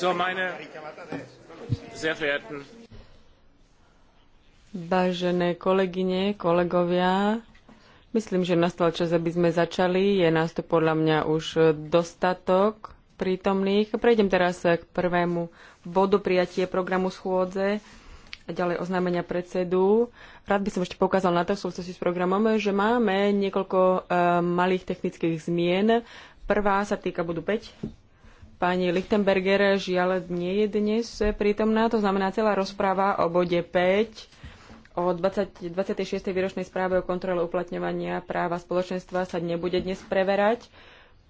So, meine sehr verehrten Vážené kolegyne, kolegovia, myslím, že nastal čas, aby sme začali. Je nás tu podľa mňa už dostatok prítomných. Prejdem teraz k prvému bodu prijatie programu schôdze a ďalej oznámenia predsedu. Rád by som ešte poukázal na to v súvislosti s programom, že máme niekoľko eh, malých technických zmien. Prvá sa týka bodu 5 Pani Lichtenberger žiaľ nie je dnes prítomná, to znamená celá rozpráva o bode 5 o 20, 26. výročnej správe o kontrole uplatňovania práva spoločenstva sa nebude dnes preverať.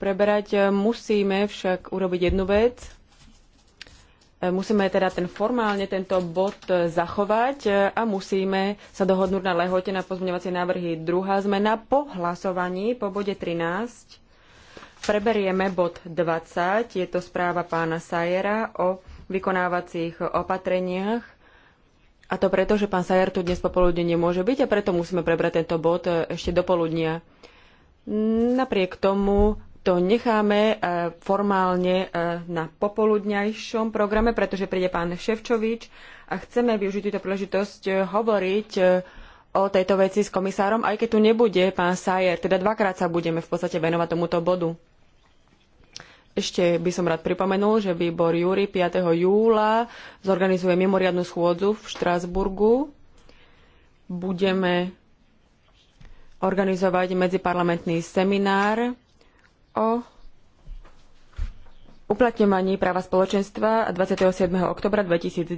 Preberať musíme však urobiť jednu vec. Musíme teda ten formálne tento bod zachovať a musíme sa dohodnúť na lehote na pozmeňovacie návrhy. Druhá zmena po hlasovaní po bode 13 preberieme bod 20. Je to správa pána Sajera o vykonávacích opatreniach. A to preto, že pán Sajer tu dnes popoludne nemôže byť a preto musíme prebrať tento bod eh, ešte do poludnia. Napriek tomu to necháme eh, formálne eh, na popoludňajšom programe, pretože príde pán Ševčovič a chceme využiť túto príležitosť hovoriť o tejto veci s komisárom, aj keď tu nebude pán Sajer. Teda dvakrát sa budeme v podstate venovať tomuto bodu. Ešte by som rád pripomenul, že výbor Júri 5. júla zorganizuje mimoriadnu schôdzu v Štrásburgu. Budeme organizovať medziparlamentný seminár o uplatňovaní práva spoločenstva 27. oktobra 2010.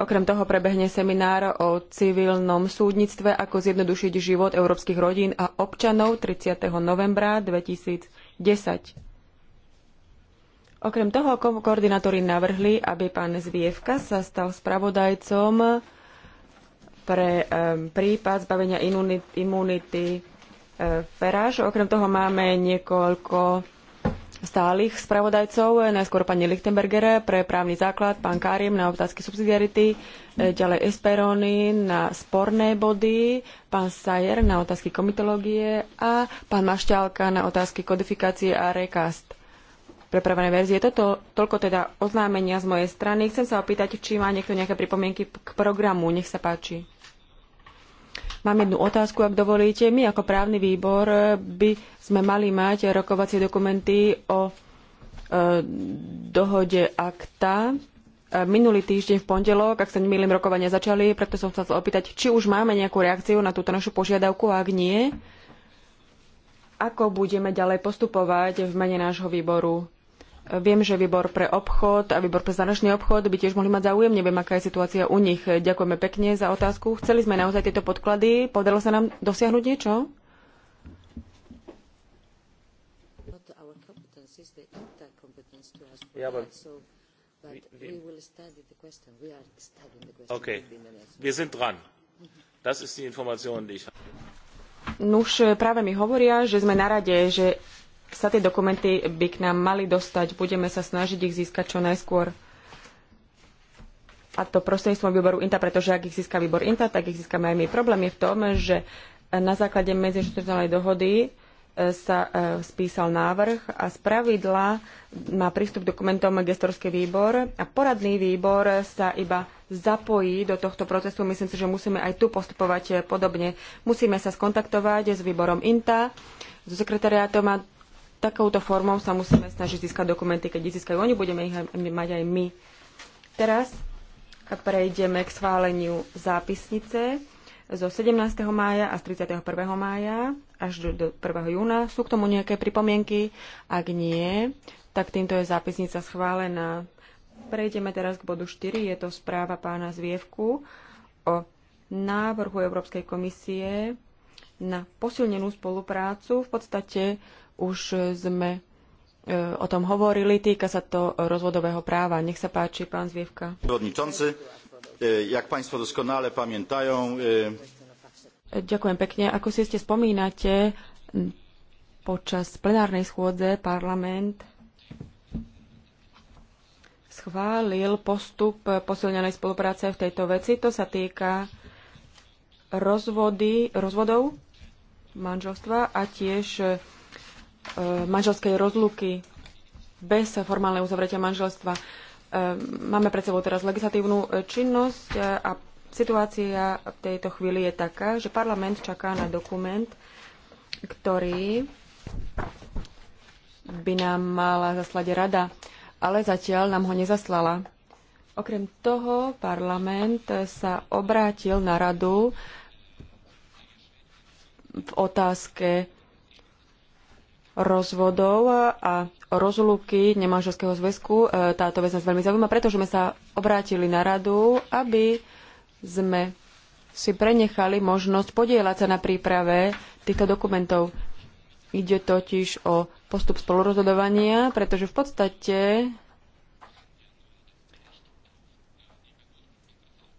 Okrem toho prebehne seminár o civilnom súdnictve, ako zjednodušiť život európskych rodín a občanov 30. novembra 2010. Okrem toho, koordinátori navrhli, aby pán Zvievka sa stal spravodajcom pre um, prípad zbavenia imunity, imunity e, Feráž. Okrem toho máme niekoľko stálych spravodajcov, najskôr pani Lichtenberger pre právny základ, pán Karim na otázky subsidiarity, e, ďalej Esperony na sporné body, pán Sayer na otázky komitológie a pán Mašťálka na otázky kodifikácie a recast prepravené verzie. Toto toľko teda oznámenia z mojej strany. Chcem sa opýtať, či má niekto nejaké pripomienky k programu. Nech sa páči. Mám jednu otázku, ak dovolíte. My ako právny výbor by sme mali mať rokovacie dokumenty o e, dohode akta. E, minulý týždeň v pondelok, ak sa nemýlim, rokovania začali, preto som chcel opýtať, či už máme nejakú reakciu na túto našu požiadavku, a ak nie, ako budeme ďalej postupovať v mene nášho výboru. Viem, že výbor pre obchod a výbor pre zahraničný obchod by tiež mohli mať záujem. Neviem, aká je situácia u nich. Ďakujeme pekne za otázku. Chceli sme naozaj tieto podklady. Podarilo sa nám dosiahnuť niečo? Ja but Okay. Wir sind dran. Das ist die Information, die ich habe. Nuž, práve mi hovoria, že sme na rade, že sa tie dokumenty by k nám mali dostať. Budeme sa snažiť ich získať čo najskôr. A to prostredníctvom výboru INTA, pretože ak ich získa výbor INTA, tak ich získame aj my. Problém je v tom, že na základe medziinstitucionálnej dohody e, sa e, spísal návrh a z pravidla má prístup k dokumentom gestorský výbor a poradný výbor sa iba zapojí do tohto procesu. Myslím si, že musíme aj tu postupovať podobne. Musíme sa skontaktovať s výborom INTA, so sekretariátom a takouto formou sa musíme snažiť získať dokumenty. Keď ich získajú oni, budeme ich mať aj my. Teraz prejdeme k schváleniu zápisnice zo 17. mája a z 31. mája až do 1. júna. Sú k tomu nejaké pripomienky? Ak nie, tak týmto je zápisnica schválená. Prejdeme teraz k bodu 4. Je to správa pána Zvievku o návrhu Európskej komisie na posilnenú spoluprácu. V podstate už sme e, o tom hovorili, týka sa to rozvodového práva. Nech sa páči, pán Zvievka. E, jak państwo doskonale pamiętają... E, Ďakujem pekne. Ako si ste spomínate, počas plenárnej schôdze parlament schválil postup posilnenej spolupráce v tejto veci. To sa týka rozvody, rozvodov manželstva a tiež E, manželskej rozluky bez formálneho uzavretia manželstva. E, máme pred sebou teraz legislatívnu e, činnosť a situácia v tejto chvíli je taká, že parlament čaká na dokument, ktorý by nám mala zaslať rada, ale zatiaľ nám ho nezaslala. Okrem toho parlament sa obrátil na radu v otázke rozvodov a rozluky nemanželského zväzku. E, táto vec nás veľmi zaujíma, pretože sme sa obrátili na radu, aby sme si prenechali možnosť podielať sa na príprave týchto dokumentov. Ide totiž o postup spolurozhodovania, pretože v podstate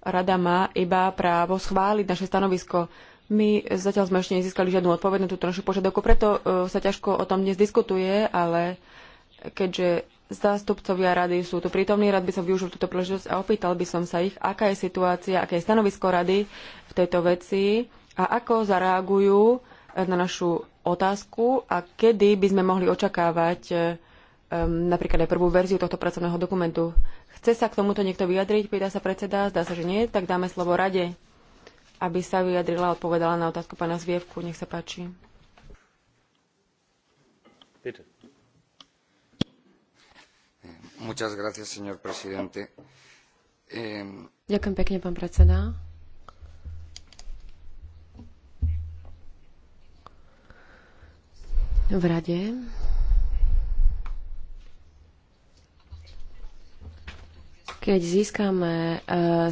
rada má iba právo schváliť naše stanovisko. My zatiaľ sme ešte nezískali žiadnu odpoveď na túto našu požiadavku, preto e, sa ťažko o tom dnes diskutuje, ale keďže zástupcovia rady sú tu prítomní, rád by som využil túto príležitosť a opýtal by som sa ich, aká je situácia, aké je stanovisko rady v tejto veci a ako zareagujú na našu otázku a kedy by sme mohli očakávať um, napríklad aj prvú verziu tohto pracovného dokumentu. Chce sa k tomuto niekto vyjadriť? Pýta sa predseda. Zdá sa, že nie. Tak dáme slovo rade aby sa vyjadrila a odpovedala na otázku pána Zvievku. Nech sa páči. Peter. Eh, gracias, ehm... Ďakujem pekne, pán predseda. V rade keď získame e,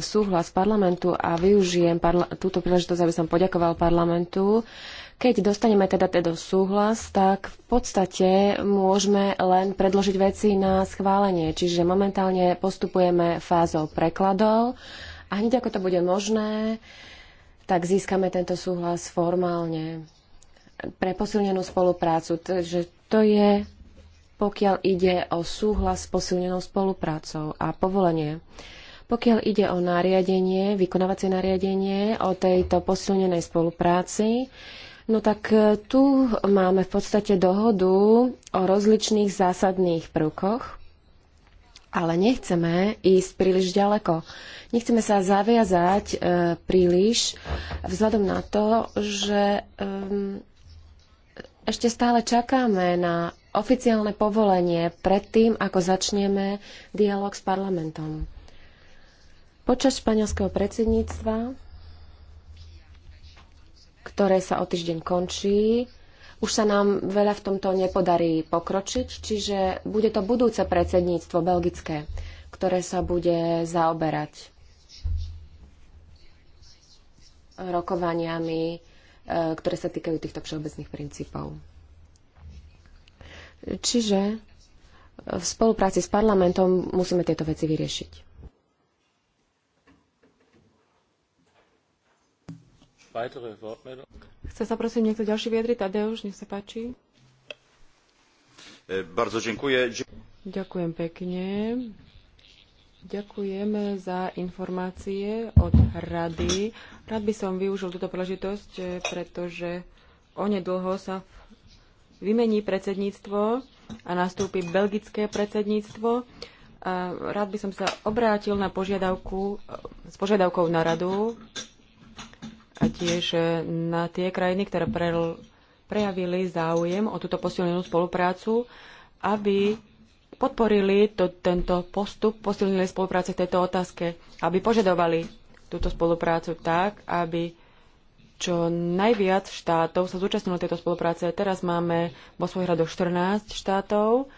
súhlas parlamentu a využijem parla- túto príležitosť, aby som poďakoval parlamentu, keď dostaneme teda teda súhlas, tak v podstate môžeme len predložiť veci na schválenie. Čiže momentálne postupujeme fázou prekladov a hneď ako to bude možné, tak získame tento súhlas formálne pre posilnenú spoluprácu. Takže to je pokiaľ ide o súhlas s posilnenou spoluprácou a povolenie. Pokiaľ ide o nariadenie, vykonávacie nariadenie o tejto posilnenej spolupráci, no tak e, tu máme v podstate dohodu o rozličných zásadných prvkoch, ale nechceme ísť príliš ďaleko. Nechceme sa zaviazať e, príliš vzhľadom na to, že e, ešte stále čakáme na oficiálne povolenie predtým, ako začneme dialog s parlamentom. Počas španielského predsedníctva, ktoré sa o týždeň končí, už sa nám veľa v tomto nepodarí pokročiť, čiže bude to budúce predsedníctvo belgické, ktoré sa bude zaoberať rokovaniami, e, ktoré sa týkajú týchto všeobecných princípov. Čiže v spolupráci s parlamentom musíme tieto veci vyriešiť. Chce sa prosím niekto ďalší vyjadriť? Tadeusz, nech sa páči. E, bardzo dziękuję. Ďakujem pekne. Ďakujem za informácie od rady. Rád by som využil túto príležitosť, e, pretože onedlho sa v vymení predsedníctvo a nastúpi belgické predsedníctvo, rád by som sa obrátil na požiadavku, s požiadavkou na radu a tiež na tie krajiny, ktoré prejavili záujem o túto posilnenú spoluprácu, aby podporili to, tento postup, posilnili spolupráce v tejto otázke, aby požadovali túto spoluprácu tak, aby čo najviac štátov sa zúčastnilo tejto spolupráce. Teraz máme vo svojich radoch 14 štátov.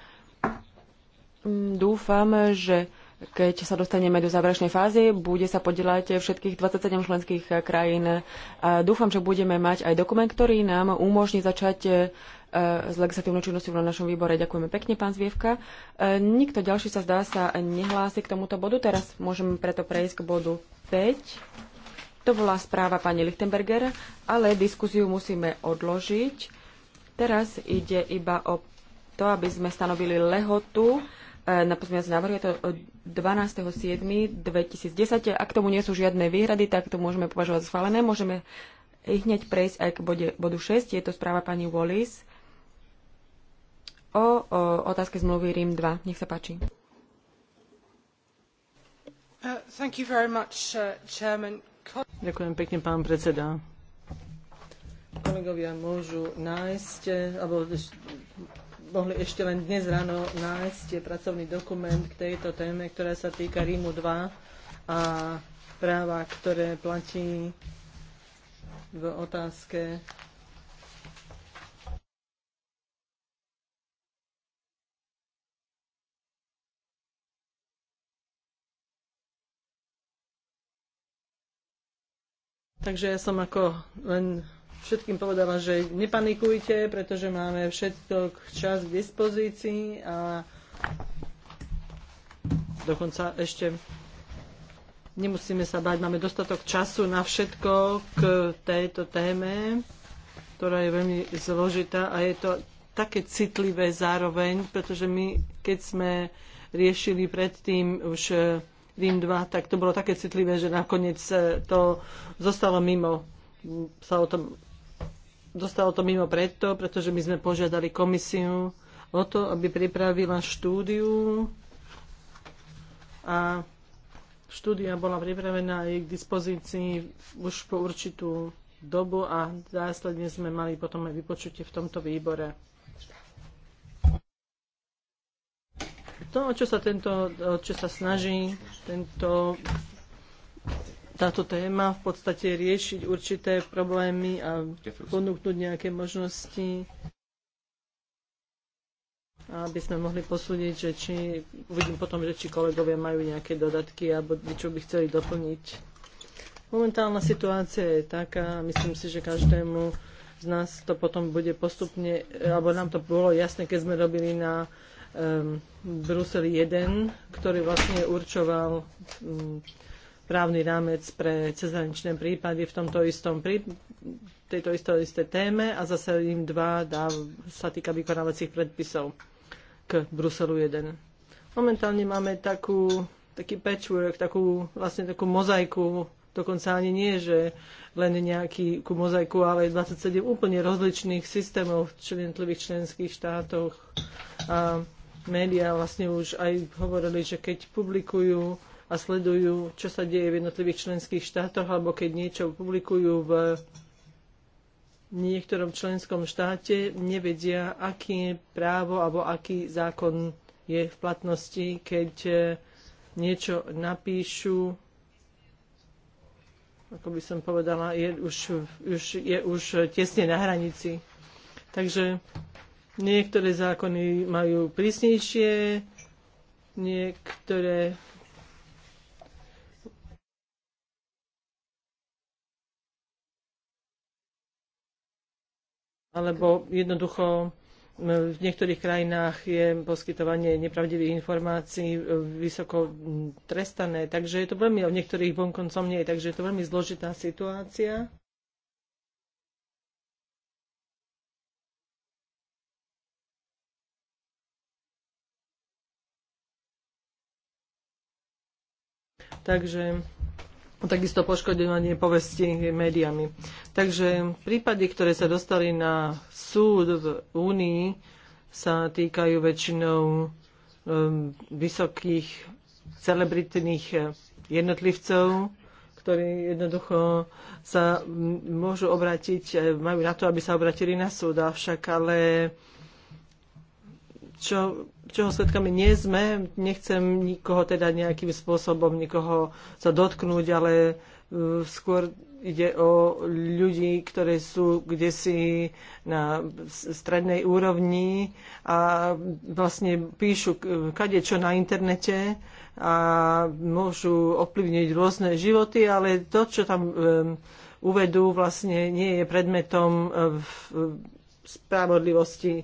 Mm, dúfam, že keď sa dostaneme do záverečnej fázy, bude sa podielať všetkých 27 členských krajín. A dúfam, že budeme mať aj dokument, ktorý nám umožní začať e, s legislatívnou činnosťou na našom výbore. Ďakujeme pekne, pán Zvievka. E, nikto ďalší sa zdá sa nehlási k tomuto bodu. Teraz môžeme preto prejsť k bodu 5 to bola správa pani Lichtenberger, ale diskusiu musíme odložiť. Teraz ide iba o to, aby sme stanovili lehotu e, na pozmeňovací návrhu. Je to 12.7.2010. E, Ak tomu nie sú žiadne výhrady, tak to môžeme považovať za schválené. Môžeme hneď prejsť aj k bode, bodu 6. Je to správa pani Wallis o, o otázke zmluvy Rím 2. Nech sa páči. Uh, thank you very much, uh, Chairman. Ďakujem pekne, pán predseda. Kolegovia môžu nájsť, alebo mohli ešte len dnes ráno nájsť pracovný dokument k tejto téme, ktorá sa týka Rímu 2 a práva, ktoré platí v otázke Takže ja som ako len všetkým povedala, že nepanikujte, pretože máme všetko čas k dispozícii a dokonca ešte nemusíme sa bať, máme dostatok času na všetko k tejto téme, ktorá je veľmi zložitá a je to také citlivé zároveň, pretože my, keď sme riešili predtým už Rím 2, tak to bolo také citlivé, že nakoniec eh, to zostalo mimo, sa o tom, zostalo to mimo preto, pretože my sme požiadali komisiu o to, aby pripravila štúdiu a štúdia bola pripravená aj k dispozícii už po určitú dobu a následne sme mali potom aj vypočutie v tomto výbore. To, no, čo sa, tento, čo sa snaží tento, táto téma v podstate riešiť určité problémy a ponúknuť nejaké možnosti aby sme mohli posúdiť, že či, uvidím potom, že či kolegovia majú nejaké dodatky alebo čo by chceli doplniť. Momentálna situácia je taká, myslím si, že každému z nás to potom bude postupne, alebo nám to bolo jasné, keď sme robili na um, Brusel 1, ktorý vlastne určoval um, právny rámec pre cezhraničné prípady v tomto istom prí, tejto isto, isté téme a zase im dva dá, sa týka vykonávacích predpisov k Bruselu 1. Momentálne máme takú, taký patchwork, takú, vlastne takú mozaiku, dokonca ani nie, že len ku mozaiku, ale 27 úplne rozličných systémov v jednotlivých členských štátoch. A médiá vlastne už aj hovorili, že keď publikujú a sledujú, čo sa deje v jednotlivých členských štátoch, alebo keď niečo publikujú v niektorom členskom štáte, nevedia, aké právo alebo aký zákon je v platnosti, keď e, niečo napíšu, ako by som povedala, je už, už, je už tesne na hranici. Takže Niektoré zákony majú prísnejšie, niektoré alebo jednoducho v niektorých krajinách je poskytovanie nepravdivých informácií e, vysoko trestané, takže je to veľmi, v niektorých vonkoncom nie, takže je to veľmi zložitá situácia. Takže takisto poškodovanie povesti médiami. Takže prípady, ktoré sa dostali na súd v Únii, sa týkajú väčšinou ehm, vysokých celebritných eh, jednotlivcov, ktorí jednoducho sa môžu obrátiť, eh, majú na to, aby sa obratili na súd, avšak ale čo, čoho svetkami nie sme. Nechcem nikoho teda nejakým spôsobom nikoho sa dotknúť, ale uh, skôr ide o ľudí, ktorí sú kde si na strednej úrovni a vlastne píšu čo na internete a môžu ovplyvniť rôzne životy, ale to, čo tam um, uvedú, vlastne nie je predmetom um, spravodlivosti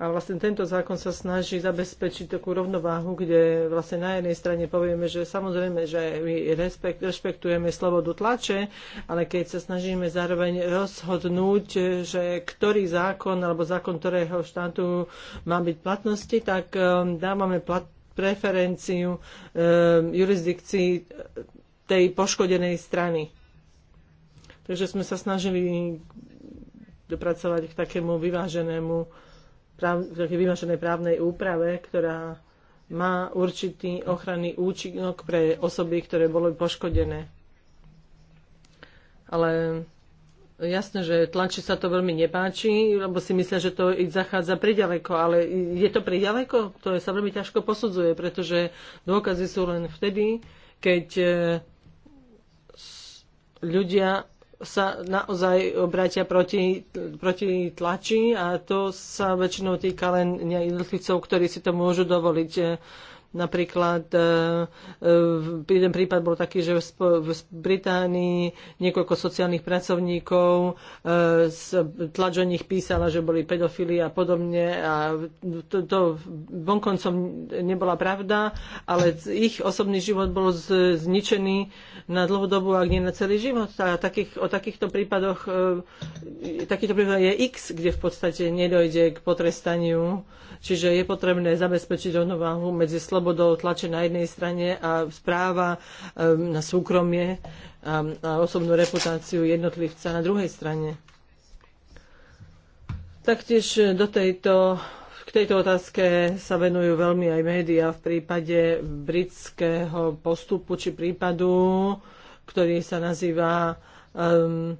a vlastne tento zákon sa snaží zabezpečiť takú rovnováhu, kde vlastne na jednej strane povieme, že samozrejme, že my respekt, rešpektujeme slobodu tlače, ale keď sa snažíme zároveň rozhodnúť, že ktorý zákon alebo zákon ktorého štátu má byť platnosti, tak um, dávame plat, preferenciu e, jurisdikcii tej poškodenej strany. Takže sme sa snažili dopracovať k takému vyváženému práv, vymaženej právnej úprave, ktorá má určitý ochranný účinok pre osoby, ktoré boli poškodené. Ale jasné, že tlači sa to veľmi nepáči, lebo si myslia, že to ich zachádza priďaleko, ale je to priďaleko? To sa veľmi ťažko posudzuje, pretože dôkazy sú len vtedy, keď eh, ľudia sa naozaj obratia proti, proti tlači a to sa väčšinou týka len jednotlivcov, ktorí si to môžu dovoliť Napríklad e, e, jeden prípad bol taký, že v Británii niekoľko sociálnych pracovníkov e, tlač o nich písala, že boli pedofili a podobne a to, to vonkoncom nebola pravda, ale ich osobný život bol zničený na dlhodobu, ak nie na celý život. A takých, o takýchto prípadoch takýto prípad je X, kde v podstate nedojde k potrestaniu. Čiže je potrebné zabezpečiť rovnováhu medzi slobodou alebo do tlače na jednej strane a správa um, na súkromie a, um, a osobnú reputáciu jednotlivca na druhej strane. Taktiež e, do tejto k tejto otázke sa venujú veľmi aj médiá v prípade britského postupu či prípadu, ktorý sa nazýva um,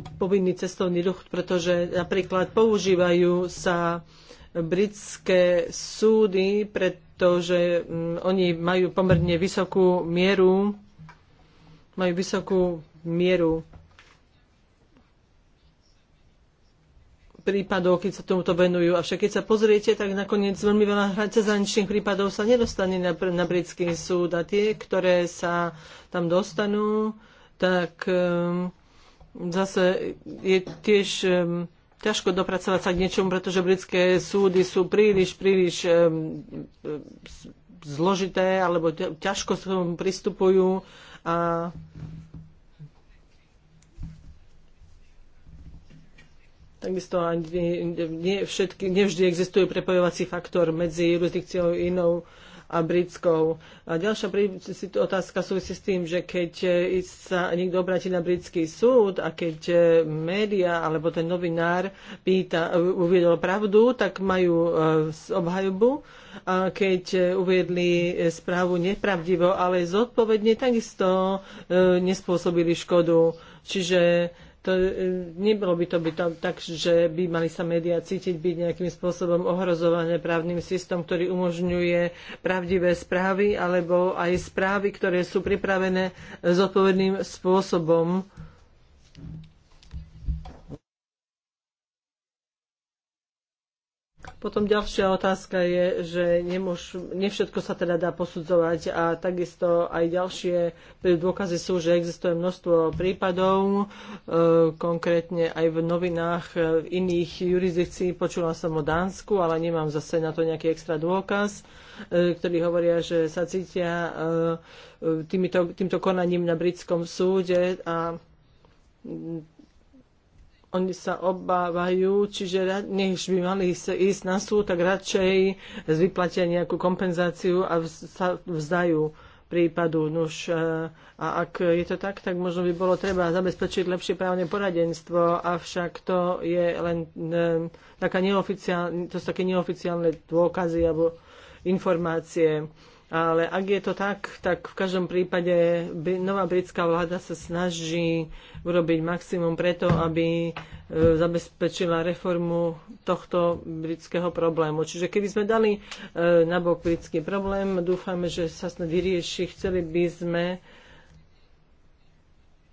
povinný cestovný ruch, pretože napríklad používajú sa britské súdy, pretože mm, oni majú pomerne vysokú mieru majú vysokú mieru prípadov, keď sa tomuto venujú. Avšak keď sa pozriete, tak nakoniec veľmi veľa cezaničných prípadov sa nedostane na, na britský súd a tie, ktoré sa tam dostanú, tak um, zase je tiež um, ťažko dopracovať sa k niečomu, pretože britské súdy sú príliš, príliš um, zložité alebo ťažko sa tomu pristupujú a Takisto ani nie, všetky, nevždy existuje prepojovací faktor medzi jurisdikciou inou a britskou. A ďalšia otázka súvisí s tým, že keď e, sa niekto obráti na britský súd a keď e, média alebo ten novinár pýta, e, uviedol pravdu, tak majú obhajobu. A keď uviedli správu nepravdivo, ale zodpovedne, takisto nespôsobili škodu. Čiže to, e, nebolo by to by tam tak, že by mali sa médiá cítiť byť nejakým spôsobom ohrozované právnym systém, ktorý umožňuje pravdivé správy alebo aj správy, ktoré sú pripravené zodpovedným spôsobom. Potom ďalšia otázka je, že nemôž, nevšetko sa teda dá posudzovať a takisto aj ďalšie dôkazy sú, že existuje množstvo prípadov, e, konkrétne aj v novinách e, v iných jurisdikcií, počula som o Dánsku, ale nemám zase na to nejaký extra dôkaz, e, ktorí hovoria, že sa cítia e, týmito, týmto konaním na britskom súde a oni sa obávajú, čiže než by mali ísť na súd, tak radšej vyplatia nejakú kompenzáciu a sa vzdajú prípadu. Nuž, e, a ak je to tak, tak možno by bolo treba zabezpečiť lepšie právne poradenstvo, avšak to je len ne, taká neoficiálne, to sú také neoficiálne dôkazy alebo informácie. Ale ak je to tak, tak v každom prípade nová britská vláda sa snaží urobiť maximum preto, aby e, zabezpečila reformu tohto britského problému. Čiže keby sme dali e, nabok britský problém, dúfame, že sa snad vyrieši. Chceli by sme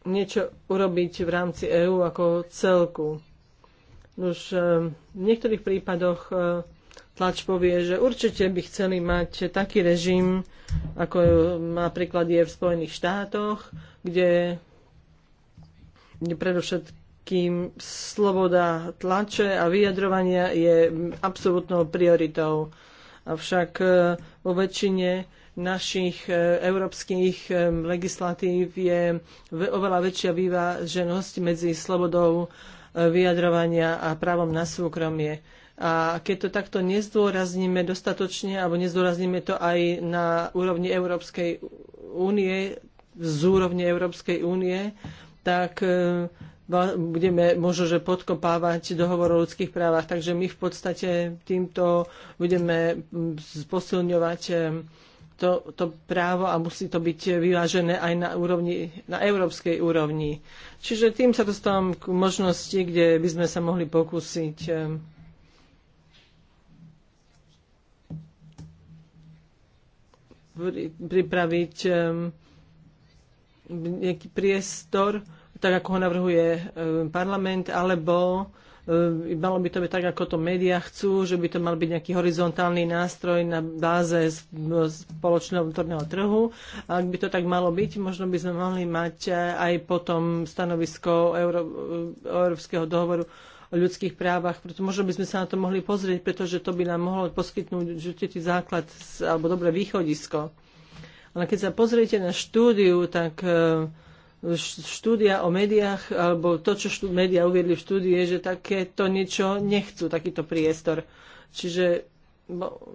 niečo urobiť v rámci EÚ ako celku. Už e, v niektorých prípadoch tlač povie, že určite by chceli mať taký režim, ako napríklad je v Spojených štátoch, kde, predovšetkým sloboda tlače a vyjadrovania je absolútnou prioritou. Avšak e, vo väčšine našich e, európskych e, legislatív je oveľa väčšia výváženosť medzi slobodou vyjadrovania a právom na súkromie. A keď to takto nezdôrazníme dostatočne, alebo nezdôrazníme to aj na úrovni Európskej únie, z úrovne Európskej únie, tak e, budeme možno, že podkopávať dohovor o ľudských právach. Takže my v podstate týmto budeme posilňovať e, to, to právo a musí to byť vyvážené aj na, úrovni, na európskej úrovni. Čiže tým sa dostávam k možnosti, kde by sme sa mohli pokúsiť e, pripraviť nejaký priestor, tak ako ho navrhuje parlament, alebo malo by to byť tak, ako to médiá chcú, že by to mal byť nejaký horizontálny nástroj na báze spoločného vnútorného trhu. A ak by to tak malo byť, možno by sme mohli mať eh, aj potom stanovisko Euró- Európskeho dohovoru o ľudských právach, preto možno by sme sa na to mohli pozrieť, pretože to by nám mohlo poskytnúť určitý základ alebo dobré východisko. Ale keď sa pozriete na štúdiu, tak e, štúdia o médiách, alebo to, čo štú, médiá uviedli v štúdii, je, že takéto niečo nechcú, takýto priestor. Čiže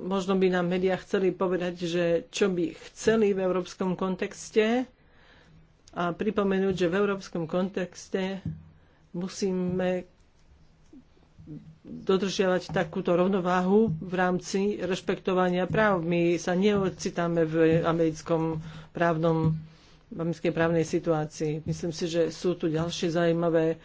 možno by nám médiá chceli povedať, že čo by chceli v európskom kontexte a pripomenúť, že v európskom kontexte musíme dodržiavať takúto rovnováhu v rámci rešpektovania práv. My sa neocitáme v americkom právnom, v americkej právnej situácii. Myslím si, že sú tu ďalšie zaujímavé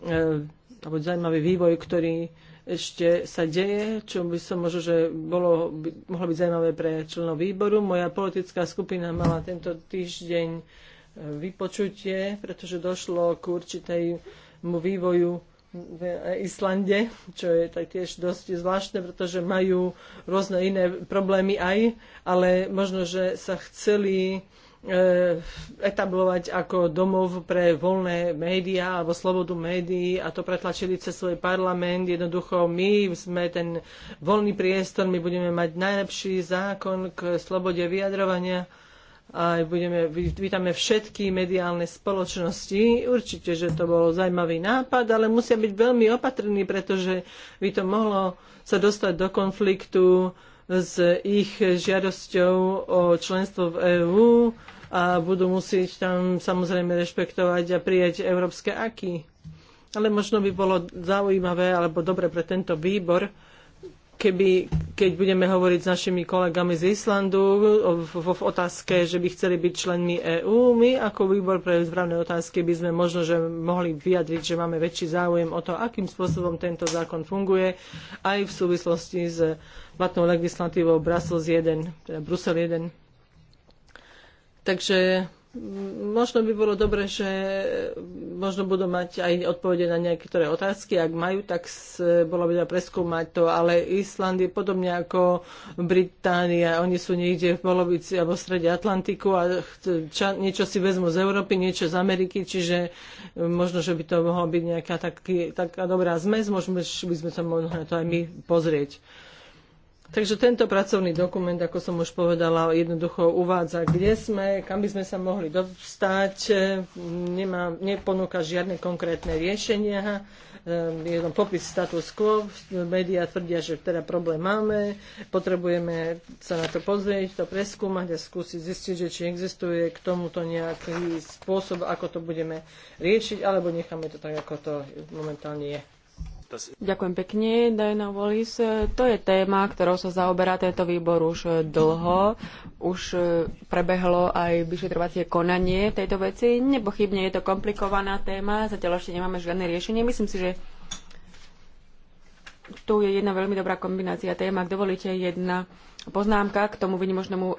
e, alebo zaujímavý vývoj, ktorý ešte sa deje, čo by som možno, že bolo, by, mohlo byť zaujímavé pre členov výboru. Moja politická skupina mala tento týždeň e, vypočutie, pretože došlo k určitému vývoju v Islande, čo je tak tiež dosť zvláštne, pretože majú rôzne iné problémy aj, ale možno, že sa chceli e, etablovať ako domov pre voľné médiá alebo slobodu médií a to pretlačili cez svoj parlament. Jednoducho my sme ten voľný priestor, my budeme mať najlepší zákon k slobode vyjadrovania a budeme, vítame všetky mediálne spoločnosti. Určite, že to bol zaujímavý nápad, ale musia byť veľmi opatrní, pretože by to mohlo sa dostať do konfliktu s ich žiadosťou o členstvo v EÚ a budú musieť tam samozrejme rešpektovať a prijať európske aky. Ale možno by bolo zaujímavé alebo dobre pre tento výbor, keby, keď budeme hovoriť s našimi kolegami z Islandu v, otázke, že by chceli byť členmi EÚ, my ako výbor pre zbravné otázky by sme možno, že mohli vyjadriť, že máme väčší záujem o to, akým spôsobom tento zákon funguje aj v súvislosti s platnou legislatívou Brussels 1, teda Brusel 1. Takže Možno by bolo dobre, že možno budú mať aj odpovede na ktoré otázky. Ak majú, tak bolo by da preskúmať to. Ale Island je podobne ako Británia. Oni sú niekde v polovici alebo v strede Atlantiku a ča, niečo si vezmu z Európy, niečo z Ameriky. Čiže e, možno, že by to mohla byť nejaká taký, taká dobrá zmes. Možno by sme sa mohli na to aj my pozrieť. Takže tento pracovný dokument, ako som už povedala, jednoducho uvádza, kde sme, kam by sme sa mohli dostať, nemá, neponúka žiadne konkrétne riešenia, ehm, je to popis status quo, médiá tvrdia, že teda problém máme, potrebujeme sa na to pozrieť, to preskúmať a skúsiť zistiť, že či existuje k tomuto nejaký spôsob, ako to budeme riešiť, alebo necháme to tak, ako to momentálne je. Ďakujem pekne, Diana Wallis. To je téma, ktorou sa zaoberá tento výbor už dlho. Už e, prebehlo aj vyšetrovacie konanie tejto veci. Nepochybne je to komplikovaná téma, zatiaľ ešte nemáme žiadne riešenie. Myslím si, že tu je jedna veľmi dobrá kombinácia téma. Ak dovolíte, jedna poznámka k tomu vynimočnému e,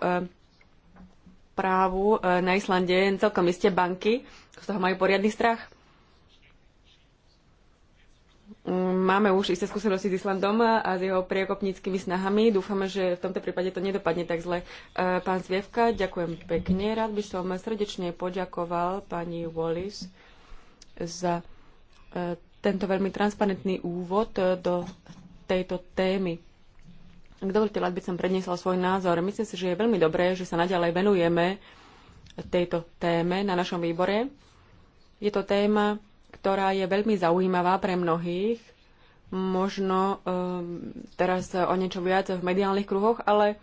právu e, na Islande. Celkom iste banky z toho majú poriadny strach Máme už isté skúsenosti s Islandom a s jeho priekopníckými snahami. Dúfame, že v tomto prípade to nedopadne tak zle. E, pán Zvievka, ďakujem pekne. Rád by som srdečne poďakoval pani Wallis za e, tento veľmi transparentný úvod e, do tejto témy. Ak dovolíte, rád by som predniesla svoj názor. Myslím si, že je veľmi dobré, že sa naďalej venujeme tejto téme na našom výbore. Je to téma, ktorá je veľmi zaujímavá pre mnohých. Možno um, teraz o niečo viac v mediálnych kruhoch, ale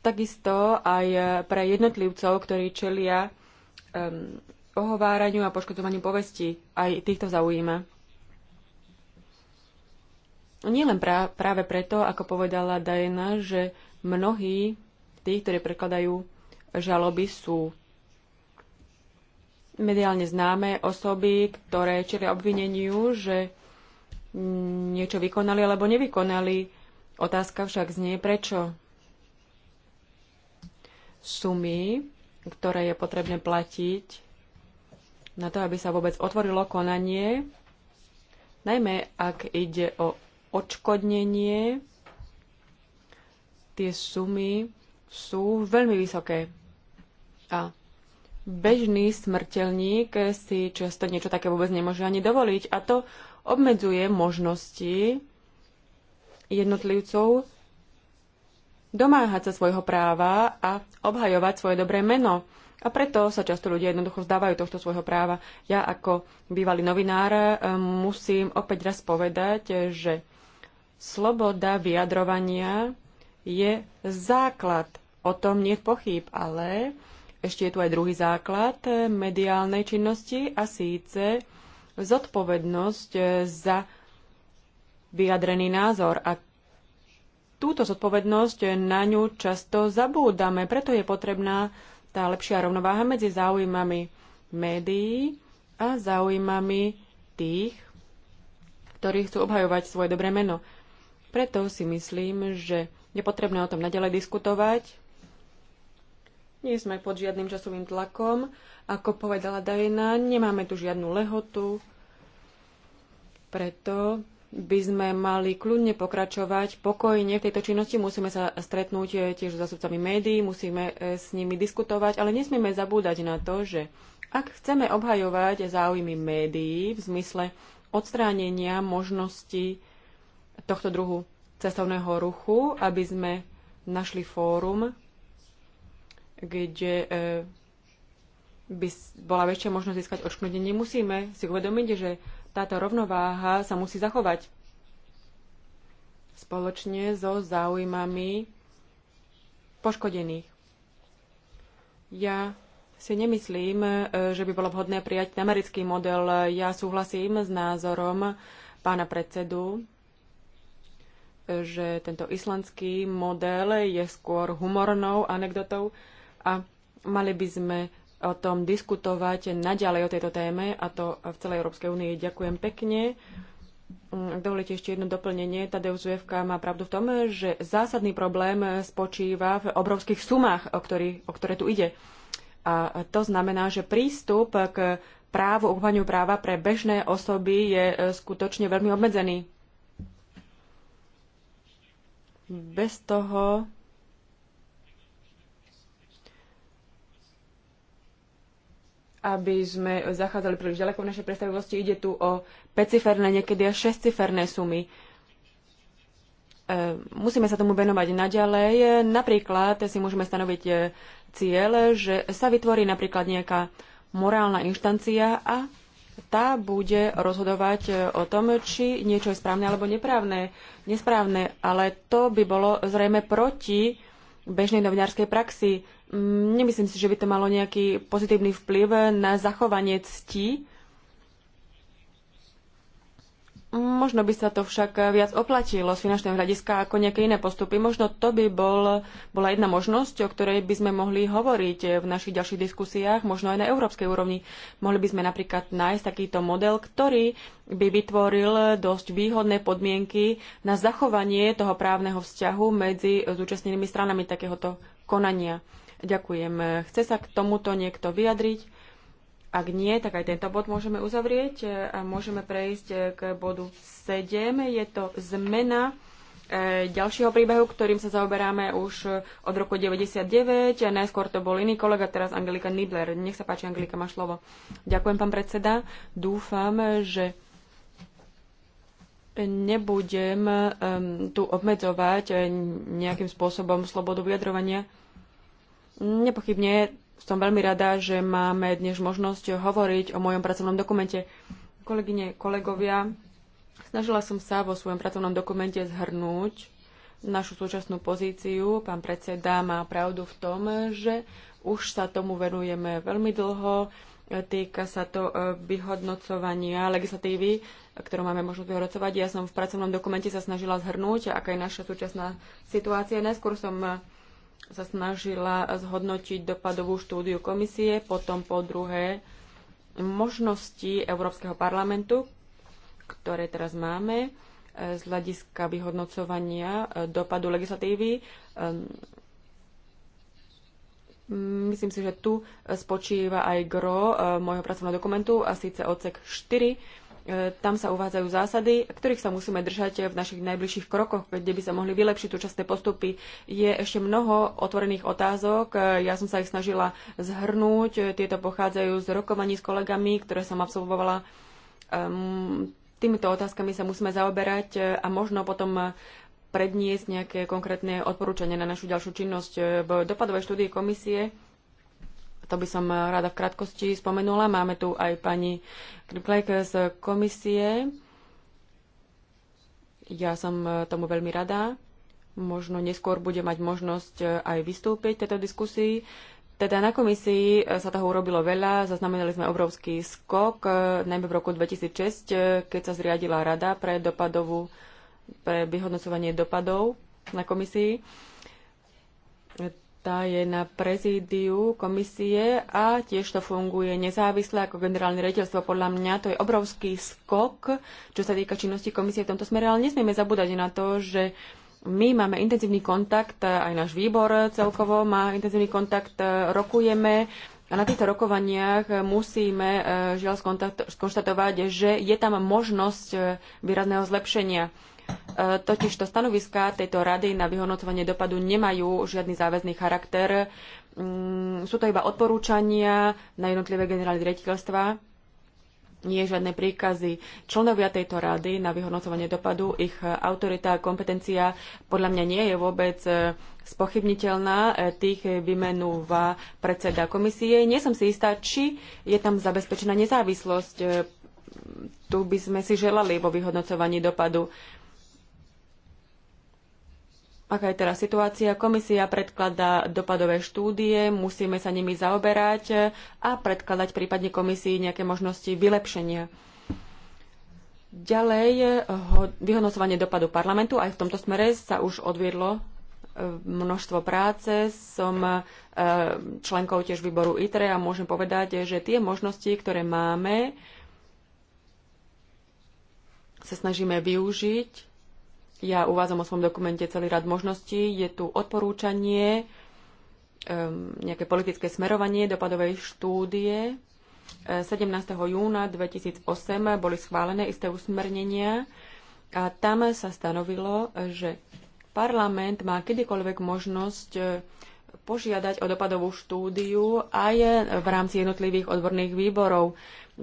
takisto aj pre jednotlivcov, ktorí čelia um, ohováraniu a poškodzovaniu povesti. Aj týchto zaujíma. len pra- práve preto, ako povedala Diana, že mnohí tí, ktorí prekladajú žaloby, sú mediálne známe osoby, ktoré čili obvineniu, že niečo vykonali alebo nevykonali. Otázka však znie, prečo sumy, ktoré je potrebné platiť na to, aby sa vôbec otvorilo konanie, najmä ak ide o odškodnenie, tie sumy sú veľmi vysoké. A bežný smrteľník si často niečo také vôbec nemôže ani dovoliť a to obmedzuje možnosti jednotlivcov domáhať sa svojho práva a obhajovať svoje dobré meno. A preto sa často ľudia jednoducho vzdávajú tohto svojho práva. Ja ako bývalý novinár e, musím opäť raz povedať, že sloboda vyjadrovania je základ. O tom nie je pochyb, ale ešte je tu aj druhý základ eh, mediálnej činnosti a síce zodpovednosť eh, za vyjadrený názor a túto zodpovednosť eh, na ňu často zabúdame, preto je potrebná tá lepšia rovnováha medzi záujmami médií a záujmami tých, ktorí chcú obhajovať svoje dobré meno. Preto si myslím, že je potrebné o tom nadalej diskutovať nie sme pod žiadnym časovým tlakom. Ako povedala Diana, nemáme tu žiadnu lehotu, preto by sme mali kľudne pokračovať pokojne v tejto činnosti. Musíme sa stretnúť eh, tiež s zásobcami médií, musíme eh, s nimi diskutovať, ale nesmieme zabúdať na to, že ak chceme obhajovať záujmy médií v zmysle odstránenia možnosti tohto druhu cestovného ruchu, aby sme našli fórum kde e, by bola väčšia možnosť získať odškodnenie. Musíme si uvedomiť, že táto rovnováha sa musí zachovať spoločne so záujmami poškodených. Ja si nemyslím, e, že by bolo vhodné prijať ten americký model. Ja súhlasím s názorom pána predsedu, e, že tento islandský model je skôr humornou anekdotou, a mali by sme o tom diskutovať naďalej o tejto téme a to v celej Európskej únii. Ďakujem pekne. Ak dovolíte ešte jedno doplnenie, Tadeusz Zujevka má pravdu v tom, že zásadný problém spočíva v obrovských sumách, o, ktorý, o ktoré tu ide. A to znamená, že prístup k právu, uchovaniu práva pre bežné osoby je e, skutočne veľmi obmedzený. Bez toho aby sme zachádzali príliš ďaleko v našej predstavivosti. Ide tu o 5-ciferné, niekedy až 6-ciferné sumy. E, musíme sa tomu venovať naďalej. Napríklad si môžeme stanoviť e, cieľ, že sa vytvorí napríklad nejaká morálna inštancia a tá bude rozhodovať e, o tom, či niečo je správne alebo neprávne, nesprávne, ale to by bolo zrejme proti bežnej novinárskej praxi. Mm, nemyslím si, že by to malo nejaký pozitívny vplyv na zachovanie cti. Možno by sa to však viac oplatilo z finančného hľadiska ako nejaké iné postupy. Možno to by bol, bola jedna možnosť, o ktorej by sme mohli hovoriť v našich ďalších diskusiách, možno aj na európskej úrovni. Mohli by sme napríklad nájsť takýto model, ktorý by vytvoril dosť výhodné podmienky na zachovanie toho právneho vzťahu medzi zúčastnenými stranami takéhoto konania. Ďakujem. Chce sa k tomuto niekto vyjadriť? Ak nie, tak aj tento bod môžeme uzavrieť a môžeme prejsť k bodu 7. Je to zmena eh, ďalšieho príbehu, ktorým sa zaoberáme už od roku 99. Najskôr to bol iný kolega, teraz Angelika Nibler. Nech sa páči, Angelika, má slovo. Ďakujem, pán predseda. Dúfam, že nebudem ehm, tu obmedzovať eh, nejakým spôsobom slobodu vyjadrovania Nepochybne som veľmi rada, že máme dnes možnosť hovoriť o mojom pracovnom dokumente. Kolegyne, kolegovia, snažila som sa vo svojom pracovnom dokumente zhrnúť našu súčasnú pozíciu. Pán predseda má pravdu v tom, že už sa tomu venujeme veľmi dlho. Týka sa to e, vyhodnocovania legislatívy, ktorú máme možnosť vyhodnocovať. Ja som v pracovnom dokumente sa snažila zhrnúť, aká je naša súčasná situácia. Najskôr som e, sa snažila zhodnotiť dopadovú štúdiu komisie, potom po druhé možnosti Európskeho parlamentu, ktoré teraz máme e, z hľadiska vyhodnocovania e, dopadu legislatívy. Ehm, myslím si, že tu spočíva aj gro e, môjho pracovného dokumentu a síce odsek 4 E, tam sa uvádzajú zásady, ktorých sa musíme držať v našich najbližších krokoch, kde by sa mohli vylepšiť súčasné postupy. Je ešte mnoho otvorených otázok. E, ja som sa ich snažila zhrnúť. E, tieto pochádzajú z rokovaní s kolegami, ktoré som absolvovala. Ehm, týmito otázkami sa musíme zaoberať a možno potom predniesť nejaké konkrétne odporúčania na našu ďalšiu činnosť. V dopadovej štúdii komisie to by som eh, rada v krátkosti spomenula. Máme tu aj pani Kriplek z komisie. Ja som eh, tomu veľmi rada. Možno neskôr bude mať možnosť eh, aj vystúpiť v tejto diskusii. Teda na komisii sa toho urobilo veľa, zaznamenali sme obrovský skok, najmä v roku 2006, keď sa zriadila rada pre dopadovú, pre vyhodnocovanie dopadov na komisii tá je na prezídiu komisie a tiež to funguje nezávisle ako generálne rediteľstvo. Podľa mňa to je obrovský skok, čo sa týka činnosti komisie v tomto smere, ale nesmieme zabúdať na to, že my máme intenzívny kontakt, aj náš výbor celkovo má intenzívny kontakt, rokujeme a na týchto rokovaniach musíme eh, žiaľ skonštatovať, že je tam možnosť eh, výrazného zlepšenia E, totiž to stanoviská tejto rady na vyhodnocovanie dopadu nemajú žiadny záväzný charakter. Mm, sú to iba odporúčania na jednotlivé generálne riaditeľstva, nie žiadne príkazy. Členovia tejto rady na vyhodnocovanie dopadu, ich autorita a kompetencia podľa mňa nie je vôbec e, spochybniteľná. E, tých vymenúva predseda komisie. Nie som si istá, či je tam zabezpečená nezávislosť. Tu by sme si želali vo vyhodnocovaní dopadu. Aká je teraz situácia? Komisia predkladá dopadové štúdie, musíme sa nimi zaoberať a predkladať prípadne komisii nejaké možnosti vylepšenia. Ďalej, vyhodnocovanie dopadu parlamentu. Aj v tomto smere sa už odviedlo e, množstvo práce. Som e, členkou tiež výboru ITRE a môžem povedať, že tie možnosti, ktoré máme, sa snažíme využiť ja uvádzam o svojom dokumente celý rad možností. Je tu odporúčanie, ehm, nejaké politické smerovanie dopadovej štúdie. 17. Eh, júna 2008 boli schválené isté usmernenia a tam sa stanovilo, že parlament má kedykoľvek možnosť eh, požiadať o dopadovú štúdiu aj v rámci jednotlivých odborných výborov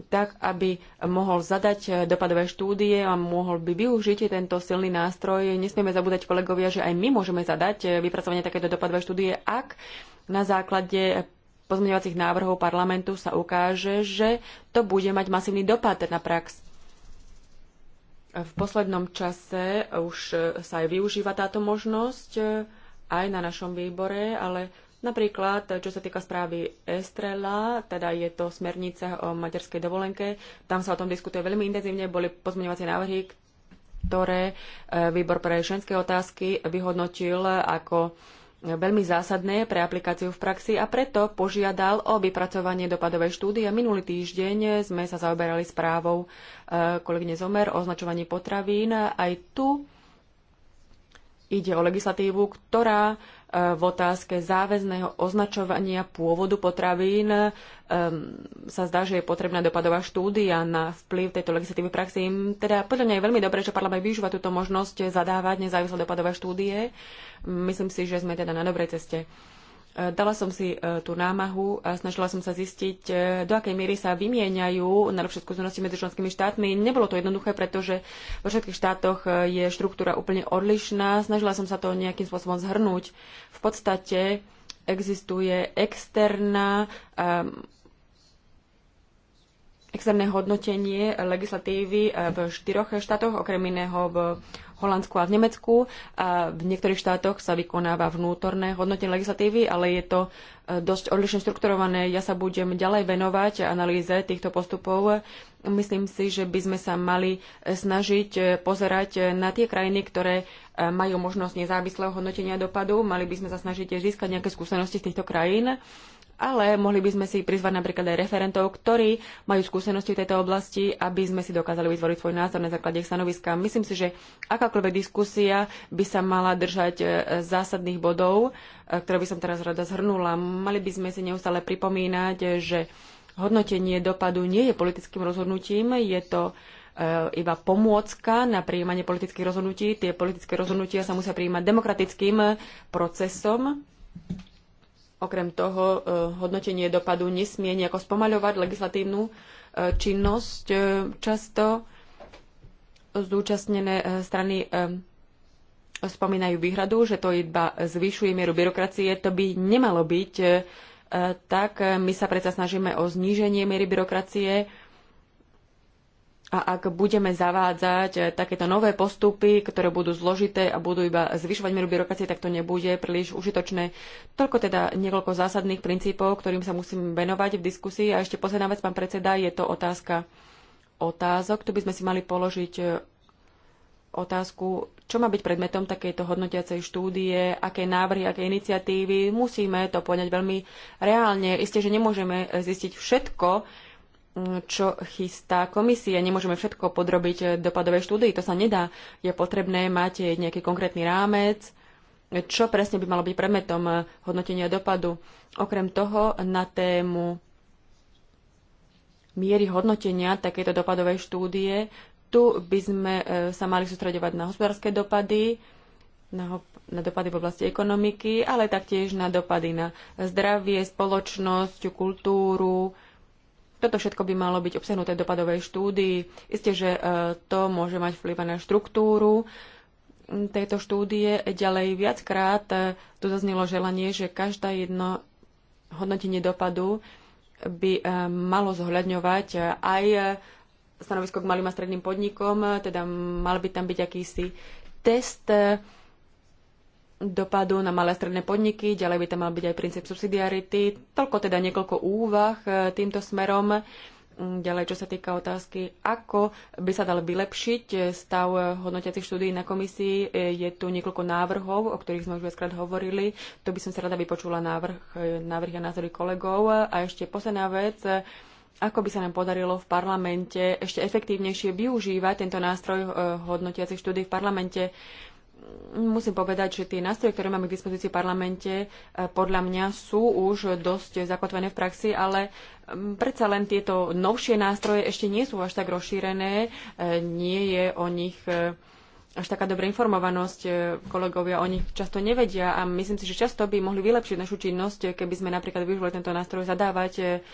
tak, aby mohol zadať eh, dopadové štúdie a mohol by využiť tento silný nástroj. Nesmieme zabúdať kolegovia, že aj my môžeme zadať eh, vypracovanie takéto dopadové štúdie, ak na základe pozmeňovacích návrhov parlamentu sa ukáže, že to bude mať masívny dopad na prax. V poslednom čase už eh, sa aj využíva táto možnosť aj na našom výbore, ale Napríklad, čo sa týka správy Estrela, teda je to smernica o materskej dovolenke, tam sa o tom diskutuje veľmi intenzívne, boli pozmeňovacie návrhy, ktoré e, výbor pre ženské otázky vyhodnotil ako veľmi zásadné pre aplikáciu v praxi a preto požiadal o vypracovanie dopadovej štúdie. Minulý týždeň sme sa zaoberali správou e, kolegyne Zomer o označovaní potravín. Aj tu ide o legislatívu, ktorá v otázke záväzného označovania pôvodu potravín um, sa zdá, že je potrebná dopadová štúdia na vplyv tejto legislatívy praxi. Teda podľa mňa je veľmi dobré, že parlament využíva túto možnosť zadávať nezávislé dopadové štúdie. Myslím si, že sme teda na dobrej ceste. Dala som si e, tú námahu a snažila som sa zistiť, e, do akej miery sa vymieňajú najlepšie skúsenosti medzi členskými štátmi. Nebolo to jednoduché, pretože vo všetkých štátoch e, je štruktúra úplne odlišná. Snažila som sa to nejakým spôsobom zhrnúť. V podstate existuje externá um, externé hodnotenie legislatívy eh, v štyroch štátoch, okrem iného v Holandsku a v Nemecku. A v niektorých štátoch sa vykonáva vnútorné hodnotenie legislatívy, ale je to eh, dosť odlišne strukturované. Ja sa budem ďalej venovať analýze týchto postupov. Myslím si, že by sme sa mali eh, snažiť pozerať na tie krajiny, ktoré majú možnosť nezávislého hodnotenia dopadu. Mali by sme sa snažiť získať nejaké skúsenosti z týchto krajín ale mohli by sme si prizvať napríklad aj referentov, ktorí majú skúsenosti v tejto oblasti, aby sme si dokázali vytvoriť svoj názor na základe ich stanoviska. Myslím si, že akákoľvek diskusia by sa mala držať e, zásadných bodov, e, ktoré by som teraz rada zhrnula. Mali by sme si neustále pripomínať, e, že hodnotenie dopadu nie je politickým rozhodnutím, je to iba pomôcka na prijímanie politických rozhodnutí. Tie politické rozhodnutia sa musia prijímať demokratickým procesom Okrem toho, e, hodnotenie dopadu nesmie nejako spomaľovať legislatívnu e, činnosť. E, často zúčastnené strany spomínajú výhradu, že to iba zvyšuje mieru byrokracie. To by nemalo byť tak. My sa predsa snažíme o zníženie miery byrokracie a ak budeme zavádzať eh, takéto nové postupy, ktoré budú zložité a budú iba zvyšovať mieru byrokracie, tak to nebude príliš užitočné. Toľko teda niekoľko zásadných princípov, ktorým sa musím venovať v diskusii. A ešte posledná vec, pán predseda, je to otázka otázok. Tu by sme si mali položiť eh, otázku, čo má byť predmetom takejto hodnotiacej štúdie, aké návrhy, aké iniciatívy. Musíme to poňať veľmi reálne. Isté, že nemôžeme zistiť všetko, čo chystá komisia. Nemôžeme všetko podrobiť dopadovej štúdii, to sa nedá. Je potrebné mať nejaký konkrétny rámec, čo presne by malo byť predmetom hodnotenia dopadu. Okrem toho na tému miery hodnotenia takéto dopadovej štúdie, tu by sme e, sa mali sústredovať na hospodárske dopady, na, na dopady v oblasti ekonomiky, ale taktiež na dopady na zdravie, spoločnosť, kultúru, toto všetko by malo byť obsahnuté v dopadovej štúdii. Isté, že e, to môže mať vplyv na štruktúru tejto štúdie. Ďalej viackrát e, tu zaznelo želanie, že každá jedno hodnotenie dopadu by e, malo zohľadňovať aj stanovisko k malým a stredným podnikom, teda mal by tam byť akýsi test dopadu na malé stredné podniky, ďalej by tam mal byť aj princíp subsidiarity. Toľko teda niekoľko úvah e, týmto smerom. Mm, ďalej, čo sa týka otázky, ako by sa dal vylepšiť e, stav hodnotiacich štúdií na komisii, e, je tu niekoľko návrhov, o ktorých sme už viackrát hovorili. To by som sa rada vypočula návrh, návrh a názory kolegov. A ešte posledná vec, ako by sa nám podarilo v parlamente ešte efektívnejšie využívať tento nástroj hodnotiacich štúdí v parlamente musím povedať, že tie nástroje, ktoré máme k dispozícii v parlamente, e, podľa mňa sú už dosť zakotvené v praxi, ale predsa len tieto novšie nástroje ešte nie sú až tak rozšírené, e, nie je o nich e, až taká dobrá informovanosť, kolegovia o nich často nevedia a myslím si, že často by mohli vylepšiť našu činnosť, keby sme napríklad využili tento nástroj zadávať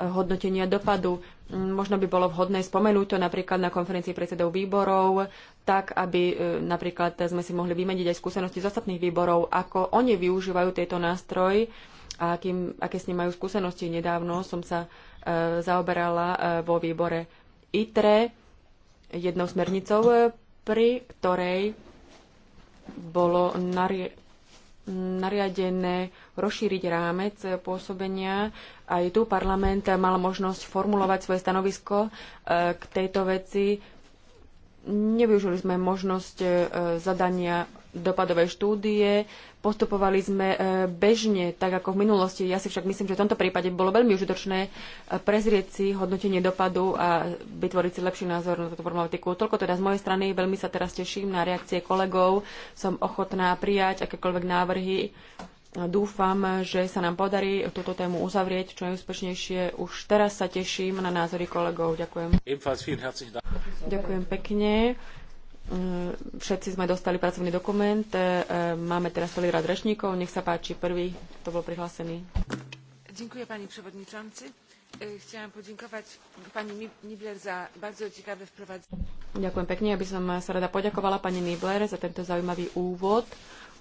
hodnotenia dopadu. Mm, Možno by bolo vhodné spomenúť to napríklad na konferencii predsedov výborov, tak aby e, napríklad sme si mohli vymeniť aj skúsenosti z ostatných výborov, ako oni využívajú tieto nástroj a akým, aké s ním majú skúsenosti. Nedávno som sa e, zaoberala e, vo výbore ITRE jednou smernicou, pri ktorej bolo nari- nariadené rozšíriť rámec pôsobenia. Aj tu parlament mal možnosť formulovať svoje stanovisko e, k tejto veci. Nevyužili sme možnosť e, zadania dopadové štúdie. Postupovali sme e, bežne, tak ako v minulosti. Ja si však myslím, že v tomto prípade bolo veľmi užitočné e, prezrieť si hodnotenie dopadu a vytvoriť si lepší názor na túto problematiku. Toľko teda z mojej strany. Veľmi sa teraz teším na reakcie kolegov. Som ochotná prijať akékoľvek návrhy. Dúfam, že sa nám podarí túto tému uzavrieť čo najúspešnejšie. Už teraz sa teším na názory kolegov. Ďakujem. Ďakujem pekne. Ehm, všetci sme dostali pracovný dokument. Ehm, máme teraz celý rad rečníkov. Nech sa páči, prvý, kto bol prihlásený. Dziękuję Pani Przewodniczący. Ehm, chciałam podziękować Pani Nibler za bardzo ciekawe wprowadzenie. Ďakujem pekne, aby som sa rada poďakovala pani Nibler za tento zaujímavý úvod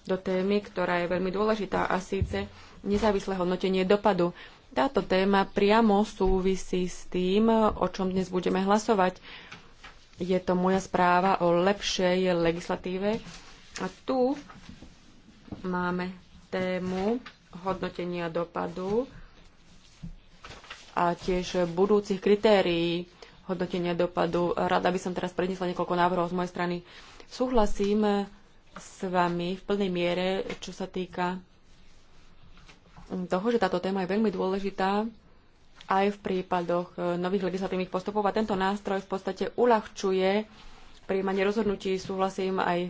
do témy, ktorá je veľmi dôležitá a síce nezávislé hodnotenie dopadu. Táto téma priamo súvisí s tým, o čom dnes budeme hlasovať. Je to moja správa o lepšej legislatíve. A tu máme tému hodnotenia dopadu a tiež budúcich kritérií hodnotenia dopadu. Rada by som teraz prednesla niekoľko návrhov z mojej strany. Súhlasím s vami v plnej miere, čo sa týka toho, že táto téma je veľmi dôležitá aj v prípadoch e, nových legislatívnych postupov a tento nástroj v podstate uľahčuje príjmanie rozhodnutí. Súhlasím aj e,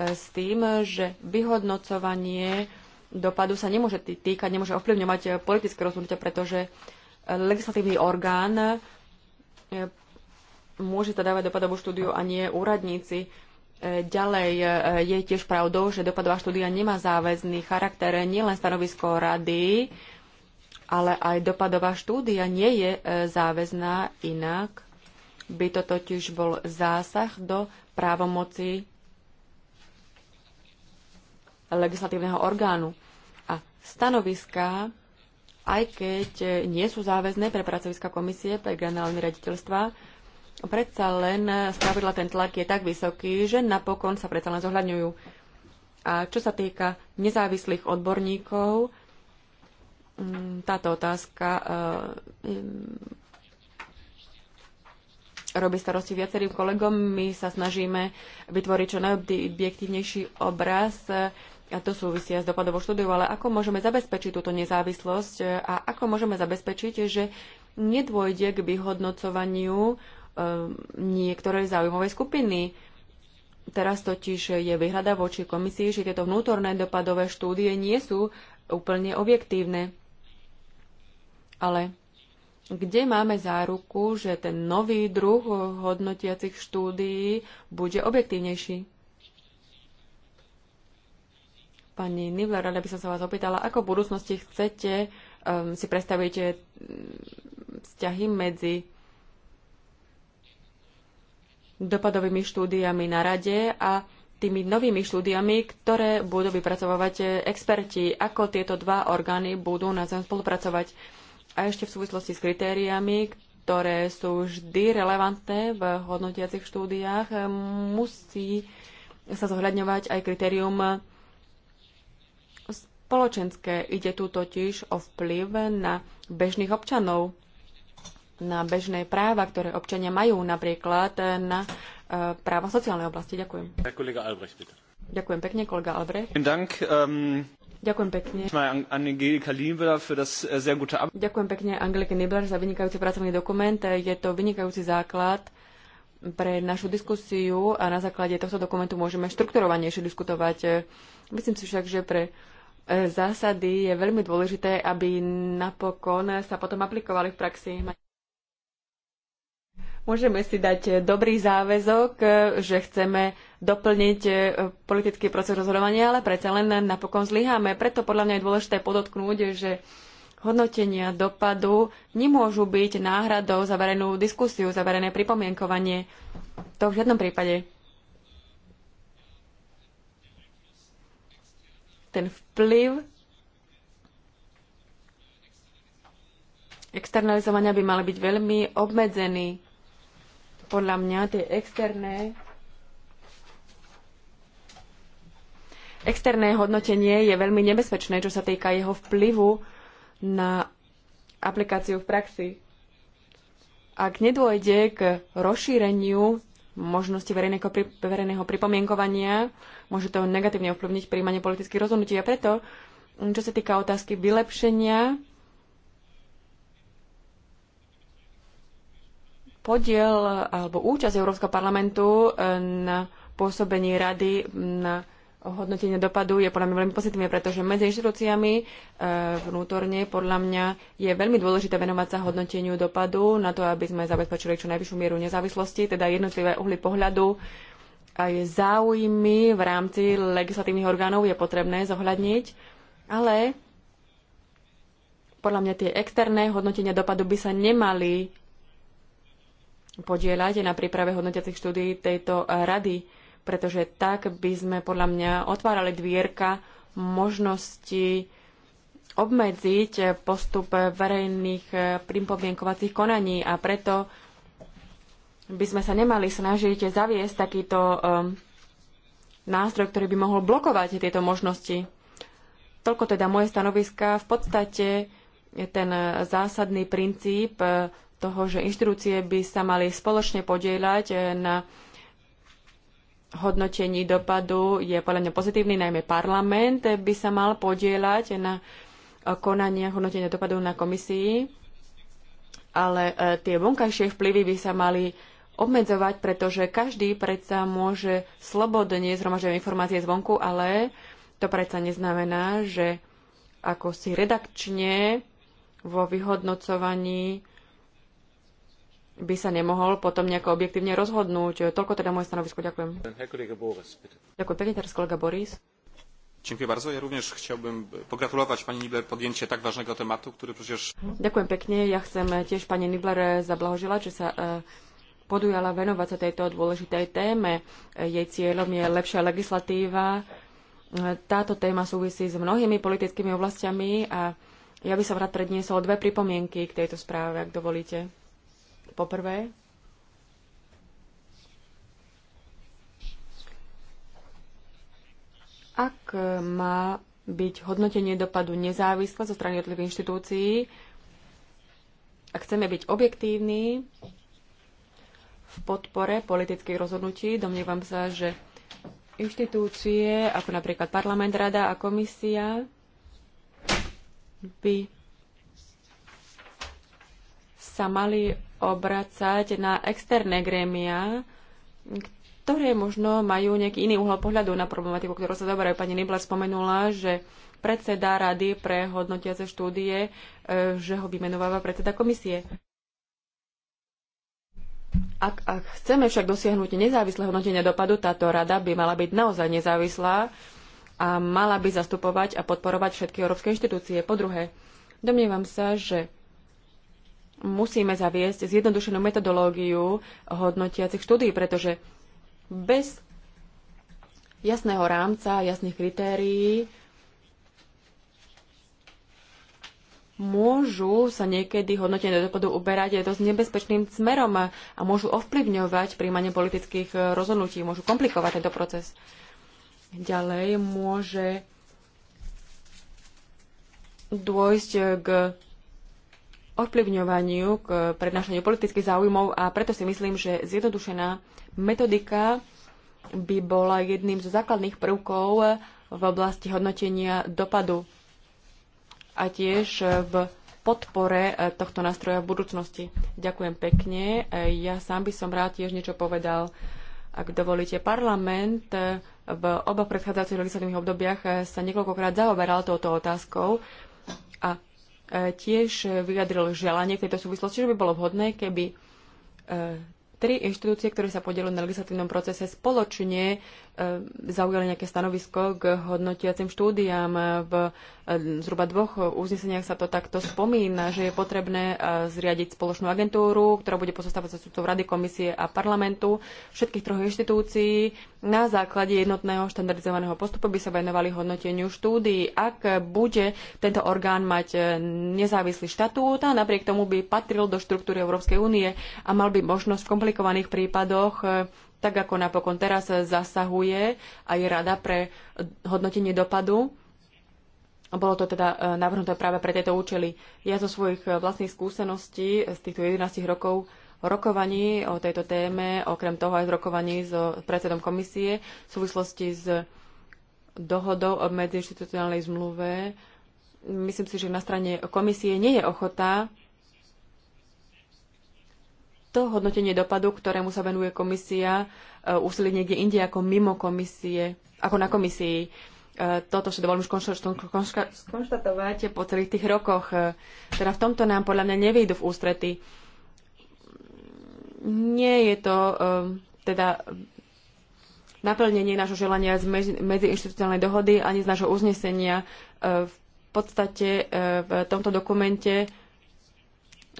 s tým, že vyhodnocovanie dopadu sa nemôže týkať, nemôže ovplyvňovať e, politické rozhodnutia, pretože legislatívny orgán môže to dávať dopadovú štúdiu a nie úradníci. Ďalej je tiež pravdou, že dopadová štúdia nemá záväzný charakter, nielen stanovisko rady, ale aj dopadová štúdia nie je e, záväzná, inak by to totiž bol zásah do právomoci legislatívneho orgánu. A stanoviská, aj keď e, nie sú záväzné pre pracoviska komisie, pre generálne raditeľstva, predsa len spravidla e, ten tlak je tak vysoký, že napokon sa predsa len zohľadňujú. A čo sa týka nezávislých odborníkov, Mm, táto otázka eh, robí starosti viacerým kolegom. My sa snažíme vytvoriť čo najobjektívnejší obraz eh, a to súvisia s dopadovou štúdiou, ale ako môžeme zabezpečiť túto nezávislosť eh, a ako môžeme zabezpečiť, že nedôjde k vyhodnocovaniu niektorej zaujímavej skupiny. Teraz totiž je vyhľada voči komisii, že tieto vnútorné dopadové štúdie nie sú úplne objektívne. Ale kde máme záruku, že ten nový druh hodnotiacich štúdií bude objektívnejší? Pani Nivler, rada by som sa vás opýtala, ako v budúcnosti chcete um, si predstavíte mm, vzťahy medzi dopadovými štúdiami na rade a tými novými štúdiami, ktoré budú vypracovávať eh, experti, ako tieto dva orgány budú na zem spolupracovať a ešte v súvislosti s kritériami, ktoré sú vždy relevantné v hodnotiacich štúdiách, musí sa zohľadňovať aj kritérium spoločenské. Ide tu totiž o vplyv na bežných občanov, na bežné práva, ktoré občania majú, napríklad na e, práva sociálnej oblasti. Ďakujem. Ďakujem pekne, kolega Albrecht. um... Ďakujem pekne. Äh, Ďakujem pekne Angelike Nibler za vynikajúci pracovný dokument. Je to vynikajúci základ pre našu diskusiu a na základe tohto dokumentu môžeme štrukturovanejšie diskutovať. Myslím si však, že pre e, zásady je veľmi dôležité, aby napokon sa potom aplikovali v praxi. Môžeme si dať e, dobrý záväzok, e, že chceme doplniť e, politický proces rozhodovania, ale predsa len napokon zlyháme. Preto podľa mňa je dôležité podotknúť, že hodnotenia dopadu nemôžu byť náhradou za verejnú diskusiu, za verejné pripomienkovanie. To v žiadnom prípade. Ten vplyv externalizovania by mal byť veľmi obmedzený podľa mňa tie externé externé hodnotenie je veľmi nebezpečné, čo sa týka jeho vplyvu na aplikáciu v praxi. Ak nedôjde k rozšíreniu možnosti verejného, pri, verejného pripomienkovania, môže to negatívne ovplyvniť príjmanie politických rozhodnutí. A preto, čo sa týka otázky vylepšenia podiel alebo účasť Európskeho parlamentu eh, na pôsobení rady na hodnotenie dopadu je podľa mňa veľmi pozitívne, pretože medzi inštitúciami eh, vnútorne podľa mňa je veľmi dôležité venovať sa hodnoteniu dopadu na to, aby sme zabezpečili čo najvyššiu mieru nezávislosti, teda jednotlivé uhly pohľadu aj záujmy v rámci legislatívnych orgánov je potrebné zohľadniť, ale podľa mňa tie externé hodnotenia dopadu by sa nemali podieľať na príprave hodnotiacich štúdií tejto rady, pretože tak by sme podľa mňa otvárali dvierka možnosti obmedziť postup verejných eh, pripomienkovacích konaní a preto by sme sa nemali snažiť zaviesť takýto eh, nástroj, ktorý by mohol blokovať tieto možnosti. Toľko teda moje stanoviska. V podstate ten eh, zásadný princíp toho, že inštitúcie by sa mali spoločne podieľať e, na hodnotení dopadu je podľa mňa pozitívny, najmä parlament by sa mal podieľať na konania hodnotenia dopadu na komisii, ale e, tie vonkajšie vplyvy by sa mali obmedzovať, pretože každý predsa môže slobodne zhromažďovať informácie zvonku, ale to predsa neznamená, že ako si redakčne vo vyhodnocovaní by sa nemohol potom nejako objektívne rozhodnúť. Toľko teda moje stanovisko. Ďakujem. Ďakujem pekne, teraz kolega Boris. Dziękuję bardzo. Ja również chciałbym pogratulować pani Nibler podjęcie tak ważnego tematu, który przecież... Ďakujem pekne. Ja chcem tiež pani Nibler e, zablahoželať, že sa e, podujala venovať sa tejto dôležitej téme. E, jej cieľom je lepšia legislatíva. Táto téma súvisí s mnohými politickými oblastiami a ja by som rád predniesol dve pripomienky k tejto správe, ak dovolíte. Poprvé, ak má byť hodnotenie dopadu nezávislé zo strany jednotlivých inštitúcií, ak chceme byť objektívni v podpore politických rozhodnutí, domnievam sa, že inštitúcie, ako napríklad parlament, rada a komisia, by sa mali obracať na externé grémia, ktoré možno majú nejaký iný uhol pohľadu na problematiku, ktorú sa zaoberajú. Pani Nibla spomenula, že predseda rady pre hodnotiace štúdie, e, že ho vymenováva predseda komisie. Ak, ak chceme však dosiahnuť nezávislé hodnotenie dopadu, táto rada by mala byť naozaj nezávislá a mala by zastupovať a podporovať všetky európske inštitúcie. Po druhé, domnievam sa, že musíme zaviesť zjednodušenú metodológiu hodnotiacich štúdí, pretože bez jasného rámca, jasných kritérií môžu sa niekedy hodnotenie dopadu uberať dosť nebezpečným smerom a, a môžu ovplyvňovať príjmanie politických rozhodnutí, môžu komplikovať tento proces. Ďalej môže dôjsť k ovplyvňovaniu, k prednášaniu politických záujmov a preto si myslím, že zjednodušená metodika by bola jedným zo základných prvkov v oblasti hodnotenia dopadu a tiež v podpore tohto nástroja v budúcnosti. Ďakujem pekne. Ja sám by som rád tiež niečo povedal. Ak dovolíte, parlament v oba predchádzajúcich legislatívnych obdobiach sa niekoľkokrát zaoberal touto otázkou a tiež vyjadril želanie v tejto súvislosti, že by bolo vhodné, keby e, tri inštitúcie, ktoré sa podielujú na legislatívnom procese, spoločne E, zaujali nejaké stanovisko k hodnotiacim štúdiám. V e, zhruba dvoch uzneseniach sa to takto spomína, že je potrebné e, zriadiť spoločnú agentúru, ktorá bude pozostávať sa súdcov Rady, komisie a parlamentu všetkých troch inštitúcií. Na základe jednotného štandardizovaného postupu by sa venovali hodnoteniu štúdií. Ak bude tento orgán mať nezávislý štatút a napriek tomu by patril do štruktúry Európskej únie a mal by možnosť v komplikovaných prípadoch tak ako napokon teraz zasahuje aj Rada pre hodnotenie dopadu. Bolo to teda e, navrhnuté práve pre tieto účely. Ja zo svojich e, vlastných skúseností z týchto 11 rokov rokovaní o tejto téme, okrem toho aj z rokovaní s so predsedom komisie v súvislosti s dohodou o medziinstitucionálnej zmluve, myslím si, že na strane komisie nie je ochota to hodnotenie dopadu, ktorému sa venuje komisia, e, úsilie niekde inde ako mimo komisie, ako na komisii. E, toto sa dovolím už skonštatovať po celých tých rokoch. E, teda v tomto nám podľa mňa nevyjdu v ústrety. Nie je to teda naplnenie nášho želania z medziinstitucionálnej dohody ani z nášho uznesenia. V podstate v tomto dokumente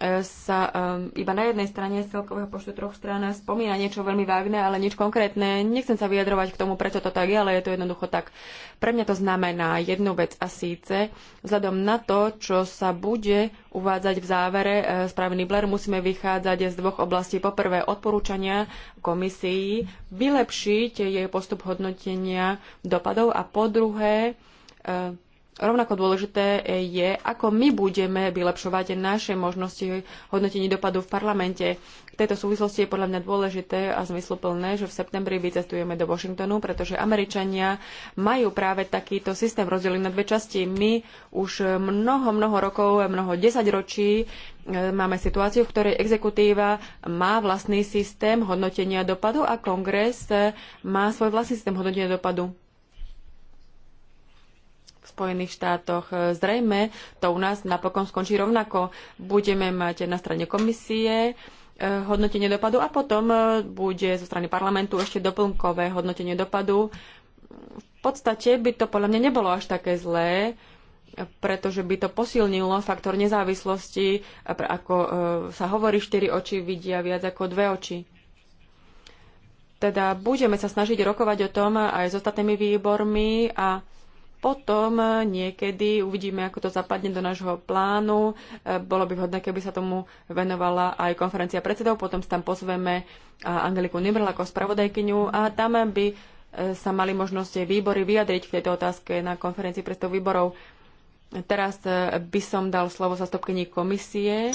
E, sa iba na jednej strane z celkového počtu troch strán spomína niečo veľmi vágne, ale nič konkrétne. Nechcem sa vyjadrovať k tomu, prečo to tak je, ale je to jednoducho tak. Pre mňa to znamená jednu vec a síce vzhľadom na to, čo sa bude uvádzať v závere e, správy Nibler, musíme vychádzať z dvoch oblastí. Poprvé odporúčania komisii vylepšiť jej postup hodnotenia dopadov a po druhé e, Rovnako dôležité je, ako my budeme vylepšovať naše možnosti hodnotení dopadu v parlamente. V tejto súvislosti je podľa mňa dôležité a zmysluplné, že v septembri vycestujeme do Washingtonu, pretože Američania majú práve takýto systém rozdelený na dve časti. My už mnoho, mnoho rokov, mnoho desaťročí e, máme situáciu, v ktorej exekutíva má vlastný systém hodnotenia dopadu a kongres má svoj vlastný systém hodnotenia dopadu Spojených štátoch. E, Zrejme to u nás napokon skončí rovnako. Budeme mať na strane komisie e, hodnotenie dopadu a potom e, bude zo strany parlamentu ešte doplnkové hodnotenie dopadu. V podstate by to podľa mňa nebolo až také zlé, pretože by to posilnilo faktor nezávislosti, ako sa hovorí, štyri oči vidia viac ako dve oči. Teda budeme sa snažiť rokovať o tom aj s ostatnými výbormi a potom e, niekedy uvidíme, ako to zapadne do nášho plánu. E, bolo by vhodné, keby sa tomu venovala aj konferencia predsedov, potom tam pozveme e, Angeliku Nimrl ako spravodajkyňu a tam by sa mali možnosť výbory vyjadriť v tejto otázke na konferencii predstav výborov. Teraz by som dal slovo zastupkyni komisie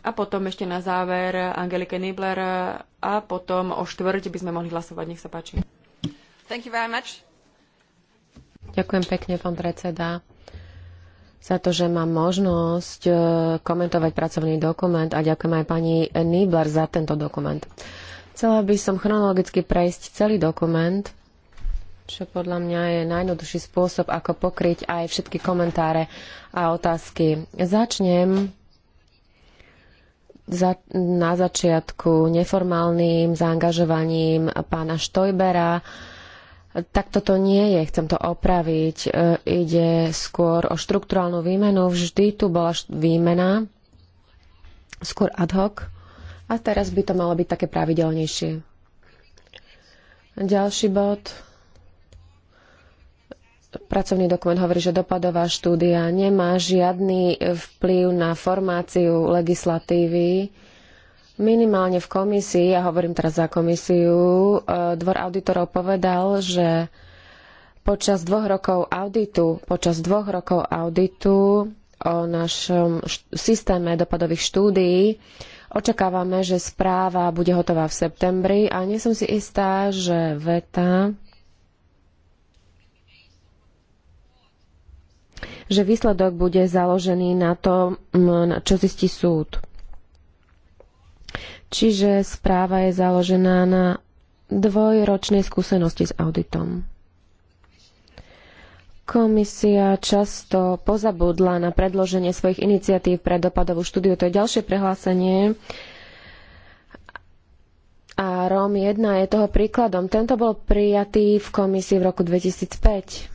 a potom ešte na záver Angelike Nibler a potom o štvrť by sme mohli hlasovať. Nech sa páči. Thank you very much. Ďakujem pekne, pán predseda, za to, že mám možnosť e, komentovať pracovný dokument a ďakujem aj pani Nibler za tento dokument. Chcela by som chronologicky prejsť celý dokument, čo podľa mňa je najjednoduchší spôsob, ako pokryť aj všetky komentáre a otázky. Začnem za, na začiatku neformálnym zaangažovaním pána Štojbera, tak toto nie je, chcem to opraviť. E, ide skôr o štruktúrálnu výmenu. Vždy tu bola výmena, skôr ad hoc. A teraz by to malo byť také pravidelnejšie. Ďalší bod. Pracovný dokument hovorí, že dopadová štúdia nemá žiadny vplyv na formáciu legislatívy Minimálne v komisii, ja hovorím teraz za komisiu, eh, dvor auditorov povedal, že počas dvoch rokov auditu, počas dvoch rokov auditu o našom systéme dopadových štúdií očakávame, že správa bude hotová v septembri a nie som si istá, že veta že výsledok bude založený na tom, čo zistí súd. Čiže správa je založená na dvojročnej skúsenosti s auditom. Komisia často pozabudla na predloženie svojich iniciatív pre dopadovú štúdiu. To je ďalšie prehlásenie. A ROM 1 je toho príkladom. Tento bol prijatý v komisii v roku 2005.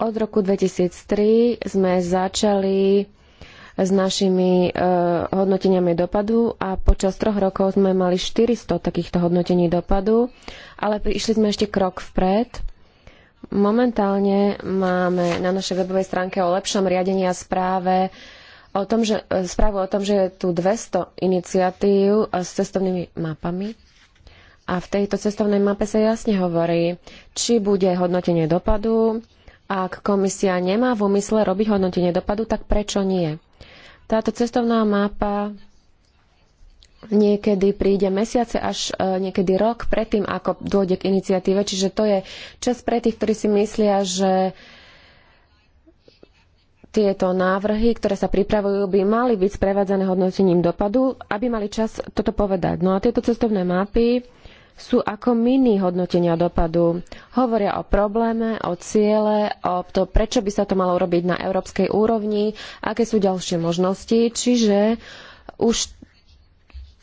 Od roku 2003 sme začali s našimi e, hodnoteniami dopadu a počas troch rokov sme mali 400 takýchto hodnotení dopadu, ale išli sme ešte krok vpred. Momentálne máme na našej webovej stránke o lepšom riadení a správe o tom, že, e, správu o tom, že je tu 200 iniciatív e, s cestovnými mapami. A v tejto cestovnej mape sa jasne hovorí, či bude hodnotenie dopadu, ak komisia nemá v úmysle robiť hodnotenie dopadu, tak prečo nie? Táto cestovná mapa niekedy príde mesiace až e, niekedy rok predtým, ako dôjde k iniciatíve. Čiže to je čas pre tých, ktorí si myslia, že tieto návrhy, ktoré sa pripravujú, by mali byť sprevádzané hodnotením dopadu, aby mali čas toto povedať. No a tieto cestovné mapy sú ako mini hodnotenia dopadu. Hovoria o probléme, o ciele, o to, prečo by sa to malo robiť na európskej úrovni, aké sú ďalšie možnosti, čiže už,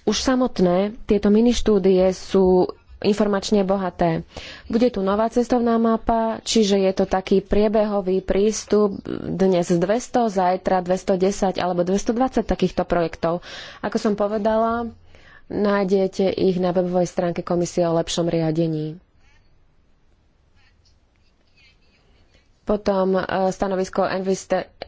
už samotné tieto mini štúdie sú informačne bohaté. Bude tu nová cestovná mapa, čiže je to taký priebehový prístup dnes 200, zajtra 210 alebo 220 takýchto projektov. Ako som povedala, Nájdete ich na webovej stránke Komisie o lepšom riadení. Potom e, stanovisko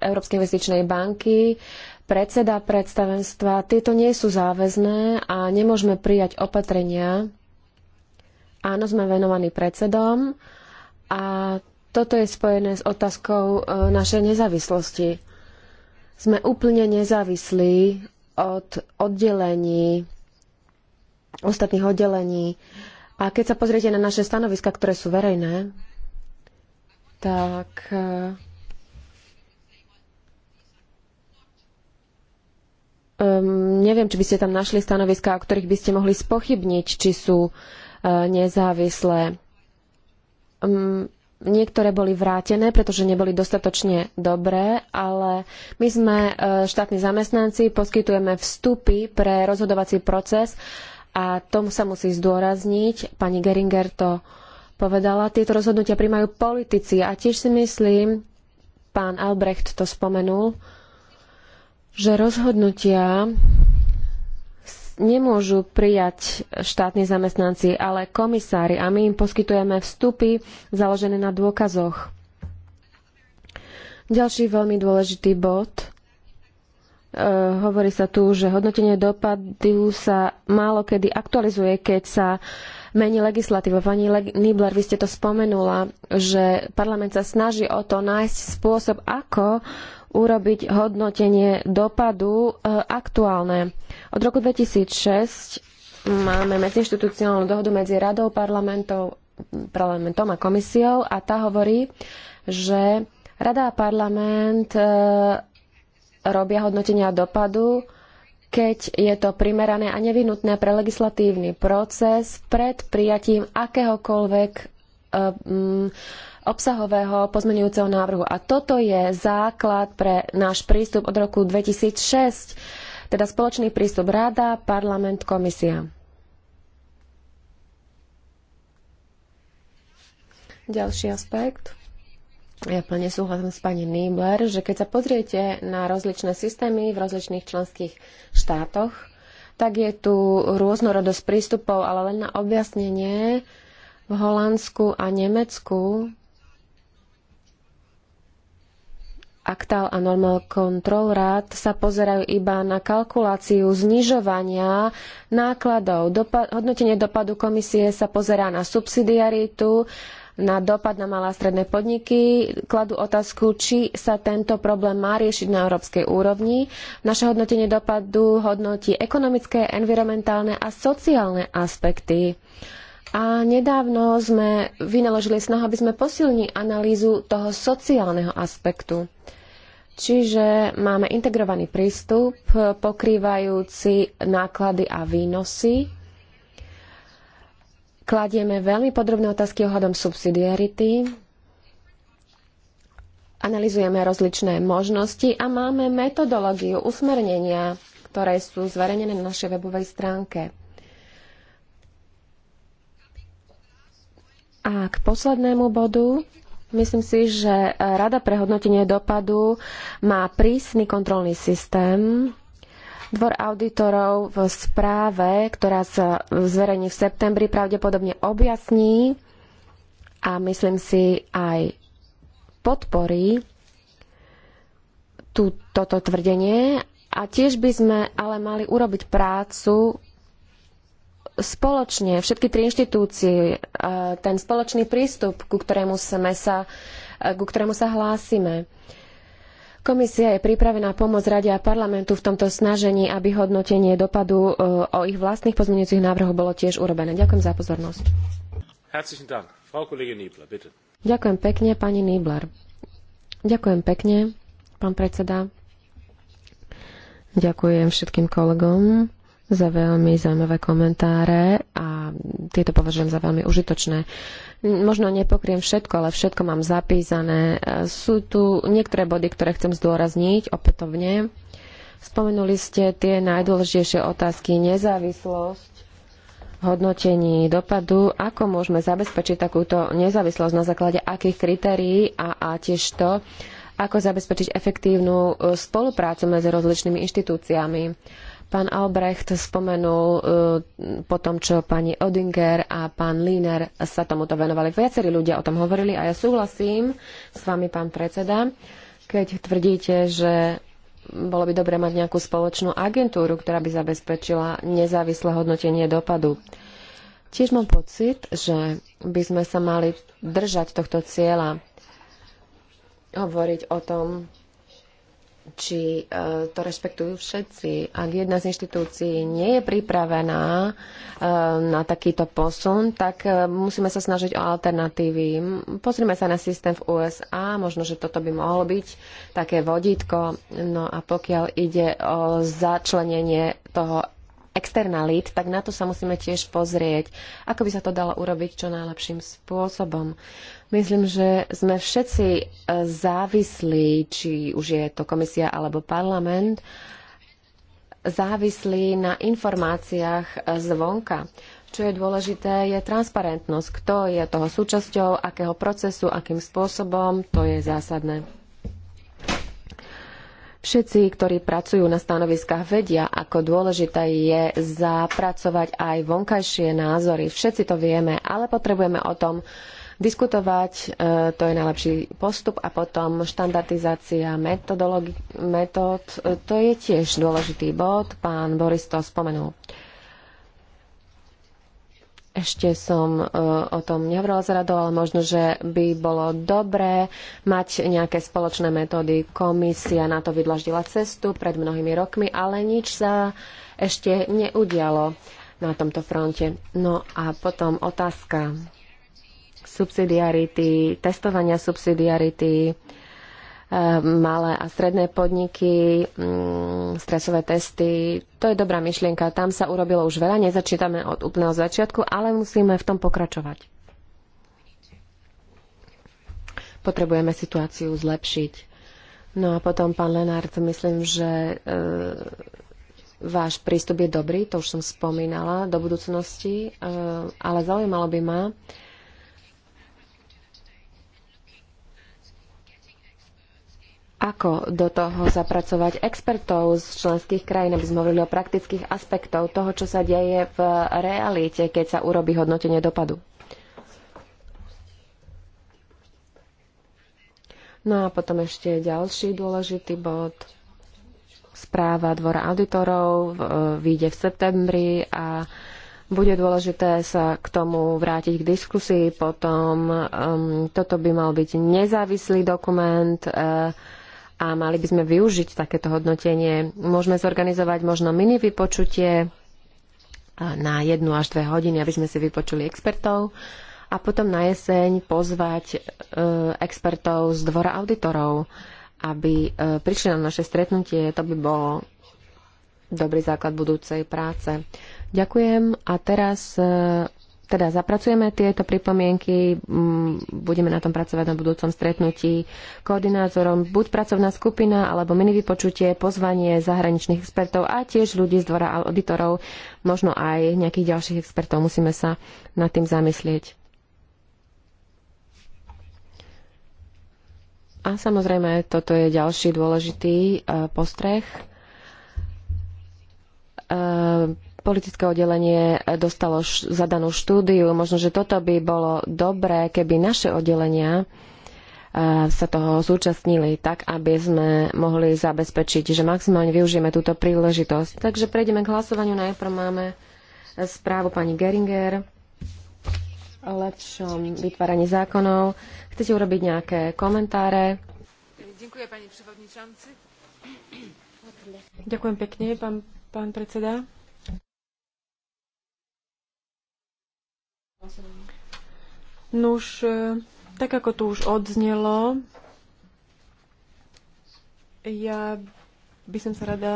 Európskej investičnej banky, predseda predstavenstva. Tieto nie sú záväzné a nemôžeme prijať opatrenia. Áno, sme venovaní predsedom a toto je spojené s otázkou e, našej nezávislosti. Sme úplne nezávislí od oddelení ostatných oddelení. A keď sa pozriete na naše stanoviska, ktoré sú verejné, tak um, neviem, či by ste tam našli stanoviská, o ktorých by ste mohli spochybniť, či sú uh, nezávislé. Um, niektoré boli vrátené, pretože neboli dostatočne dobré, ale my sme eh, štátni zamestnanci, poskytujeme vstupy pre rozhodovací proces a tomu sa musí zdôrazniť. Pani Geringer to povedala, tieto rozhodnutia primajú politici a tiež si myslím, pán Albrecht to spomenul, že rozhodnutia nemôžu prijať štátni zamestnanci, ale komisári a my im poskytujeme vstupy založené na dôkazoch. Ďalší veľmi dôležitý bod E, hovorí sa tu, že hodnotenie dopadu sa málo kedy aktualizuje, keď sa mení legislatíva. Pani Nibler, vy ste to spomenula, že parlament sa snaží o to nájsť spôsob, ako urobiť hodnotenie dopadu e, aktuálne. Od roku 2006 máme medziinstitucionálnu dohodu medzi radou parlamentov, parlamentom a komisiou a tá hovorí, že Rada a parlament e, robia hodnotenia dopadu, keď je to primerané a nevyhnutné pre legislatívny proces pred prijatím akéhokoľvek e, mm, obsahového pozmenujúceho návrhu. A toto je základ pre náš prístup od roku 2006, teda spoločný prístup Rada, Parlament, Komisia. Ďalší aspekt. Ja plne súhlasím s pani Niebler, že keď sa pozriete na rozličné systémy v rozličných členských štátoch, tak je tu rôznorodosť prístupov, ale len na objasnenie v Holandsku a Nemecku Aktal a Normal Control Rad sa pozerajú iba na kalkuláciu znižovania nákladov. Dopa- hodnotenie dopadu komisie sa pozerá na subsidiaritu na dopad na malé a stredné podniky. Kladú otázku, či sa tento problém má riešiť na európskej úrovni. Naše hodnotenie dopadu hodnotí ekonomické, environmentálne a sociálne aspekty. A nedávno sme vynaložili snahu, aby sme posilnili analýzu toho sociálneho aspektu. Čiže máme integrovaný prístup pokrývajúci náklady a výnosy kladieme veľmi podrobné otázky ohľadom subsidiarity, analizujeme rozličné možnosti a máme metodológiu usmernenia, ktoré sú zverejnené na našej webovej stránke. A k poslednému bodu, myslím si, že Rada pre hodnotenie dopadu má prísny kontrolný systém, Dvor auditorov v správe, ktorá sa zverejní v septembri, pravdepodobne objasní a myslím si aj podporí tú, toto tvrdenie. A tiež by sme ale mali urobiť prácu spoločne, všetky tri inštitúcie, e, ten spoločný prístup, ku ktorému, sme sa, e, ku ktorému sa hlásime. Komisia je pripravená pomôcť Rade a parlamentu v tomto snažení, aby hodnotenie dopadu eh, o ich vlastných pozmeňujúcich návrhoch bolo tiež urobené. Ďakujem za pozornosť. Ďakujem pekne, pani Ďakujem pekne, pán predseda. Ďakujem všetkým kolegom za veľmi zaujímavé komentáre a tieto považujem za veľmi užitočné. Možno nepokriem všetko, ale všetko mám zapísané. Sú tu niektoré body, ktoré chcem zdôrazniť opätovne. Spomenuli ste tie najdôležitejšie otázky nezávislosť, hodnotení dopadu, ako môžeme zabezpečiť takúto nezávislosť na základe akých kritérií a, a tiež to, ako zabezpečiť efektívnu e, spoluprácu medzi rozličnými inštitúciami. Pán Albrecht spomenul e, po tom, čo pani Odinger a pán Líner sa tomuto venovali. Viacerí ľudia o tom hovorili a ja súhlasím s vami, pán predseda, keď tvrdíte, že bolo by dobre mať nejakú spoločnú agentúru, ktorá by zabezpečila nezávislé hodnotenie dopadu. Tiež mám pocit, že by sme sa mali držať tohto cieľa, hovoriť o tom, či e, to rešpektujú všetci. Ak jedna z inštitúcií nie je pripravená e, na takýto posun, tak e, musíme sa snažiť o alternatívy. Pozrime sa na systém v USA, možno, že toto by mohlo byť také vodítko. No a pokiaľ ide o začlenenie toho externalít, tak na to sa musíme tiež pozrieť, ako by sa to dalo urobiť čo najlepším spôsobom. Myslím, že sme všetci e, závislí, či už je to komisia alebo parlament, závislí na informáciách e, zvonka. Čo je dôležité, je transparentnosť. Kto je toho súčasťou, akého procesu, akým spôsobom, to je zásadné. Všetci, ktorí pracujú na stanoviskách, vedia, ako dôležité je zapracovať aj vonkajšie názory. Všetci to vieme, ale potrebujeme o tom uh, diskutovať, e, to je najlepší postup a potom štandardizácia metód, e, to je tiež dôležitý bod, pán Boris to spomenul. Ešte som e, o tom nehovorila s radou, ale možno, že by bolo dobré mať nejaké spoločné metódy. Komisia na to vydlaždila cestu pred mnohými rokmi, ale nič sa ešte neudialo na tomto fronte. No a potom otázka subsidiarity, testovania subsidiarity, eh, malé a stredné podniky, mm, stresové testy. To je dobrá myšlienka. Tam sa urobilo už veľa, nezačítame od úplného začiatku, ale musíme v tom pokračovať. Potrebujeme situáciu zlepšiť. No a potom, pán Lenard, myslím, že e, váš prístup je dobrý, to už som spomínala, do budúcnosti, e, ale zaujímalo by ma, e, ako do toho zapracovať expertov z členských krajín, aby sme hovorili o praktických aspektov toho, čo sa deje v realite, keď sa urobí hodnotenie dopadu. No a potom ešte ďalší dôležitý bod. Správa Dvora auditorov vyjde v septembri a bude dôležité sa k tomu vrátiť k diskusii. Potom um, toto by mal byť nezávislý dokument. Uh, a mali by sme využiť takéto hodnotenie. Môžeme zorganizovať možno mini vypočutie na jednu až dve hodiny, aby sme si vypočuli expertov a potom na jeseň pozvať e, expertov z dvora auditorov, aby e, prišli na naše stretnutie. To by bolo dobrý základ budúcej práce. Ďakujem a teraz e, teda zapracujeme tieto pripomienky, mm, budeme na tom pracovať na budúcom stretnutí koordinátorom, buď pracovná skupina, alebo mini vypočutie, pozvanie zahraničných expertov a tiež ľudí z dvora auditorov, možno aj nejakých ďalších expertov. Musíme sa nad tým zamyslieť. A samozrejme, toto je ďalší dôležitý e, postreh e, politické oddelenie e, dostalo zadanú štúdiu. Možno, že toto by bolo dobré, keby naše oddelenia e, sa toho zúčastnili tak, aby sme mohli zabezpečiť, že maximálne využijeme túto príležitosť. Takže prejdeme k hlasovaniu. Najprv máme e, správu pani Geringer o lepšom vytváraní zákonov. Chcete urobiť nejaké komentáre? Ďakujem, pani Ďakujem pekne, pán, pán predseda. Nuž, e, tak ako tu už odznelo, ja by som sa rada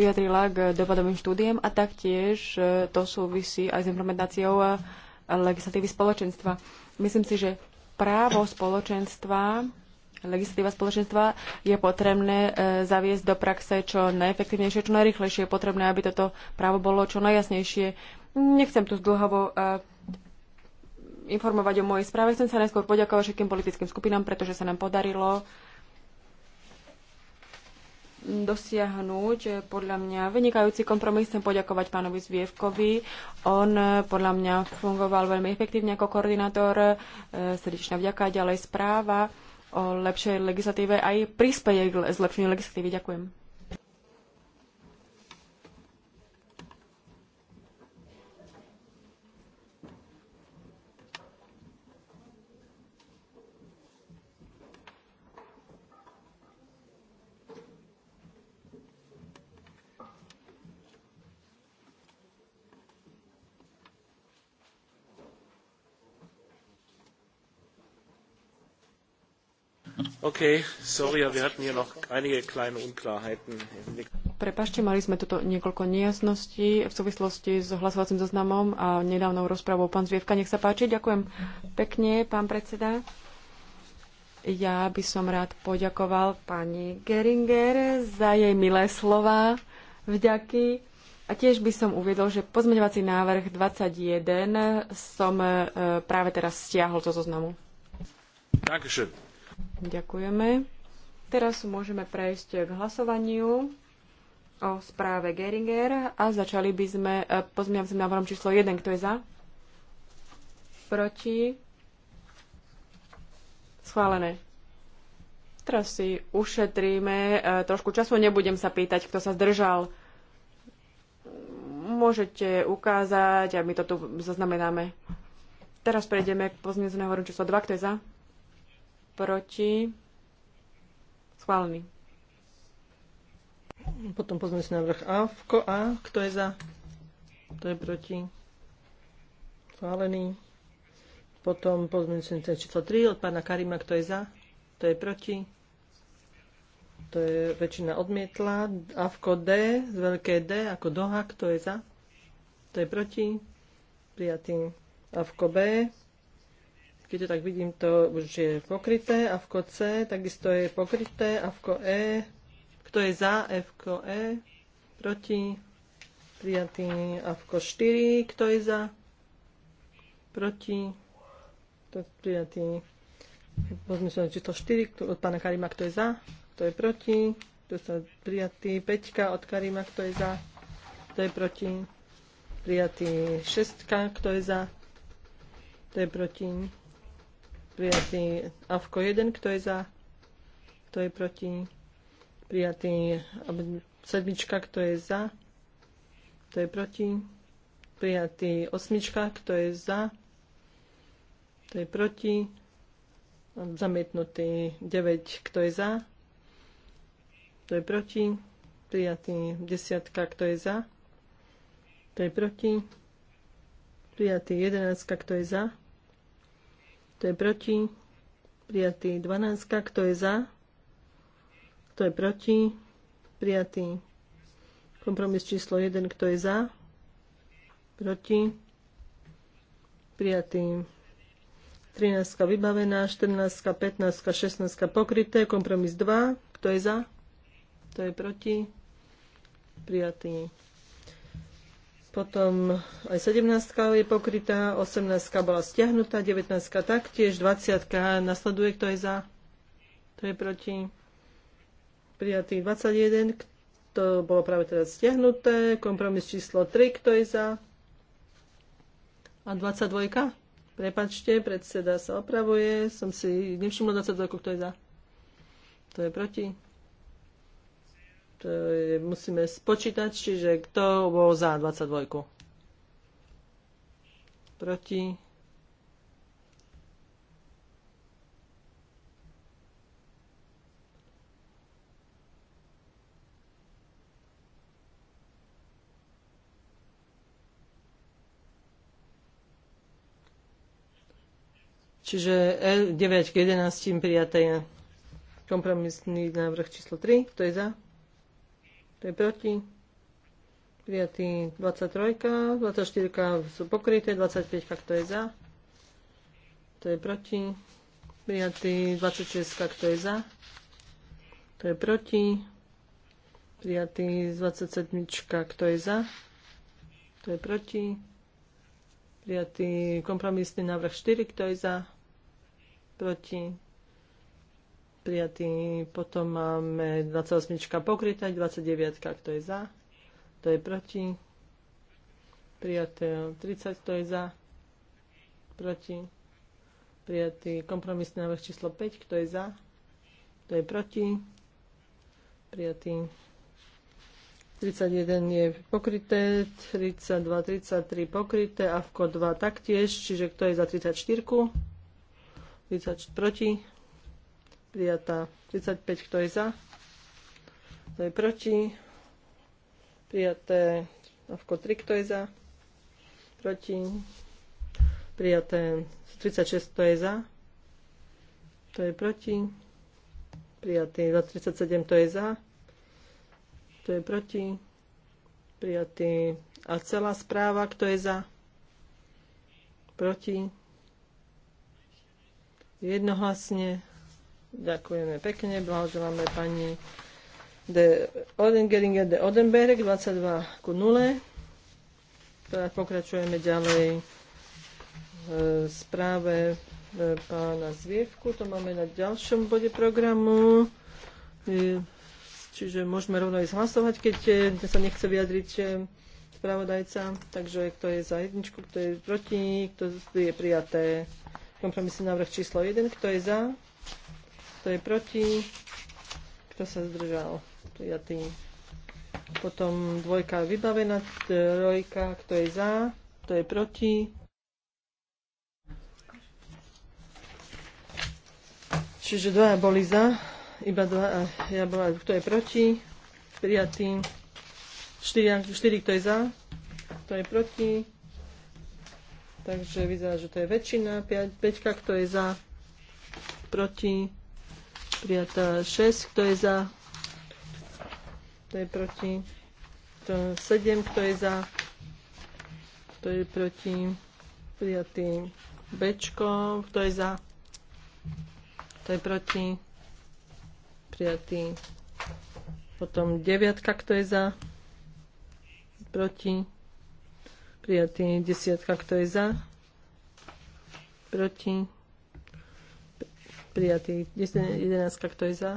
vyjadrila k dopadovým štúdiem a taktiež e, to súvisí aj s implementáciou e, legislatívy spoločenstva. Myslím si, že právo spoločenstva, legislatíva spoločenstva je potrebné zaviesť do praxe čo najefektívnejšie, čo najrychlejšie. Je potrebné, aby toto právo bolo čo najjasnejšie. Nechcem tu zdlhavo informovať o mojej správe. Chcem sa najskôr poďakovať všetkým politickým skupinám, pretože sa nám podarilo dosiahnuť eh, podľa mňa vynikajúci kompromis. Chcem poďakovať pánovi Zvievkovi. On eh, podľa mňa fungoval veľmi efektívne ako koordinátor. Eh, srdečná vďaka, ďalej správa o lepšej legislatíve aj prispieje k zlepšeniu legislatívy. Ďakujem. Okay, sorry, wir hatten hier noch einige kleine Unklarheiten. Prepašte, mali sme toto niekoľko nejasností v súvislosti s hlasovacím zoznamom a nedávnou rozprávou. Pán Zvievka, nech sa páči. Ďakujem pekne, pán predseda. Ja by som rád poďakoval pani Geringer za jej milé slova. Vďaky. A tiež by som uviedol, že pozmeňovací návrh 21 som e, práve teraz stiahol zo zoznamu. Ďakujem. Ďakujeme. Teraz môžeme prejsť k hlasovaniu o správe Geringer a začali by sme e, pozmeňovacím návrhom číslo 1. Kto je za? Proti? Schválené. Teraz si ušetríme e, trošku času. Nebudem sa pýtať, kto sa zdržal. Môžete ukázať a my to tu zaznamenáme. Teraz prejdeme k pozmeňovacím návrhom číslo 2. Kto je za? proti, schválený. Potom pozme si návrh A. ko A, kto je za? Kto je proti? Schválený. Potom si návrh číslo 3 od pána Karima, kto je za? Kto je proti? To je väčšina odmietla. A v D, z veľké D, ako doha, kto je za? Kto je proti? Prijatý. A v B, keď to tak vidím, to už je pokryté. A v C takisto je pokryté. A v E. Kto je za? F e, e. Proti. Prijatý. A v 4. Kto je za? Proti. To prijatý. Pozme sa to 4 od pána Karima, kto je za, kto je proti. Tu sa prijatý. 5 od Karima, kto je za, kto je proti. Prijatý 6, kto je za, to je proti prijatý AFKO 1, kto je za, kto je proti, prijatý sedmička, kto je za, kto je proti, prijatý osmička, kto je za, kto je proti, zamietnutý 9, kto je za, kto je proti, prijatý desiatka, kto je za, kto je proti, prijatý jedenáctka, kto je za, kto je proti? Prijatý. 12. Kto je za? Kto je proti? Prijatý. Kompromis číslo 1. Kto je za? Proti? Prijatý. 13 vybavená, 14, 15, 16 pokryté, kompromis 2. Kto je za? Kto je proti? Prijatý. Potom aj 17 je pokrytá, 18 bola stiahnutá, 19 taktiež, 20 nasleduje, kto je za, kto je proti. Prijatý 21, to bolo práve teraz stiahnuté, kompromis číslo 3, kto je za. A 22, prepačte, predseda sa opravuje, som si nevšimla 22, kto je za, kto je proti to je, musíme spočítať, čiže kto bol za 22. Proti. Čiže 9 e k 11 prijaté je kompromisný návrh číslo 3. Kto je za? Kto je proti? Prijatý 23, 24 sú pokryté, 25 kto je za? to je proti? Prijatý 26 kto je za? to je proti? Prijatý 27 kto je za? To je proti? Prijatý kompromisný návrh 4 kto je za? Proti? prijatý. Potom máme 28 pokrytá, 29, kto je za, to je proti. Prijaté 30, kto je za, proti. Prijatý kompromisný návrh číslo 5, kto je za, kto je proti. Prijatý 31 je pokryté, 32, 33 pokryté, AFKO 2 taktiež, čiže kto je za 34? 30 proti prijatá. 35, kto je za? Kto je proti? Prijaté. Avko 3, kto je za? Proti. Prijaté. 36, kto je za? Kto je proti? Prijatý. 37, kto je za? Kto je proti? Prijatý. A celá správa, kto je za? Proti? Jednohlasne Ďakujeme pekne, blahoželáme pani de Odengeringer de Odenberg 22 ku 0. Teda pokračujeme ďalej e, správe e, pána Zvievku. To máme na ďalšom bode programu. E, čiže môžeme rovno ísť hlasovať, keď e, sa nechce vyjadriť spravodajca. Takže kto je za jedničku, kto je proti, kto je prijaté. Kompromisný návrh číslo 1. Kto je za? Kto je proti? Kto sa zdržal? tým. Potom dvojka vybavená, trojka, kto je za, kto je proti. Čiže dvaja boli za, iba dva, ja bola, kto je proti, prijatý. 4, štyri, kto je za, kto je proti. Takže vyzerá, že to je väčšina. Peťka kto je za, proti prijatá 6, kto je za, kto je proti, to 7, kto je za, kto je proti, prijatý Bčko, kto je za, kto je proti, prijatý. Potom 9, kto je za, proti, prijatý. 10, kto je za, proti, prijatý. 11, kto je za,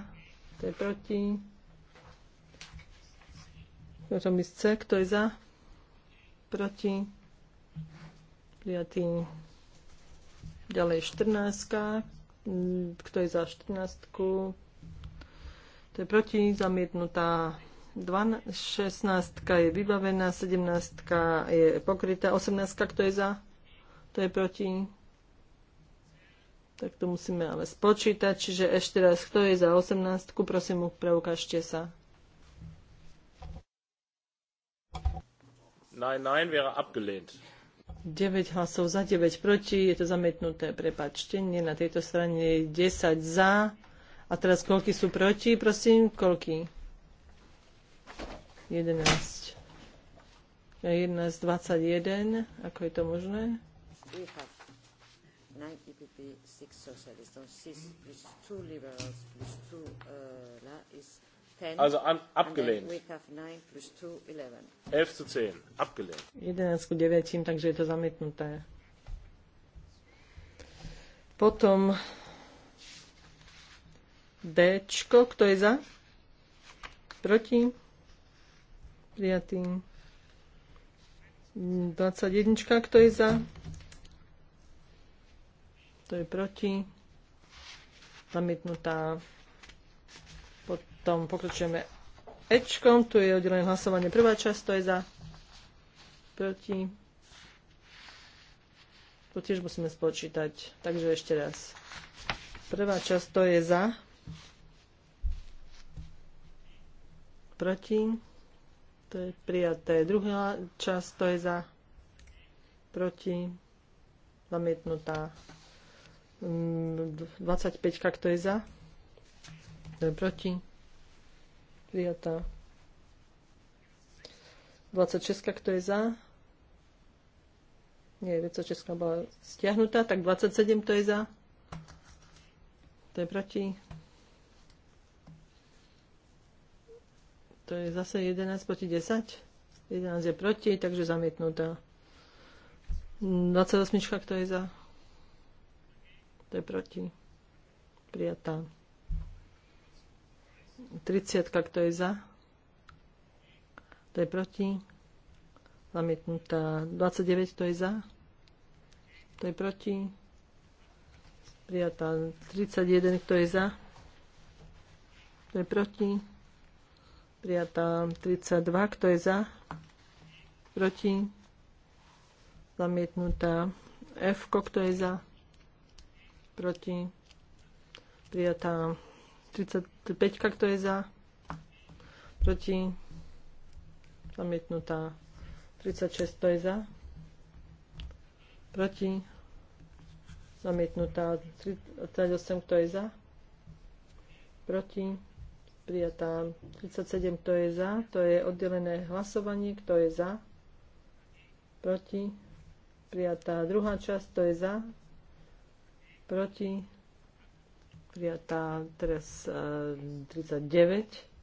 kto je proti. Kompromis C, kto je za, proti. Prijatý. Ďalej 14, kto je za 14, -ku? to je proti, zamietnutá. 16 je vybavená, 17 je pokrytá, 18 kto je za, to je proti tak to musíme ale spočítať. Čiže ešte raz, kto je za 18, prosím, preukážte sa. Nein, nein, wäre abgelehnt. 9 hlasov za, 9 proti, je to zamietnuté, prepačte, nie na tejto strane 10 za. A teraz koľky sú proti, prosím, koľky? 11. 11, 21, ako je to možné? 11 nine EPP, six socialists. On six plus two liberals plus two uh, la is Also an, abgelehnt. We have nine plus two, eleven. Elf zu 10. Abgelehnt. 11 zu 9, takže je to zamietnuté. Potom D, kto je za? Proti? Prijatý. 21, kto je za? kto je proti, zamietnutá. Potom pokračujeme Ečkom, tu je oddelené hlasovanie. Prvá časť, to je za, proti. Tu tiež musíme spočítať, takže ešte raz. Prvá časť, to je za, proti. To je prijaté. Druhá časť, to je za, proti, zamietnutá. 25, kto je za? Kto je proti? Prijatá. 26, kto je za? Nie, 26 bola stiahnutá, tak 27 to je za. To je proti. To je zase 11 proti 10. 11 je proti, takže zamietnutá. 28, kto je za? To je proti. Prijatá. 30, kto je za? To je proti. Zamietnutá. 29, kto je za? To je proti. Prijatá. 31, kto je za? To je proti. Prijatá. 32, kto je za? Proti. Zamietnutá. F, kto je za? proti, prijatá 35, kto je za, proti, zamietnutá 36, kto je za, proti, zamietnutá 38, kto je za, proti, prijatá 37, kto je za, to je oddelené hlasovanie, kto je za, proti, prijatá druhá časť, kto je za, proti, prijatá teraz 39. E,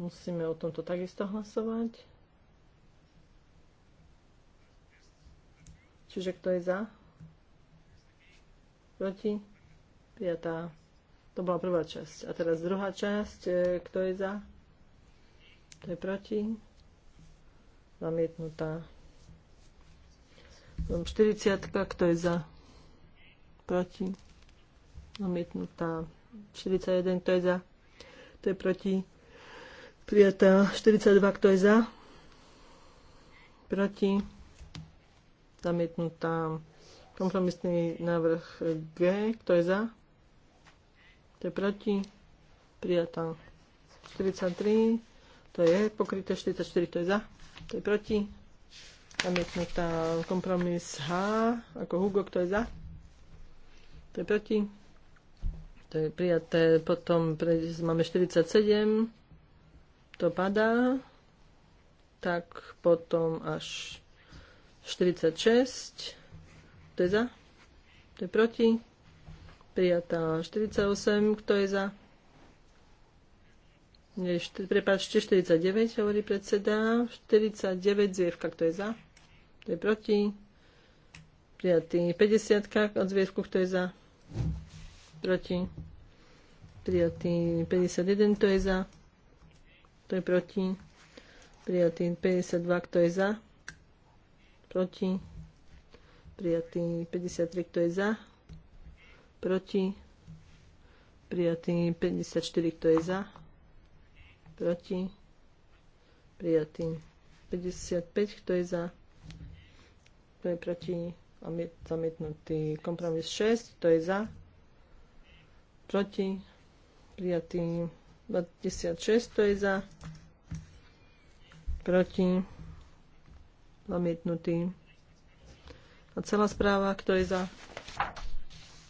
Musíme o tomto takisto hlasovať. Čiže kto je za? Proti? Prijatá. To bola prvá časť. A teraz druhá časť. E, kto je za? Kto je proti? Zamietnutá. 40. Kto je za? proti, zamietnutá. 41, kto je za, kto je proti, prijatá. 42, kto je za, proti, zamietnutá. Kompromisný návrh G, kto je za, To je proti, prijatá. 43, to je pokryté 44, to je za, to je proti. Zamietnutá kompromis H, ako Hugo, kto je za, to je proti. To je prijaté. Potom pre, máme 47. To padá. Tak potom až 46. To je za. To je proti. Prijatá 48. Kto je za? Nie, prepáčte, 49 hovorí predseda. 49 zvievka, kto je za? To je proti? Prijatý 50 od zvievku, kto je za? proti, prijatý 51, kto je za, kto je proti, prijatý 52, kto je za, proti, prijatý 53, kto je za, proti, prijatý 54, kto je za, proti, prijatý 55, kto je za, kto je proti, zamietnutý kompromis 6, kto je za, proti, prijatý 26, to je za, proti, zamietnutý. A celá správa, kto je za,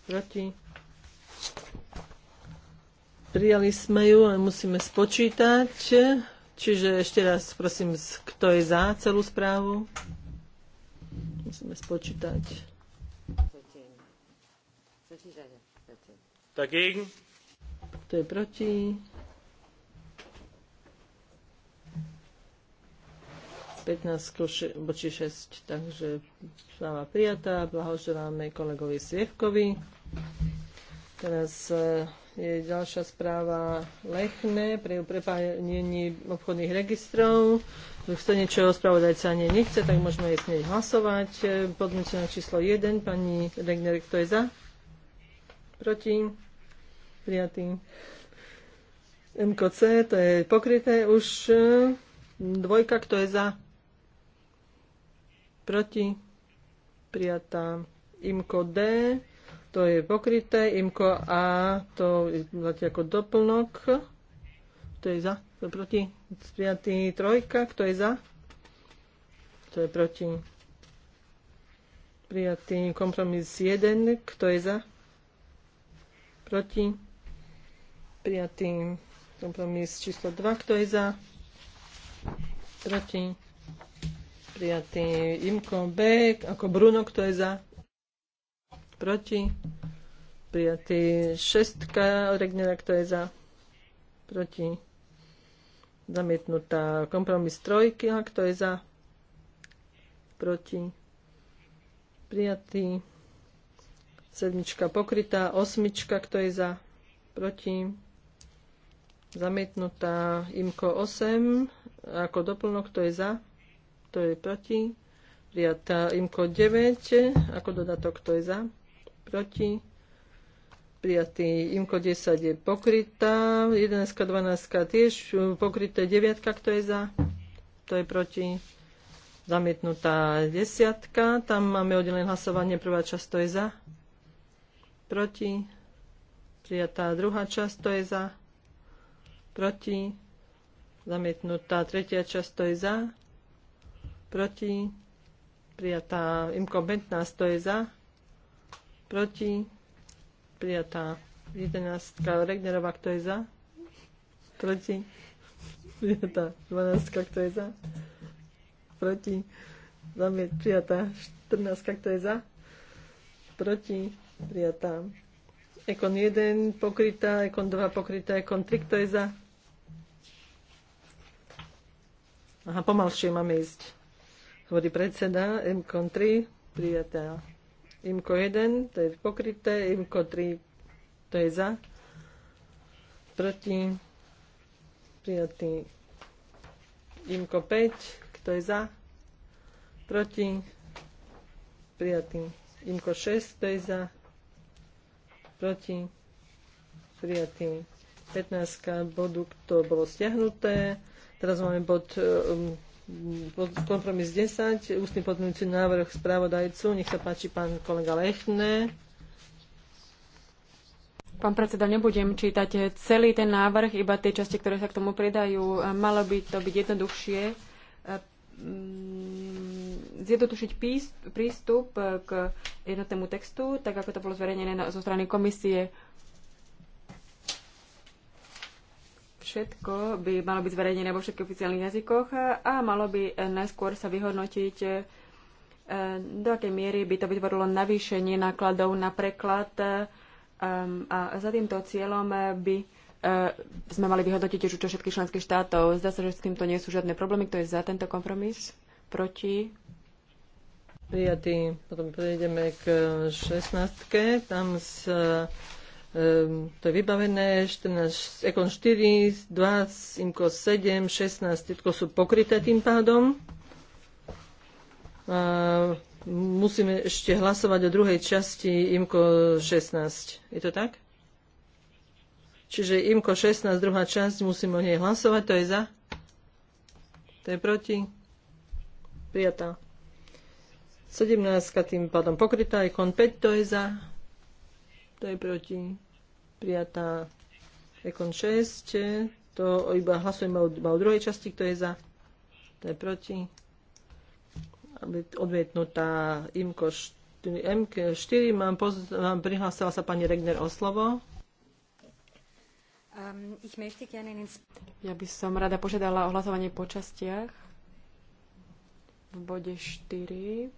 proti. Prijali sme ju, ale musíme spočítať. Čiže ešte raz prosím, kto je za celú správu? Musíme spočítať. Dagegen? Kto je proti? boči 6, takže sláva prijatá. Blahoželáme kolegovi Svievkovi. Teraz eh, je ďalšia správa Lechne pre prepájenie obchodných registrov. Chce niečo spravodajca ani nechce, tak môžeme jej hneď hlasovať. Eh, Podmienčená číslo 1, pani Regner, kto je za? proti, prijatý. MKC, to je pokryté už. Dvojka, kto je za? Proti, prijatá. IMKO D, to je pokryté. IMKO A, to je ako doplnok. Kto je za? Kto je proti? Prijatý trojka, kto je za? Kto je proti? Prijatý kompromis 1, kto je za? proti, prijatý kompromis číslo 2, kto je za, proti, prijatý Imko B, ako Bruno, kto je za, proti, prijatý šestka Regnera, kto je za, proti, zamietnutá kompromis trojky, a kto je za, proti, prijatý Sedmička pokrytá, osmička, kto je za, proti, zamietnutá, imko 8, ako doplnok, kto je za, kto je proti, prijatá imko 9, ako dodatok, kto je za, proti, prijatý imko 10 je pokrytá, 11, 12 tiež pokryté, 9, kto je za, kto je proti, zamietnutá desiatka, tam máme oddelené hlasovanie, prvá časť to je za, proti, prijatá druhá časť, to je za, proti, zamietnutá tretia časť, to je za, proti, prijatá imko to je za, proti, prijatá 11, Regnerová, kto je za, proti, prijatá dvanáctka, kto je za, proti, zamiet, prijatá 14, kto je za, proti, prijatá. Ekon 1 pokrytá, Ekon 2 pokrytá, Ekon 3, kto je za? Aha, pomalšie máme ísť. Hovorí predseda, Ekon 3 prijatá. Imko 1, to je pokryté, Imko 3, to je za, proti, prijatý. Imko 5, kto je za, proti, prijatý. Imko 6, to je za, proti, prijatý. 15 bodu, to bolo stiahnuté. Teraz máme bod, um, bod kompromis 10, ústny podmienujúci návrh správodajcu. Nech sa páči pán kolega Lechne. Pán predseda, nebudem čítať celý ten návrh, iba tie časti, ktoré sa k tomu pridajú. Malo by to byť jednoduchšie zjednodušiť prístup e, k jednotnému textu, tak ako to bolo zverejnené zo strany komisie. Všetko by malo byť zverejnené vo všetkých oficiálnych jazykoch a malo by e, najskôr sa vyhodnotiť, e, do akej miery by to vytvorilo navýšenie nákladov na preklad a za týmto cieľom by sme mali vyhodnotiť tiež všetkých členských štátov. Zdá sa, že s týmto nie sú žiadne problémy. Kto je za tento kompromis? Proti? prijatý. Potom prejdeme k 16. Tam sa um, to je vybavené, 14, Ekon 4, 2, Imko 7, 16, tietko sú pokryté tým pádom. A musíme ešte hlasovať o druhej časti Imko 16. Je to tak? Čiže Imko 16, druhá časť, musíme o nej hlasovať. To je za? To je proti? Prijatá. 17 tým pádom pokrytá, je kon 5, to je za, to je proti, prijatá, je kon 6, to iba hlasujem o, o druhej časti, kto je za, to je proti, Aby odmietnutá IMKO 4, MK 4 mám, poz, mám prihlásila sa pani Regner o slovo. Um, ja by som rada požiadala o hlasovanie po častiach v bode 4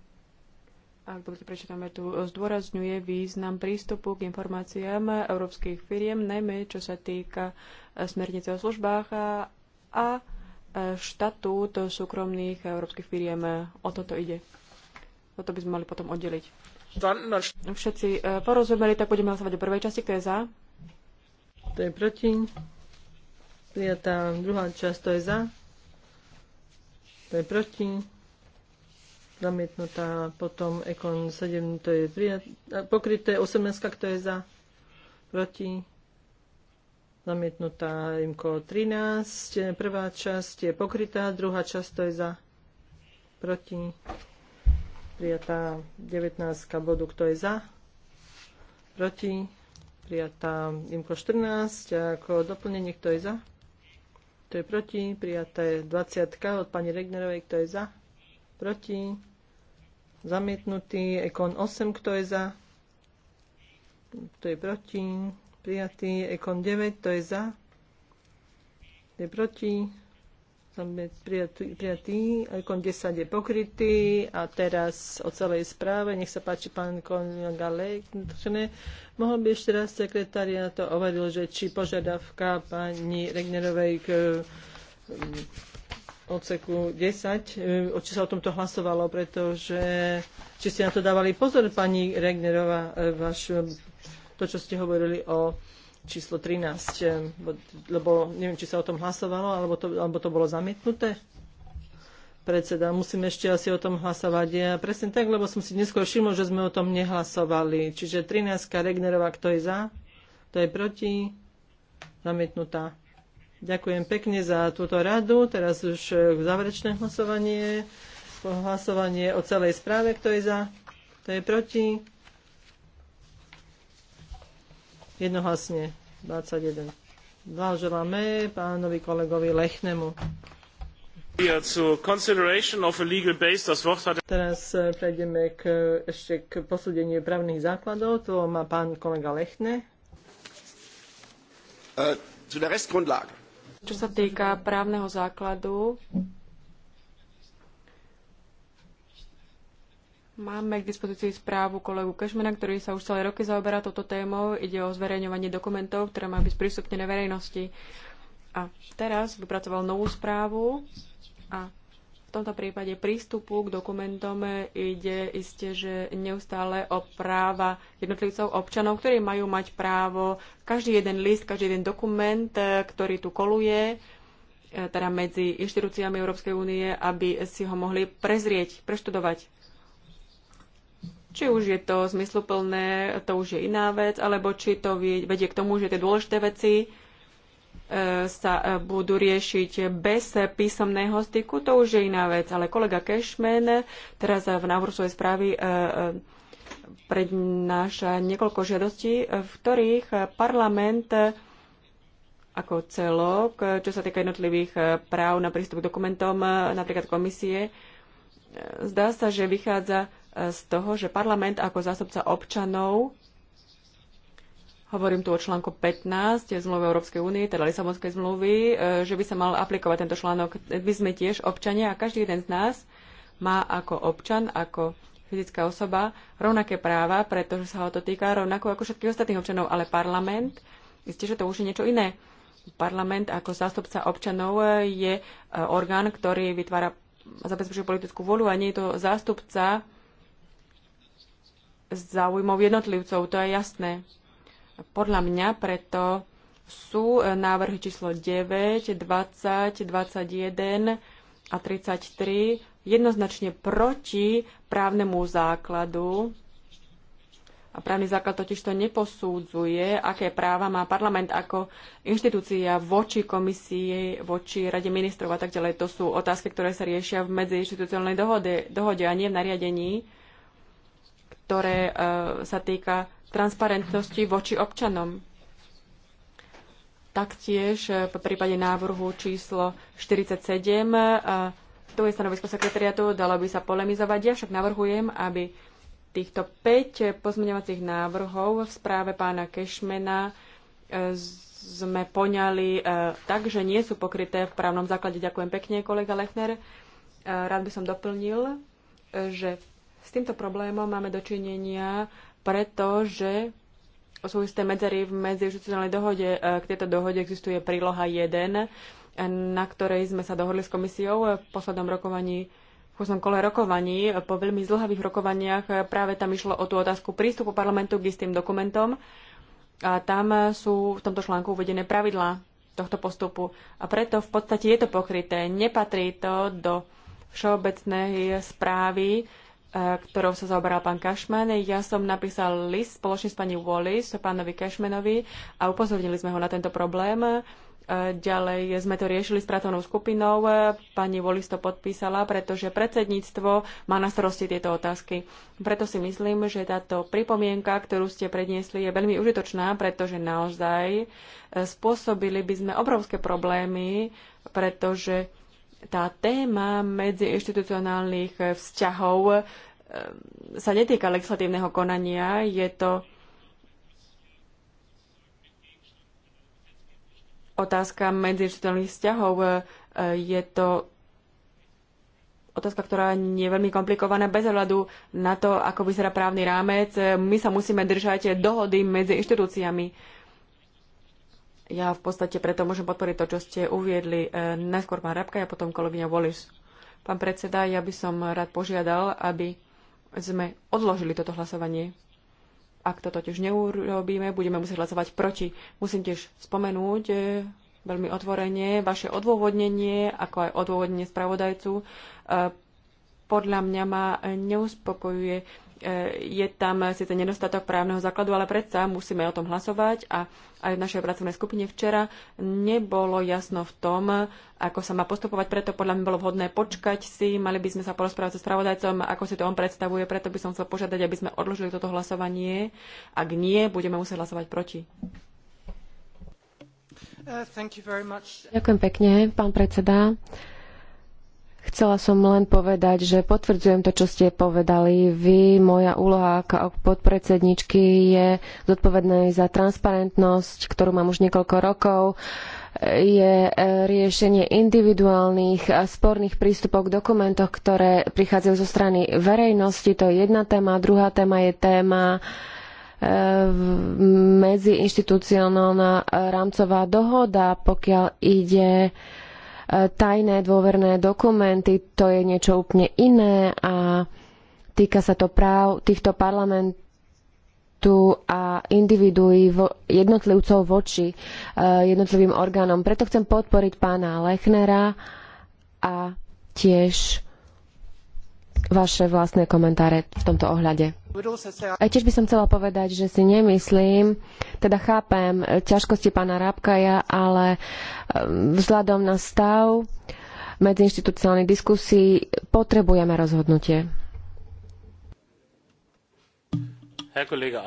ak dobre prečítame tu, zdôrazňuje význam prístupu k informáciám európskych firiem, najmä čo sa týka eh, smernice o službách eh, a, a eh, štatút súkromných európskych firiem. O toto ide. Toto by sme mali potom oddeliť. Všetci porozumeli, tak budeme hlasovať o prvej časti. Kto je za? To je proti? Prijatá druhá časť, to je za. To je proti zamietnutá, potom Ekon 7, to je prijat, pokryté, 18, kto je za, proti, zamietnutá, Imko 13, prvá časť je pokrytá, druhá časť to je za, proti, prijatá 19 bodu, kto je za, proti, prijatá Imko 14, ako doplnenie, kto je za, kto je proti, prijaté 20 od pani Regnerovej, kto je za, proti, zamietnutý. Ekon 8, kto je za? Kto je proti? Prijatý. Ekon 9, kto je za? Kto je proti? Prijatý, Ekon 10 je pokrytý. A teraz o celej správe. Nech sa páči, pán Galej. Mohol by ešte raz sekretariat to overil, že či požiadavka pani Regnerovej k odseku 10, e, či sa o tomto hlasovalo, pretože či ste na to dávali pozor, pani Regnerová, e, vaš, e, to, čo ste hovorili o číslo 13, lebo neviem, či sa o tom hlasovalo, alebo to, alebo to bolo zamietnuté predseda, musím ešte asi o tom hlasovať. Ja presne tak, lebo som si neskôr všimol, že sme o tom nehlasovali. Čiže 13. Regnerová, kto je za? Kto je proti? Zamietnutá. Ďakujem pekne za túto radu. Teraz už e, záverečné hlasovanie. Hlasovanie o celej správe. Kto je za? Kto je proti? Jednohlasne. 21. Blahoželáme pánovi kolegovi Lechnemu. Teraz e, prejdeme k, ešte k posúdeniu právnych základov. To má pán kolega Lechne. Uh, zu der čo sa týka právneho základu, Máme k dispozícii správu kolegu Kešmena, ktorý sa už celé roky zaoberá touto témou. Ide o zverejňovanie dokumentov, ktoré má byť prístupne verejnosti. A teraz vypracoval novú správu a v tomto prípade prístupu k dokumentom ide iste, že neustále o práva jednotlivcov občanov, ktorí majú mať právo každý jeden list, každý jeden dokument, eh, ktorý tu koluje, eh, teda medzi inštitúciami Európskej únie, aby si ho mohli prezrieť, preštudovať. Či už je to zmysluplné, to už je iná vec, alebo či to vedie k tomu, že tie dôležité veci E, sa e, budú riešiť bez písomného styku, to už je iná vec. Ale kolega Cashman teraz v návrhu svojej správy e, prednáša niekoľko žiadostí, v ktorých parlament ako celok, čo sa týka jednotlivých práv na prístup k dokumentom, napríklad komisie, zdá sa, že vychádza z toho, že parlament ako zástupca občanov Hovorím tu o článku 15 zmluvy Európskej únie, teda Lisabonskej zmluvy, e, že by sa mal aplikovať tento článok. My sme tiež občania a každý jeden z nás má ako občan, ako fyzická osoba rovnaké práva, pretože sa ho to týka rovnako ako všetkých ostatných občanov, ale parlament, isté, že to už je niečo iné. Parlament ako zástupca občanov je e, orgán, ktorý vytvára a zabezpečuje politickú voľu a nie je to zástupca záujmov jednotlivcov, to je jasné. Podľa mňa preto sú e, návrhy číslo 9, 20, 21 a 33 jednoznačne proti právnemu základu. A právny základ totiž to neposúdzuje, aké práva má parlament ako inštitúcia voči komisii, voči rade ministrov a tak ďalej. To sú otázky, ktoré sa riešia v medziinstitucionálnej dohode, dohode a nie v nariadení, ktoré uh, sa týka transparentnosti voči občanom. Taktiež v eh, prípade návrhu číslo 47, eh, tu je stanovisko sekretariatu, dalo by sa polemizovať. Ja však navrhujem, aby týchto 5 pozmeňovacích návrhov v správe pána Kešmena eh, sme poňali tak, že nie sú pokryté v právnom základe. Ďakujem pekne, kolega Lechner. Rád by som doplnil, že s týmto problémom máme dočinenia pretože sú isté medzery v medziinstitucionálnej dohode. E, k tejto dohode existuje príloha 1, e, na ktorej sme sa dohodli s komisiou v poslednom rokovaní v poslednom kole rokovaní, po veľmi zlhavých rokovaniach, e, práve tam išlo o tú otázku prístupu parlamentu k istým dokumentom. A tam sú v tomto článku uvedené pravidlá tohto postupu. A preto v podstate je to pokryté. Nepatrí to do všeobecnej správy ktorou sa zaoberal pán Kašman. Ja som napísal list spoločne s pani Wallis, pánovi Kašmanovi a upozornili sme ho na tento problém. E, ďalej sme to riešili s pracovnou skupinou. E, pani Wallis to podpísala, pretože predsedníctvo má na starosti tieto otázky. Preto si myslím, že táto pripomienka, ktorú ste predniesli, je veľmi užitočná, pretože naozaj e, spôsobili by sme obrovské problémy, pretože tá téma medziinstitucionálnych vzťahov eh, sa netýka legislatívneho konania, je to otázka medziinstitucionálnych vzťahov, eh, je to otázka, ktorá je veľmi komplikovaná bez ohľadu na to, ako vyzerá právny rámec. Eh, my sa musíme držať dohody medzi inštitúciami. Ja v podstate preto môžem podporiť to, čo ste uviedli. E, najskôr pán Rabka a potom kolegyňa Wallis. Pán predseda, ja by som rád požiadal, aby sme odložili toto hlasovanie. Ak to totiž neurobíme, budeme musieť hlasovať proti. Musím tiež spomenúť e, veľmi otvorene vaše odôvodnenie, ako aj odôvodnenie spravodajcu. E, podľa mňa ma neuspokojuje Eh, je tam síce nedostatok právneho základu, ale predsa musíme o tom hlasovať a aj v našej pracovnej skupine včera nebolo jasno v tom, ako sa má postupovať, preto podľa mňa bolo vhodné počkať si, mali by sme sa porozprávať so spravodajcom, ako si to on predstavuje, preto by som chcel požiadať, aby sme odložili toto hlasovanie. Ak nie, budeme musieť hlasovať proti. Uh, Ďakujem pekne, pán predseda. Chcela som len povedať, že potvrdzujem to, čo ste povedali. Vy, moja úloha ako podpredsedničky je zodpovedná za transparentnosť, ktorú mám už niekoľko rokov je e, riešenie individuálnych a sporných prístupov k dokumentoch, ktoré prichádzajú zo strany verejnosti. To je jedna téma. Druhá téma je téma e, medziinštitucionálna rámcová dohoda, pokiaľ ide tajné dôverné dokumenty, to je niečo úplne iné a týka sa to práv týchto parlamentu a individuí vo, jednotlivcov voči e, jednotlivým orgánom. Preto chcem podporiť pána Lechnera a tiež vaše vlastné komentáre v tomto ohľade. A tiež by som chcela povedať, že si nemyslím, teda chápem ťažkosti pána Rábkaja, ale ehm, vzhľadom na stav medziinstitucionálnej diskusii potrebujeme rozhodnutie. Kolega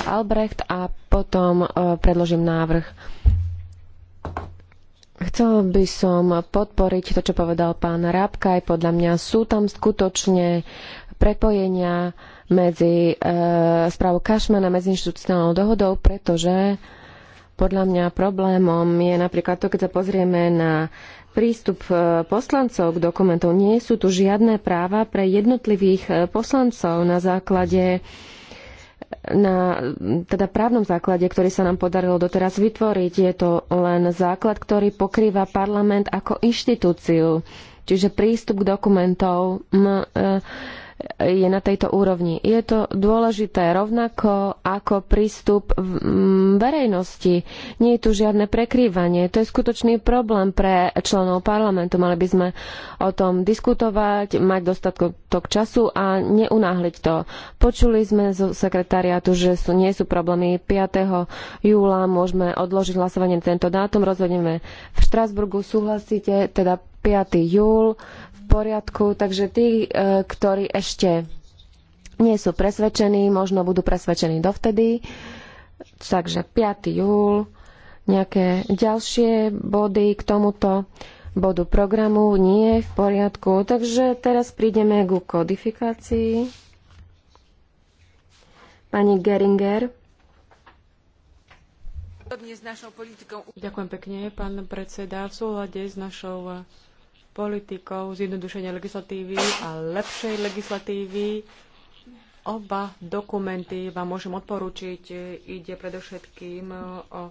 Albrecht a potom äh, predložím návrh. Chcel by som podporiť to, čo povedal pán Rábkaj. Podľa mňa sú tam skutočne prepojenia medzi e, správou Kašmana, medzi inštitucionálnou dohodou, pretože podľa mňa problémom je napríklad to, keď sa pozrieme na prístup e, poslancov k dokumentov. Nie sú tu žiadne práva pre jednotlivých e, poslancov na základe na teda právnom základe, ktorý sa nám podarilo doteraz vytvoriť. Je to len základ, ktorý pokrýva parlament ako inštitúciu. Čiže prístup k dokumentov je na tejto úrovni. Je to dôležité rovnako ako prístup mm, verejnosti. Nie je tu žiadne prekrývanie. To je skutočný problém pre členov parlamentu. Mali by sme o tom diskutovať, mať dostatok času a neunáhliť to. Počuli sme zo sekretariátu, že sú, nie sú problémy 5. júla. Môžeme odložiť hlasovanie tento dátum. Rozhodneme v Štrasburgu. Súhlasíte? Teda 5. júl poriadku, takže tí, e, ktorí ešte nie sú presvedčení, možno budú presvedčení dovtedy. Takže 5. júl, nejaké ďalšie body k tomuto bodu programu nie je v poriadku. Takže teraz prídeme ku kodifikácii. Pani Geringer. Ďakujem pekne, pán predseda. V súhľade s našou politikou zjednodušenia legislatívy a lepšej legislatívy. Oba dokumenty vám môžem odporučiť. Ide predovšetkým o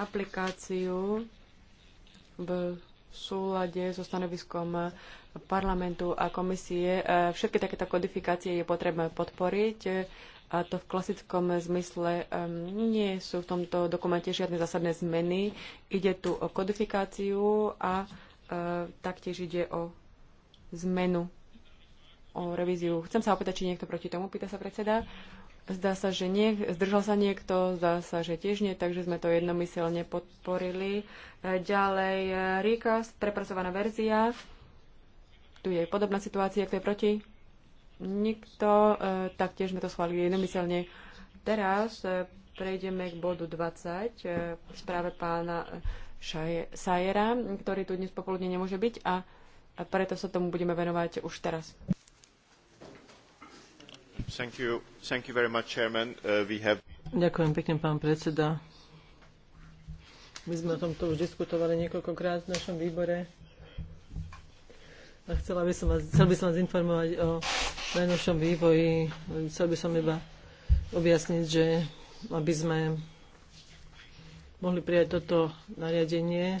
aplikáciu v súlade so stanoviskom parlamentu a komisie. Všetky takéto kodifikácie je potrebné podporiť a to v klasickom zmysle ehm, nie sú v tomto dokumente žiadne zásadné zmeny. Ide tu o kodifikáciu a E, taktiež ide o zmenu, o revíziu. Chcem sa opýtať, či niekto proti tomu, pýta sa predseda. Zdá sa, že nie. Zdržal sa niekto, zdá sa, že tiež nie, takže sme to jednomyselne podporili. E, ďalej e, RICAS, prepracovaná verzia. Tu je podobná situácia, kto je proti? Nikto, taktiež sme to schválili jednomyselne. Teraz prejdeme k bodu 20, správe pána Sajera, ktorý tu dnes popoludne nemôže byť a preto sa tomu budeme venovať už teraz. Thank you. Thank you much, uh, have... Ďakujem pekne, pán predseda. My sme o tomto už diskutovali niekoľkokrát v našom výbore. A chcela by som vás, chcel by som vás informovať o najnovšom vývoji. Chcel by som iba objasniť, že aby sme mohli prijať toto nariadenie, e,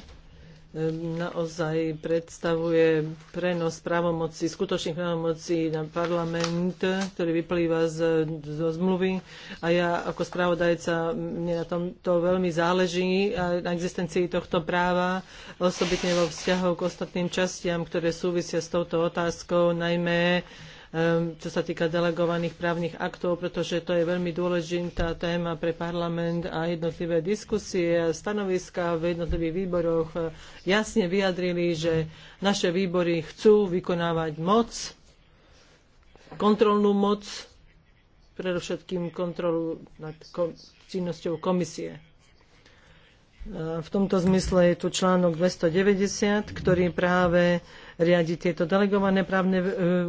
naozaj predstavuje prenos právomoci, skutočných právomocí na parlament, ktorý vyplýva z, zo zmluvy. A ja ako spravodajca, mne na tomto veľmi záleží a na existencii tohto práva, osobitne vo vzťahu k ostatným častiam, ktoré súvisia s touto otázkou, najmä Ehm, čo sa týka delegovaných právnych aktov, pretože to je veľmi dôležitá téma pre parlament a jednotlivé diskusie a stanoviska v jednotlivých výboroch eh, jasne vyjadrili, že naše výbory chcú vykonávať moc, kontrolnú moc, predovšetkým kontrolu nad činnosťou komisie. Eh, v tomto zmysle je tu článok 290, ktorý práve riadiť tieto delegované právne e,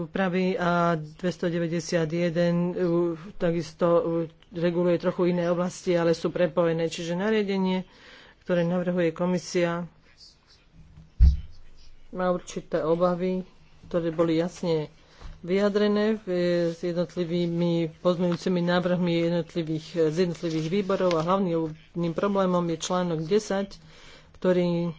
úpravy a 291 e, takisto e, reguluje trochu iné oblasti, ale sú prepojené. Čiže nariadenie, ktoré navrhuje komisia, má určité obavy, ktoré boli jasne vyjadrené s jednotlivými pozmeňujúcimi návrhmi jednotlivých, z jednotlivých výborov a hlavným problémom je článok 10, ktorý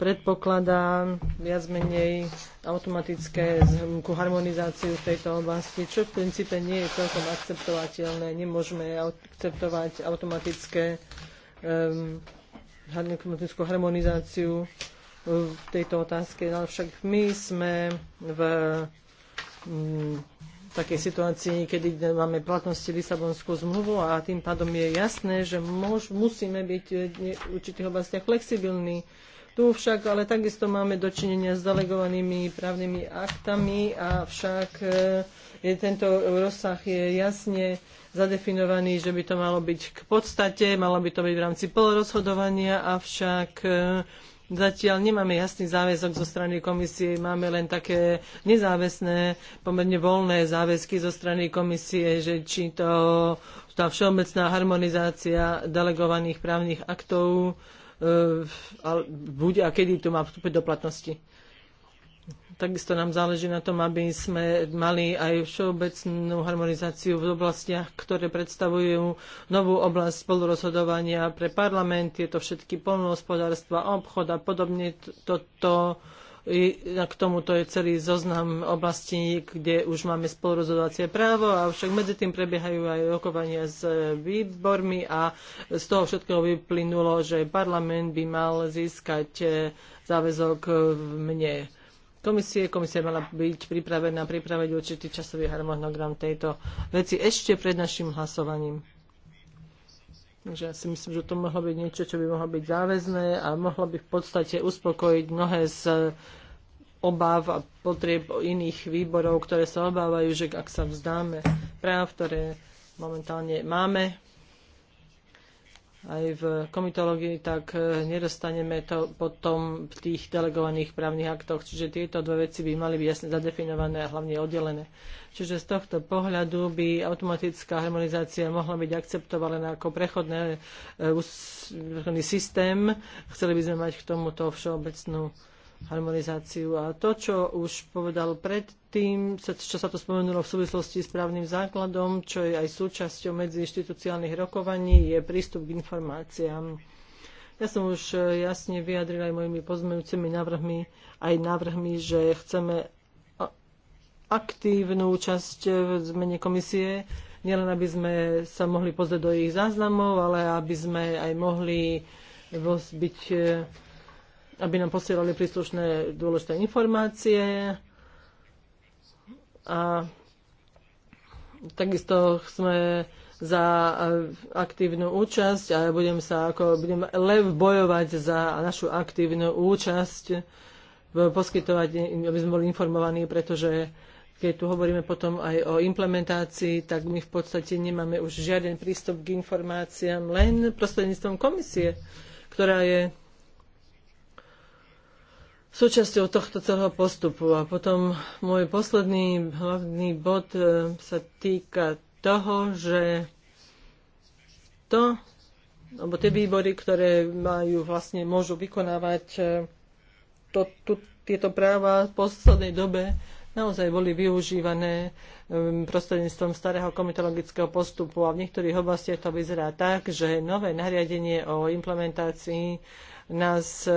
predpokladá viac menej automatické harmonizáciu v tejto oblasti, čo v princípe nie je celkom akceptovateľné. Nemôžeme akceptovať automatické automatickú harmonizáciu e, v tejto otázke. No, Ale však my sme v takej situácii, kedy máme platnosti Lisabonskú zmluvu a tým pádom je jasné, že môž, musíme byť v určitých oblastiach flexibilní tu však ale takisto máme dočinenia s delegovanými právnymi aktami, avšak e, je, tento rozsah je jasne zadefinovaný, že by to malo byť k podstate, malo by to byť v rámci polorozhodovania, avšak e, Zatiaľ nemáme jasný záväzok zo strany komisie, máme len také nezáväzné, pomerne voľné záväzky zo strany komisie, že či to tá všeobecná harmonizácia delegovaných právnych aktov Eh, bude a kedy to má vstúpiť do platnosti. Takisto nám záleží na tom, aby sme mali aj všeobecnú harmonizáciu v oblastiach, ktoré predstavujú novú oblasť spolurozhodovania pre parlament, je to všetky polnohospodárstva, obchod a podobne. Toto to, k tomuto je celý zoznam oblastí, kde už máme spolurozhodovacie právo, avšak medzi tým prebiehajú aj rokovania s e, výbormi a z toho všetkého vyplynulo, že parlament by mal získať e, záväzok v mne komisie. Komisia mala byť pripravená pripraviť určitý časový harmonogram tejto veci ešte pred našim hlasovaním. Takže ja si myslím, že to mohlo byť niečo, čo by mohlo byť záväzné a mohlo by v podstate uspokojiť mnohé z e, obáv a potrieb iných výborov, ktoré sa obávajú, že ak sa vzdáme práv, ktoré momentálne máme, aj v komitológii, tak e, nedostaneme to potom v tých delegovaných právnych aktoch. Čiže tieto dve veci by mali byť jasne zadefinované a hlavne oddelené. Čiže z tohto pohľadu by automatická harmonizácia mohla byť akceptovaná ako e, prechodný systém. Chceli by sme mať k tomuto všeobecnú harmonizáciu. A to, čo už povedal predtým, čo sa to spomenulo v súvislosti s právnym základom, čo je aj súčasťou medziinstitucionálnych rokovaní, je prístup k informáciám. Ja som už eh, jasne vyjadrila aj mojimi pozmeňujúcimi návrhmi, aj návrhmi, že chceme aktívnu účasť v zmene komisie, nielen aby sme sa mohli pozrieť do ich záznamov, ale aby sme aj mohli byť eh, aby nám posielali príslušné dôležité informácie a takisto sme za eh, aktívnu účasť a budem sa ako budem lev bojovať za našu aktívnu účasť poskytovať, aby sme boli informovaní, pretože keď tu hovoríme potom aj o implementácii, tak my v podstate nemáme už žiaden prístup k informáciám, len prostredníctvom komisie, ktorá je súčasťou tohto celého postupu. A potom môj posledný hlavný bod e, sa týka toho, že to, alebo tie výbory, ktoré majú vlastne, môžu vykonávať e, to, tu, tieto práva v poslednej dobe naozaj boli využívané e, prostredníctvom starého komitologického postupu a v niektorých oblastiach to vyzerá tak, že nové nariadenie o implementácii nás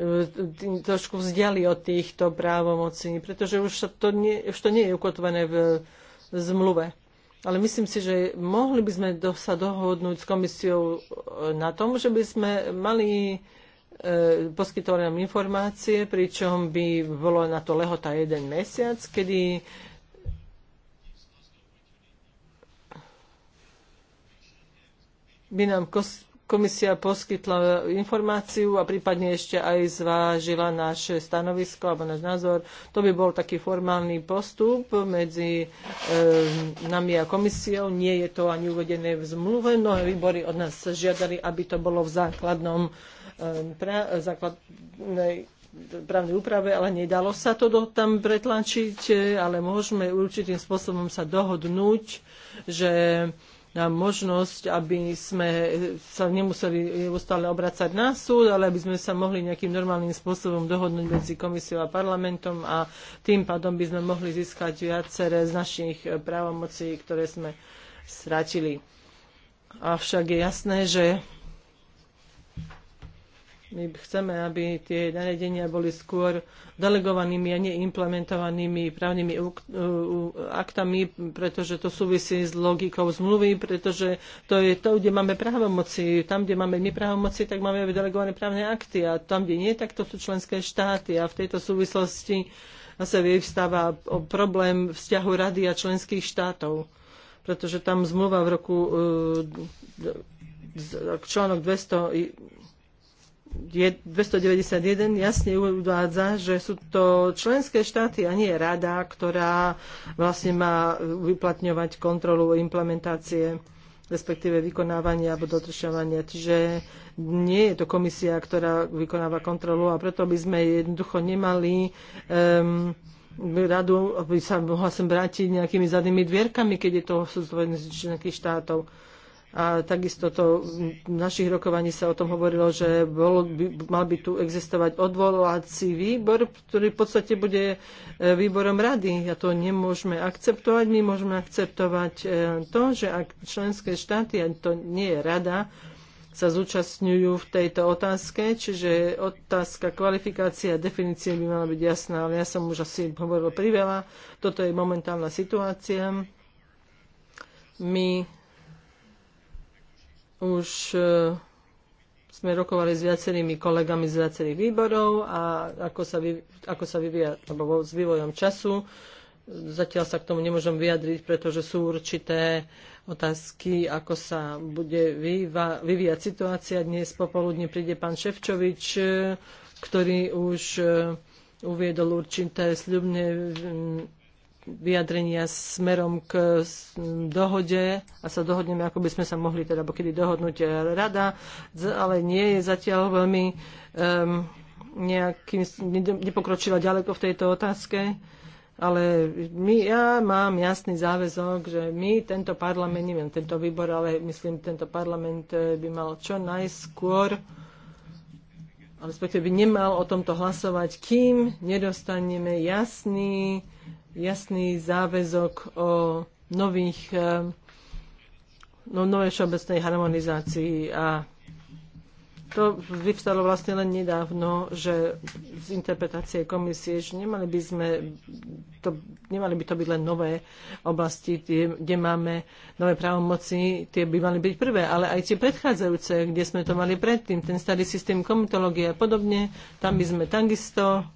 E, trošku vzdiali od týchto právomocí, pretože už to nie, už to nie je ukotvené v zmluve. Ale myslím si, že mohli by sme do, sa dohodnúť s komisiou e, na tom, že by sme mali e, poskytovali nám informácie, pričom by bolo na to lehota jeden mesiac, kedy by nám komisia poskytla informáciu a prípadne ešte aj zvážila naše stanovisko alebo náš názor. To by bol taký formálny postup medzi e, nami a komisiou. Nie je to ani uvedené v zmluve. Mnohé výbory od nás žiadali, aby to bolo v základnom e, pra, základnej právnej úprave, ale nedalo sa to do, tam pretlačiť, eh, ale môžeme určitým spôsobom sa dohodnúť, že nám možnosť, aby sme sa nemuseli neustále obracať na súd, ale aby sme sa mohli nejakým normálnym spôsobom dohodnúť medzi komisiou a parlamentom a tým pádom by sme mohli získať viaceré z našich právomocí, ktoré sme stratili. Avšak je jasné, že my chceme, aby tie nariadenia boli skôr delegovanými a neimplementovanými právnymi aktami, pretože to súvisí s logikou zmluvy, pretože to je to, kde máme právomoci. Tam, kde máme my právomoci, tak máme delegované právne akty a tam, kde nie, tak to sú členské štáty a v tejto súvislosti sa vyvstáva problém vzťahu rady a členských štátov, pretože tam zmluva v roku e, článok 200 291 jasne uvádza, že sú to členské štáty a nie rada, ktorá vlastne má vyplatňovať kontrolu implementácie respektíve vykonávania alebo dotršovania. Čiže nie je to komisia, ktorá vykonáva kontrolu a preto by sme jednoducho nemali um, radu, aby sa mohla sem vrátiť nejakými zadnými dvierkami, keď je to sú z nejakých štátov a takisto to v našich rokovaní sa o tom hovorilo, že bol, by, mal by tu existovať odvolací výbor, ktorý v podstate bude e, výborom rady. A to nemôžeme akceptovať. My môžeme akceptovať e, to, že ak členské štáty, a to nie je rada, sa zúčastňujú v tejto otázke, čiže otázka kvalifikácie a definície by mala byť jasná, ale ja som už asi hovoril priveľa. Toto je momentálna situácia. My už e, sme rokovali s viacerými kolegami z viacerých výborov a ako sa, vy, ako sa vyvíja, alebo s vývojom času. Zatiaľ sa k tomu nemôžem vyjadriť, pretože sú určité otázky, ako sa bude vyva, vyvíjať situácia. Dnes popoludne príde pán Ševčovič, e, ktorý už e, uviedol určité sľubné vyjadrenia smerom k dohode a sa dohodneme, ako by sme sa mohli teda, bo kedy dohodnúť e, rada, ale nie je zatiaľ veľmi um, nejakým, nepokročila ďaleko v tejto otázke. Ale my, ja mám jasný záväzok, že my tento parlament, neviem tento výbor, ale myslím, tento parlament e, by mal čo najskôr respektíve by nemal o tomto hlasovať, kým nedostaneme jasný jasný záväzok o nových, eh, no, novej všeobecnej harmonizácii a to vyvstalo vlastne len nedávno, že z interpretácie komisie, že nemali by, sme to, nemali by to byť len nové oblasti, tie, kde máme nové právomoci, tie by mali byť prvé, ale aj tie predchádzajúce, kde sme to mali predtým, ten starý systém komitológie a podobne, tam by sme takisto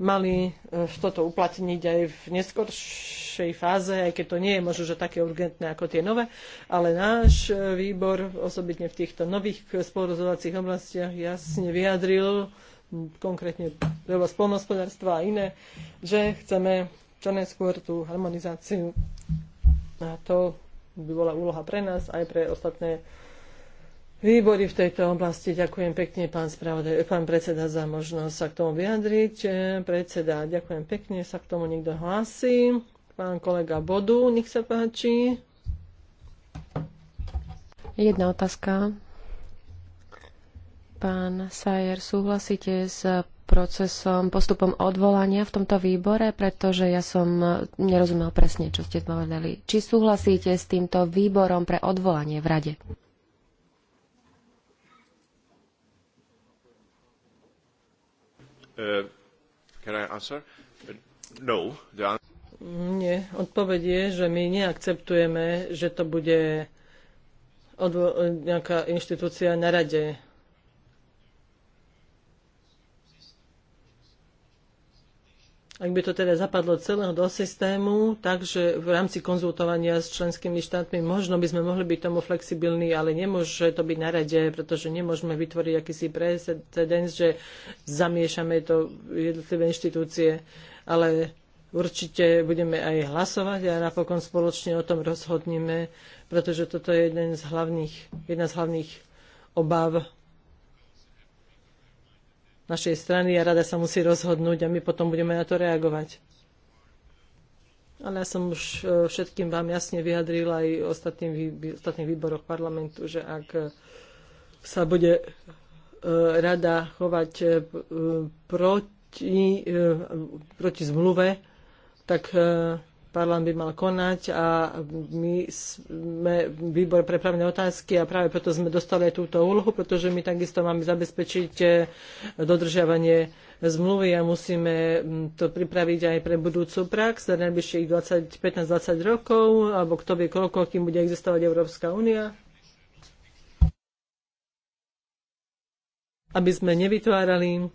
mali e, toto uplatniť aj v neskoršej fáze, aj keď to nie je možno, že také urgentné ako tie nové, ale náš e, výbor, osobitne v týchto nových spolurozhodovacích oblastiach, jasne vyjadril, konkrétne treba spolnohospodárstva a iné, že chceme čo neskôr tú harmonizáciu. A to by bola úloha pre nás aj pre ostatné výbory v tejto oblasti. Ďakujem pekne, pán, spravodaj, pán predseda, za možnosť sa k tomu vyjadriť. Eh, predseda, ďakujem pekne, sa k tomu niekto hlási. Pán kolega Bodu, nech sa páči. Jedna otázka. Pán Sajer, súhlasíte s procesom, postupom odvolania v tomto výbore, pretože ja som eh, nerozumel presne, čo ste povedali. Či súhlasíte s týmto výborom pre odvolanie v Rade? Uh, can I answer? Uh, no. The answer... Nie. Odpoveď je, že my neakceptujeme, že to bude nejaká inštitúcia na rade. ak by to teda zapadlo celého do systému, takže v rámci konzultovania s členskými štátmi možno by sme mohli byť tomu flexibilní, ale nemôže to byť na rade, pretože nemôžeme vytvoriť akýsi precedens, že zamiešame to jednotlivé inštitúcie, ale určite budeme aj hlasovať a napokon spoločne o tom rozhodneme, pretože toto je jeden z hlavných, jedna z hlavných obáv našej strany a rada sa musí rozhodnúť a my potom budeme na to reagovať. Ale ja som už e, všetkým vám jasne vyjadrila aj ostatným, ostatných výboroch parlamentu, že ak e, sa bude e, rada chovať proti, proti zmluve, tak parlament by mal konať a my sme výbor pre právne otázky a práve preto sme dostali aj túto úlohu, pretože my takisto máme zabezpečiť eh, dodržiavanie zmluvy a musíme mm, to pripraviť aj pre budúcu prax za najbližších 15-20 rokov, alebo kto vie koľko, kým bude existovať Európska únia. Aby sme nevytvárali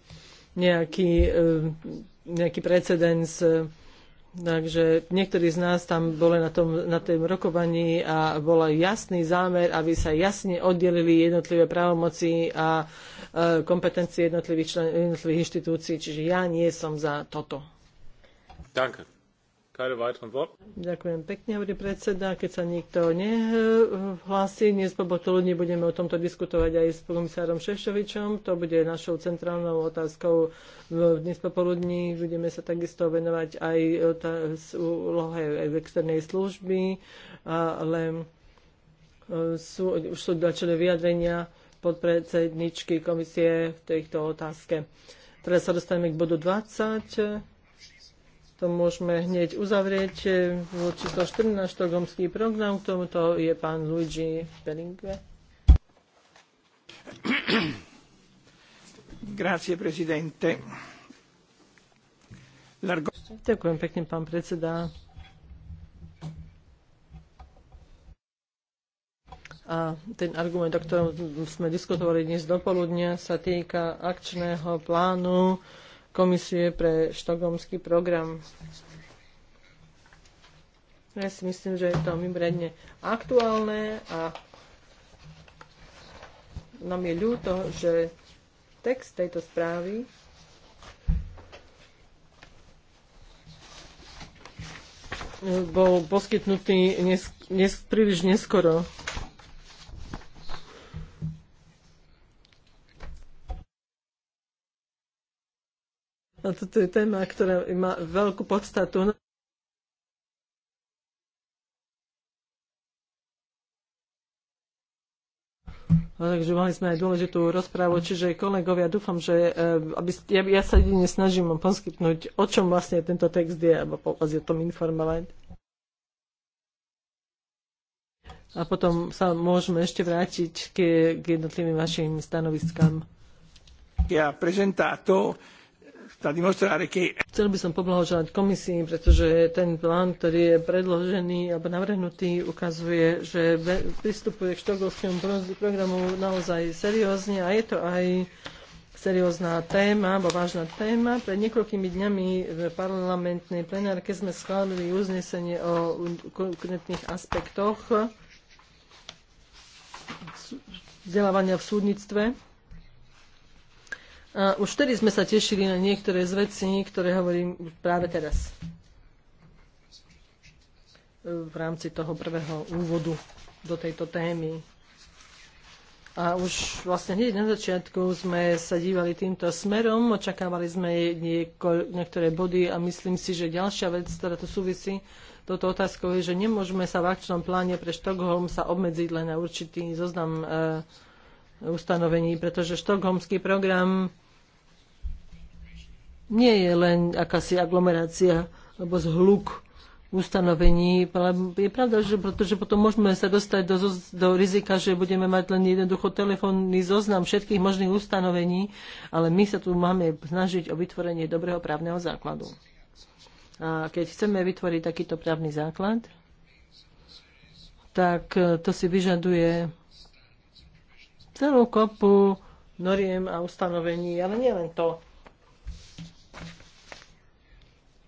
nejaký, eh, nejaký precedens eh, Takže niektorí z nás tam boli na tom, na tom rokovaní a bol jasný zámer, aby sa jasne oddelili jednotlivé právomoci a e, kompetencie jednotlivých, člen, jednotlivých inštitúcií. Čiže ja nie som za toto. Ďakujem. Ďakujem pekne, hovorí predseda. Keď sa nikto nehlási, dnes po ľudí budeme o tomto diskutovať aj s komisárom Šešovičom. To bude našou centrálnou otázkou dnes popoludní. Budeme sa takisto venovať aj úlohe v externej služby, ale e, sú, už sú dačené vyjadrenia podpredsedničky komisie v tejto otázke. Teraz sa dostaneme k bodu 20 to môžeme hneď uzavrieť. Bolo eh, číslo 14, štokholmský program, k tomuto je pán Luigi Peringue. Grazie, prezidente. Largo... Ďakujem pekne, pán predseda. A ten argument, o ktorom sme diskutovali dnes do poludnia, sa týka akčného plánu komisie pre štokholmský program. Ja si myslím, že je to mimoriadne aktuálne a nám je ľúto, že text tejto správy bol poskytnutý nes, nes, príliš neskoro. A toto je téma, ktorá má veľkú podstatu. Takže mali sme aj dôležitú rozprávu, čiže kolegovia, dúfam, že eh, aby, ja, ja sa jedine snažím poskytnúť, o čom vlastne tento text je, alebo vás o tom informovať. A potom sa môžeme ešte vrátiť k, k jednotlivým vašim stanoviskám. Ja prezentato da che... Chcel by som poblahoželať komisii, pretože ten plán, ktorý je predložený alebo navrhnutý, ukazuje, že pristupuje k štokholmskému programu naozaj seriózne a je to aj seriózna téma, alebo vážna téma. Pred niekoľkými dňami v parlamentnej plenárke sme schválili uznesenie o konkrétnych aspektoch vzdelávania v súdnictve. A už vtedy sme sa tešili na niektoré z vecí, ktoré hovorím práve teraz. V rámci toho prvého úvodu do tejto témy. A už vlastne hneď na začiatku sme sa dívali týmto smerom, očakávali sme nieko, niektoré body a myslím si, že ďalšia vec, ktorá tu súvisí touto otázkou, je, že nemôžeme sa v akčnom pláne pre Štokholm sa obmedziť len na určitý zoznam e, ustanovení, pretože štokholmský program nie je len akási aglomerácia alebo zhluk ustanovení. Je pravda, že pretože potom môžeme sa dostať do, do rizika, že budeme mať len jednoducho telefónny zoznam všetkých možných ustanovení, ale my sa tu máme snažiť o vytvorenie dobrého právneho základu. A keď chceme vytvoriť takýto právny základ, tak e, to si vyžaduje celú kopu noriem a ustanovení, ale nielen to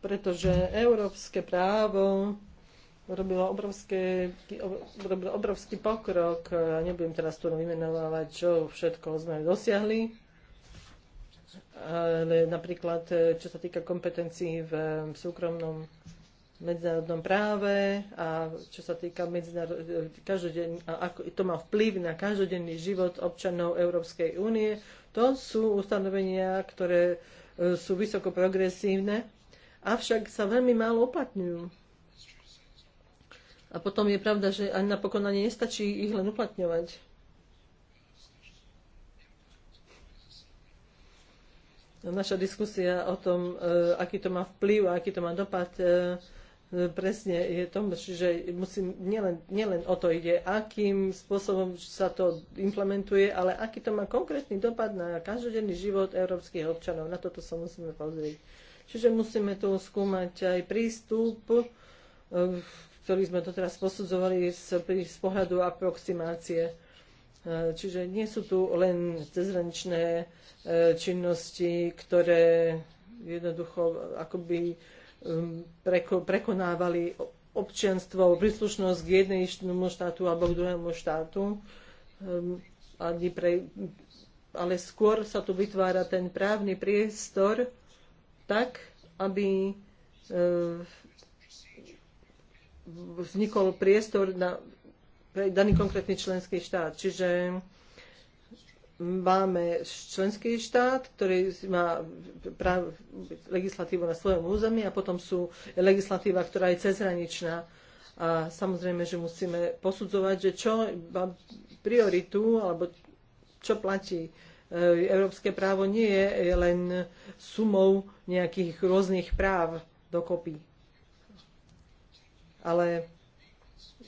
pretože európske právo robilo obrovské, obrovský pokrok. Nebudem teraz tu vymenovávať, čo všetko sme dosiahli, ale napríklad, čo sa týka kompetencií v súkromnom medzinárodnom práve a čo sa týka medzinárodnej, a ako to má vplyv na každodenný život občanov Európskej únie. To sú ustanovenia, ktoré e, sú vysoko progresívne avšak sa veľmi málo uplatňujú. A potom je pravda, že ani na pokonanie nestačí ich len uplatňovať. Naša diskusia o tom, e, aký to má vplyv a aký to má dopad, e, e, presne je tom, že musím, nielen, nielen o to ide, akým spôsobom sa to implementuje, ale aký to má konkrétny dopad na každodenný život európskych občanov. Na toto sa musíme pozrieť. Čiže musíme tu skúmať aj prístup, e, ktorý sme to teraz posudzovali z, z pohľadu aproximácie. E, čiže nie sú tu len cezhraničné e, činnosti, ktoré jednoducho akoby um, preko, prekonávali občianstvo, príslušnosť k jednému štátu alebo k druhému štátu, um, ale skôr sa tu vytvára ten právny priestor, tak, aby e, vznikol priestor na daný konkrétny členský štát. Čiže máme členský štát, ktorý má práv, legislatívu na svojom území a potom sú legislatíva, ktorá je cezhraničná. A samozrejme, že musíme posudzovať, že čo má prioritu alebo čo platí E, európske právo nie je len sumou nejakých rôznych práv dokopy. Ale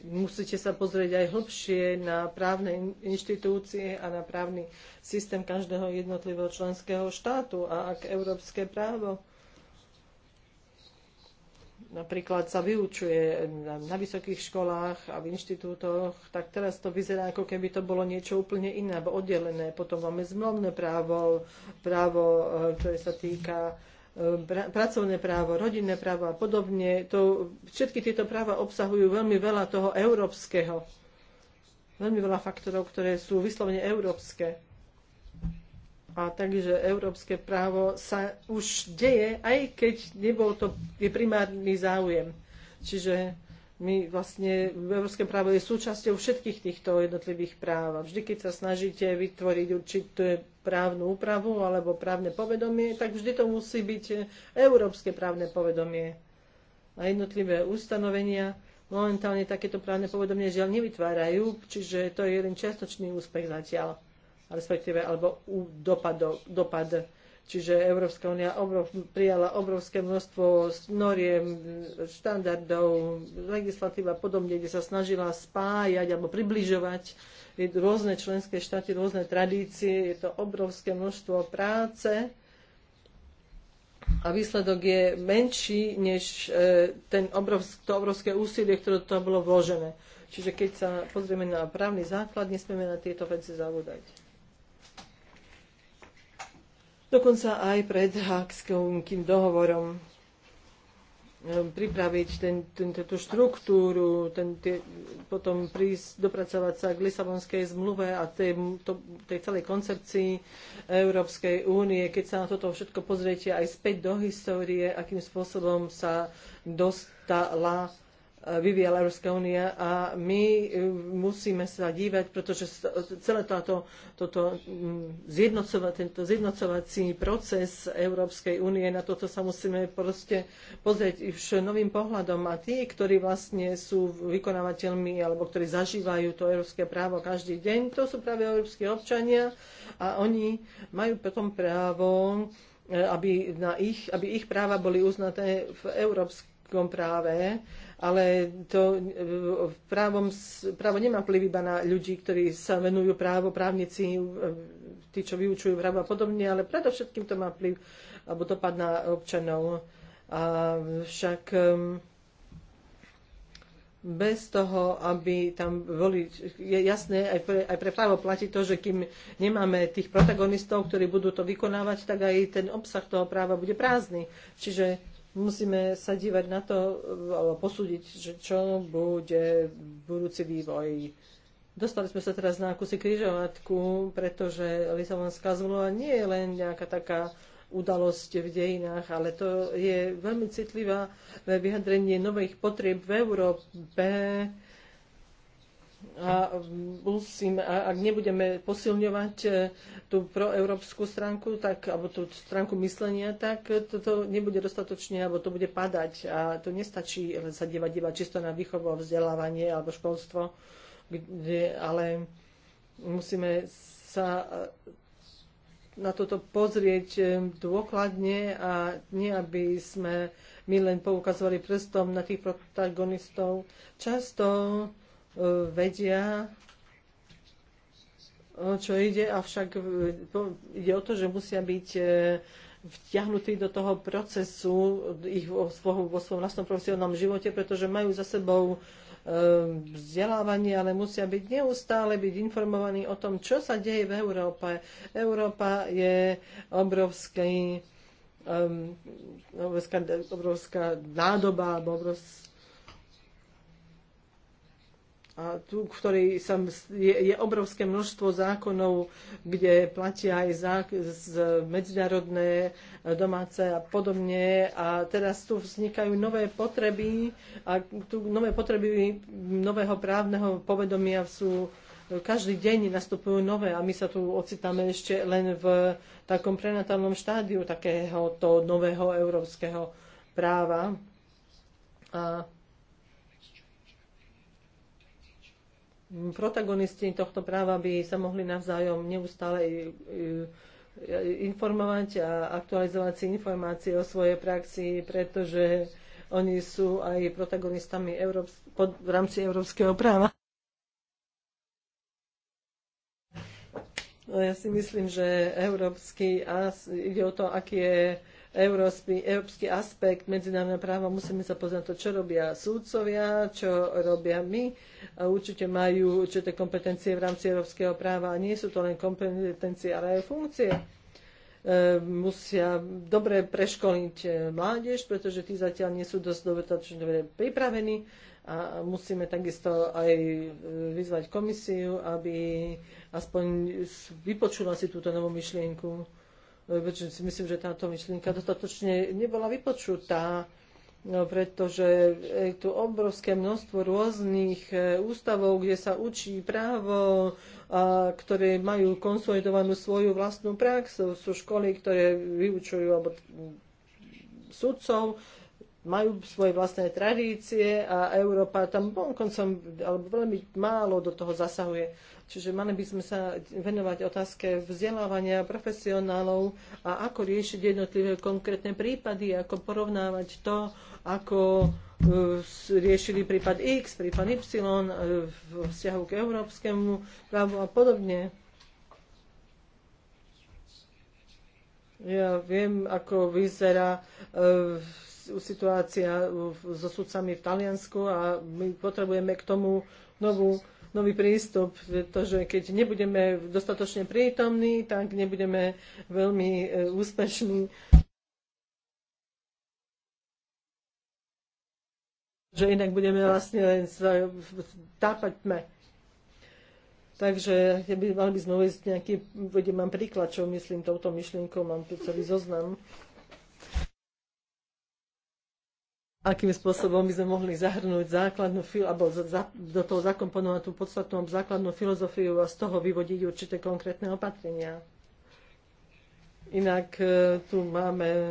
musíte sa pozrieť aj hlbšie na právne inštitúcie a na právny systém každého jednotlivého členského štátu a ak európske právo napríklad sa vyučuje na, na vysokých školách a v inštitútoch, tak teraz to vyzerá, ako keby to bolo niečo úplne iné, alebo oddelené. Potom máme zmluvné právo, právo, eh, ktoré sa týka eh, pra, pracovné právo, rodinné právo a podobne. To, všetky tieto práva obsahujú veľmi veľa toho európskeho. Veľmi veľa faktorov, ktoré sú vyslovene európske. A takže európske právo sa už deje, aj keď nebol to primárny záujem. Čiže my vlastne európske právo je súčasťou všetkých týchto jednotlivých práv. A vždy, keď sa snažíte vytvoriť určitú právnu úpravu alebo právne povedomie, tak vždy to musí byť európske právne povedomie. A jednotlivé ustanovenia momentálne takéto právne povedomie žiaľ nevytvárajú, čiže to je jeden čiastočný úspech zatiaľ respektíve alebo dopad, dopad Čiže Európska únia obrov, prijala obrovské množstvo noriem, štandardov, legislatíva a podobne, kde sa snažila spájať alebo približovať rôzne členské štáty, rôzne tradície. Je to obrovské množstvo práce a výsledok je menší než e, ten obrovsk, to obrovské úsilie, ktoré to bolo vložené. Čiže keď sa pozrieme na právny základ, nesmieme na tieto veci zavúdať dokonca aj pred Hákským dohovorom ehm, pripraviť ten, ten, túto štruktúru, ten, tie, potom prísť, dopracovať sa k Lisabonskej zmluve a tej, to, tej celej koncepcii Európskej únie. Keď sa na toto všetko pozriete aj späť do histórie, akým spôsobom sa dostala vyvíjala Európska únia a my e, musíme sa dívať, pretože celé táto, toto zjednocova, tento zjednocovací proces Európskej únie, na toto sa musíme proste pozrieť už novým pohľadom a tí, ktorí vlastne sú vykonávateľmi alebo ktorí zažívajú to európske právo každý deň, to sú práve európske občania a oni majú potom právo e, aby, na ich, aby ich práva boli uznaté v európskom práve ale to e, právom, právo nemá vplyv iba na ľudí, ktorí sa venujú právo, právnici, e, tí, čo vyučujú právo a podobne, ale predovšetkým to má vplyv alebo dopad na občanov. A však e, bez toho, aby tam boli, je jasné, aj pre, aj pre právo platí to, že kým nemáme tých protagonistov, ktorí budú to vykonávať, tak aj ten obsah toho práva bude prázdny. Čiže musíme sa dívať na to, alebo posúdiť, že čo bude budúci vývoj. Dostali sme sa teraz na akúsi križovatku, pretože Lisabonská zmluva nie je len nejaká taká udalosť v dejinách, ale to je veľmi citlivá vyjadrenie nových potrieb v Európe, a mm, musím, a ak nebudeme posilňovať e, tú proeurópsku stránku, tak, alebo tú stránku myslenia, tak toto nebude dostatočne, alebo to bude padať. A to nestačí sa dívať iba čisto na výchovu a vzdelávanie alebo školstvo, kde, ale musíme sa e, na toto pozrieť e, dôkladne a nie, aby sme my len poukazovali prstom na tých protagonistov. Často E, vedia, o čo ide, avšak e, ide o to, že musia byť e, vtiahnutí do toho procesu ich vo, vo, vo svojom vlastnom profesionálnom živote, pretože majú za sebou vzdelávanie, ale musia byť neustále byť informovaní o tom, čo sa deje v Európe. Európa je obrovský, um, obrovská, obrovská nádoba alebo obrovský a tu, v ktorej sa, je, je obrovské množstvo zákonov, kde platia aj zák, z, medzinárodné, e, domáce a podobne. A teraz tu vznikajú nové potreby a tu nové potreby nového právneho povedomia sú e, každý deň nastupujú nové a my sa tu ocitáme ešte len v takom prenatálnom štádiu takéhoto nového európskeho práva. A protagonisti tohto práva by sa mohli navzájom neustále e, e, informovať a aktualizovať si informácie o svojej praxi, pretože oni sú aj protagonistami Európs- pod, v rámci európskeho práva. No ja si myslím, že európsky, a ide o to, aký je európsky, európsky aspekt medzinárodného práva, musíme sa poznať to, čo robia súdcovia, čo robia my. A určite majú určité kompetencie v rámci európskeho práva a nie sú to len kompetencie, ale aj funkcie. E, musia dobre preškoliť e, mládež, pretože tí zatiaľ nie sú dosť dostatočne pripravení a musíme takisto aj e, vyzvať komisiu, aby aspoň vypočula si túto novú myšlienku si Myslím, že táto myšlienka dostatočne nebola vypočutá, no, pretože je tu obrovské množstvo rôznych e, ústavov, kde sa učí právo, a ktoré majú konsolidovanú svoju vlastnú prax. Sú školy, ktoré vyučujú alebo mm, sudcov, majú svoje vlastné tradície a Európa tam koncom alebo veľmi málo do toho zasahuje. Čiže mali by sme sa venovať otázke vzdelávania profesionálov a ako riešiť jednotlivé konkrétne prípady, ako porovnávať to, ako e, riešili prípad X, prípad Y e, v vzťahu k európskemu právu a podobne. Ja viem, ako vyzerá e, situácia so sudcami v Taliansku a my potrebujeme k tomu novú nový prístup, pretože keď nebudeme dostatočne prítomní, tak nebudeme veľmi e, úspešní. Že inak budeme vlastne len tápať tme. Takže ja by, mali by sme uvieť nejaký, vedem, mám príklad, čo myslím touto myšlienkou, mám tu celý zoznam. akým spôsobom by sme mohli zahrnúť základnú alebo za, do toho zakomponovať tú podstatnú základnú filozofiu a z toho vyvodiť určité konkrétne opatrenia. Inak e, tu máme e,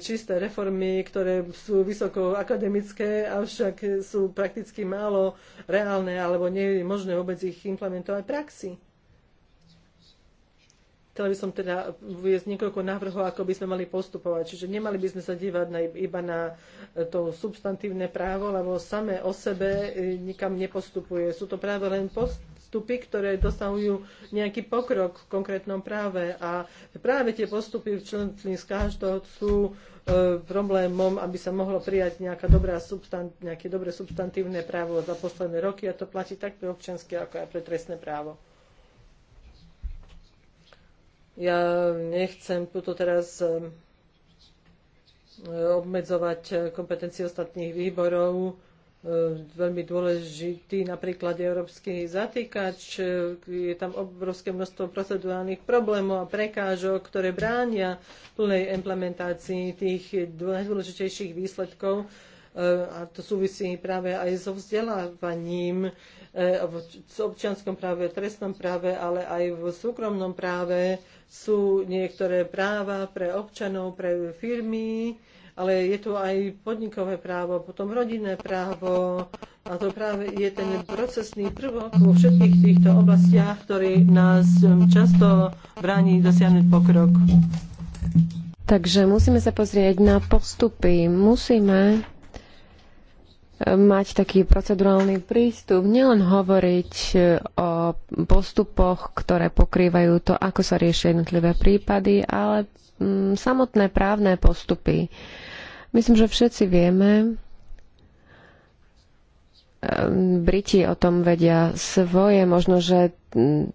čisté reformy, ktoré sú vysoko akademické, avšak sú prakticky málo reálne alebo nie je možné vôbec ich implementovať v praxi. Chcela by som teda uviezť niekoľko návrhov, ako by sme mali postupovať. Čiže nemali by sme sa dívať na, iba na e, to substantívne právo, lebo samé o sebe e, nikam nepostupuje. Sú to práve len postupy, ktoré dosahujú nejaký pokrok v konkrétnom práve. A práve tie postupy v z každého sú e, problémom, aby sa mohlo prijať nejaká dobrá substan- nejaké dobré substantívne právo za posledné roky a to platí tak pre občianske, ako aj pre trestné právo. Ja nechcem tuto teraz obmedzovať kompetencie ostatných výborov. Veľmi dôležitý napríklad európsky zatýkač. Je tam obrovské množstvo procedurálnych problémov a prekážok, ktoré bránia plnej implementácii tých najdôležitejších výsledkov. A to súvisí práve aj so vzdelávaním E, v občianskom práve, v trestnom práve, ale aj v súkromnom práve sú niektoré práva pre občanov, pre firmy, ale je tu aj podnikové právo, potom rodinné právo a to práve je ten procesný prvok vo všetkých týchto oblastiach, ktorý nás um, často bráni dosiahnuť pokrok. Takže musíme sa pozrieť na postupy. Musíme mať taký procedurálny prístup, nielen hovoriť e, o postupoch, ktoré pokrývajú to, ako sa riešia jednotlivé prípady, ale mm, samotné právne postupy. Myslím, že všetci vieme, e, Briti o tom vedia svoje, možno, že mm,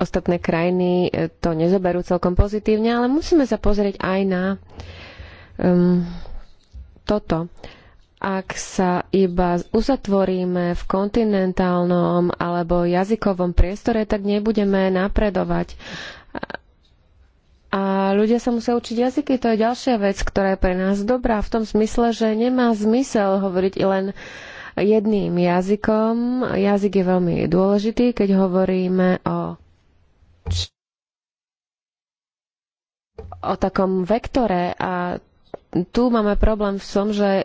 ostatné krajiny e, to nezoberú celkom pozitívne, ale musíme sa pozrieť aj na um, toto ak sa iba uzatvoríme v kontinentálnom alebo jazykovom priestore, tak nebudeme napredovať. A ľudia sa musia učiť jazyky, to je ďalšia vec, ktorá je pre nás dobrá v tom smysle, že nemá zmysel hovoriť len jedným jazykom. Jazyk je veľmi dôležitý, keď hovoríme o o takom vektore a tu máme problém v tom, že e,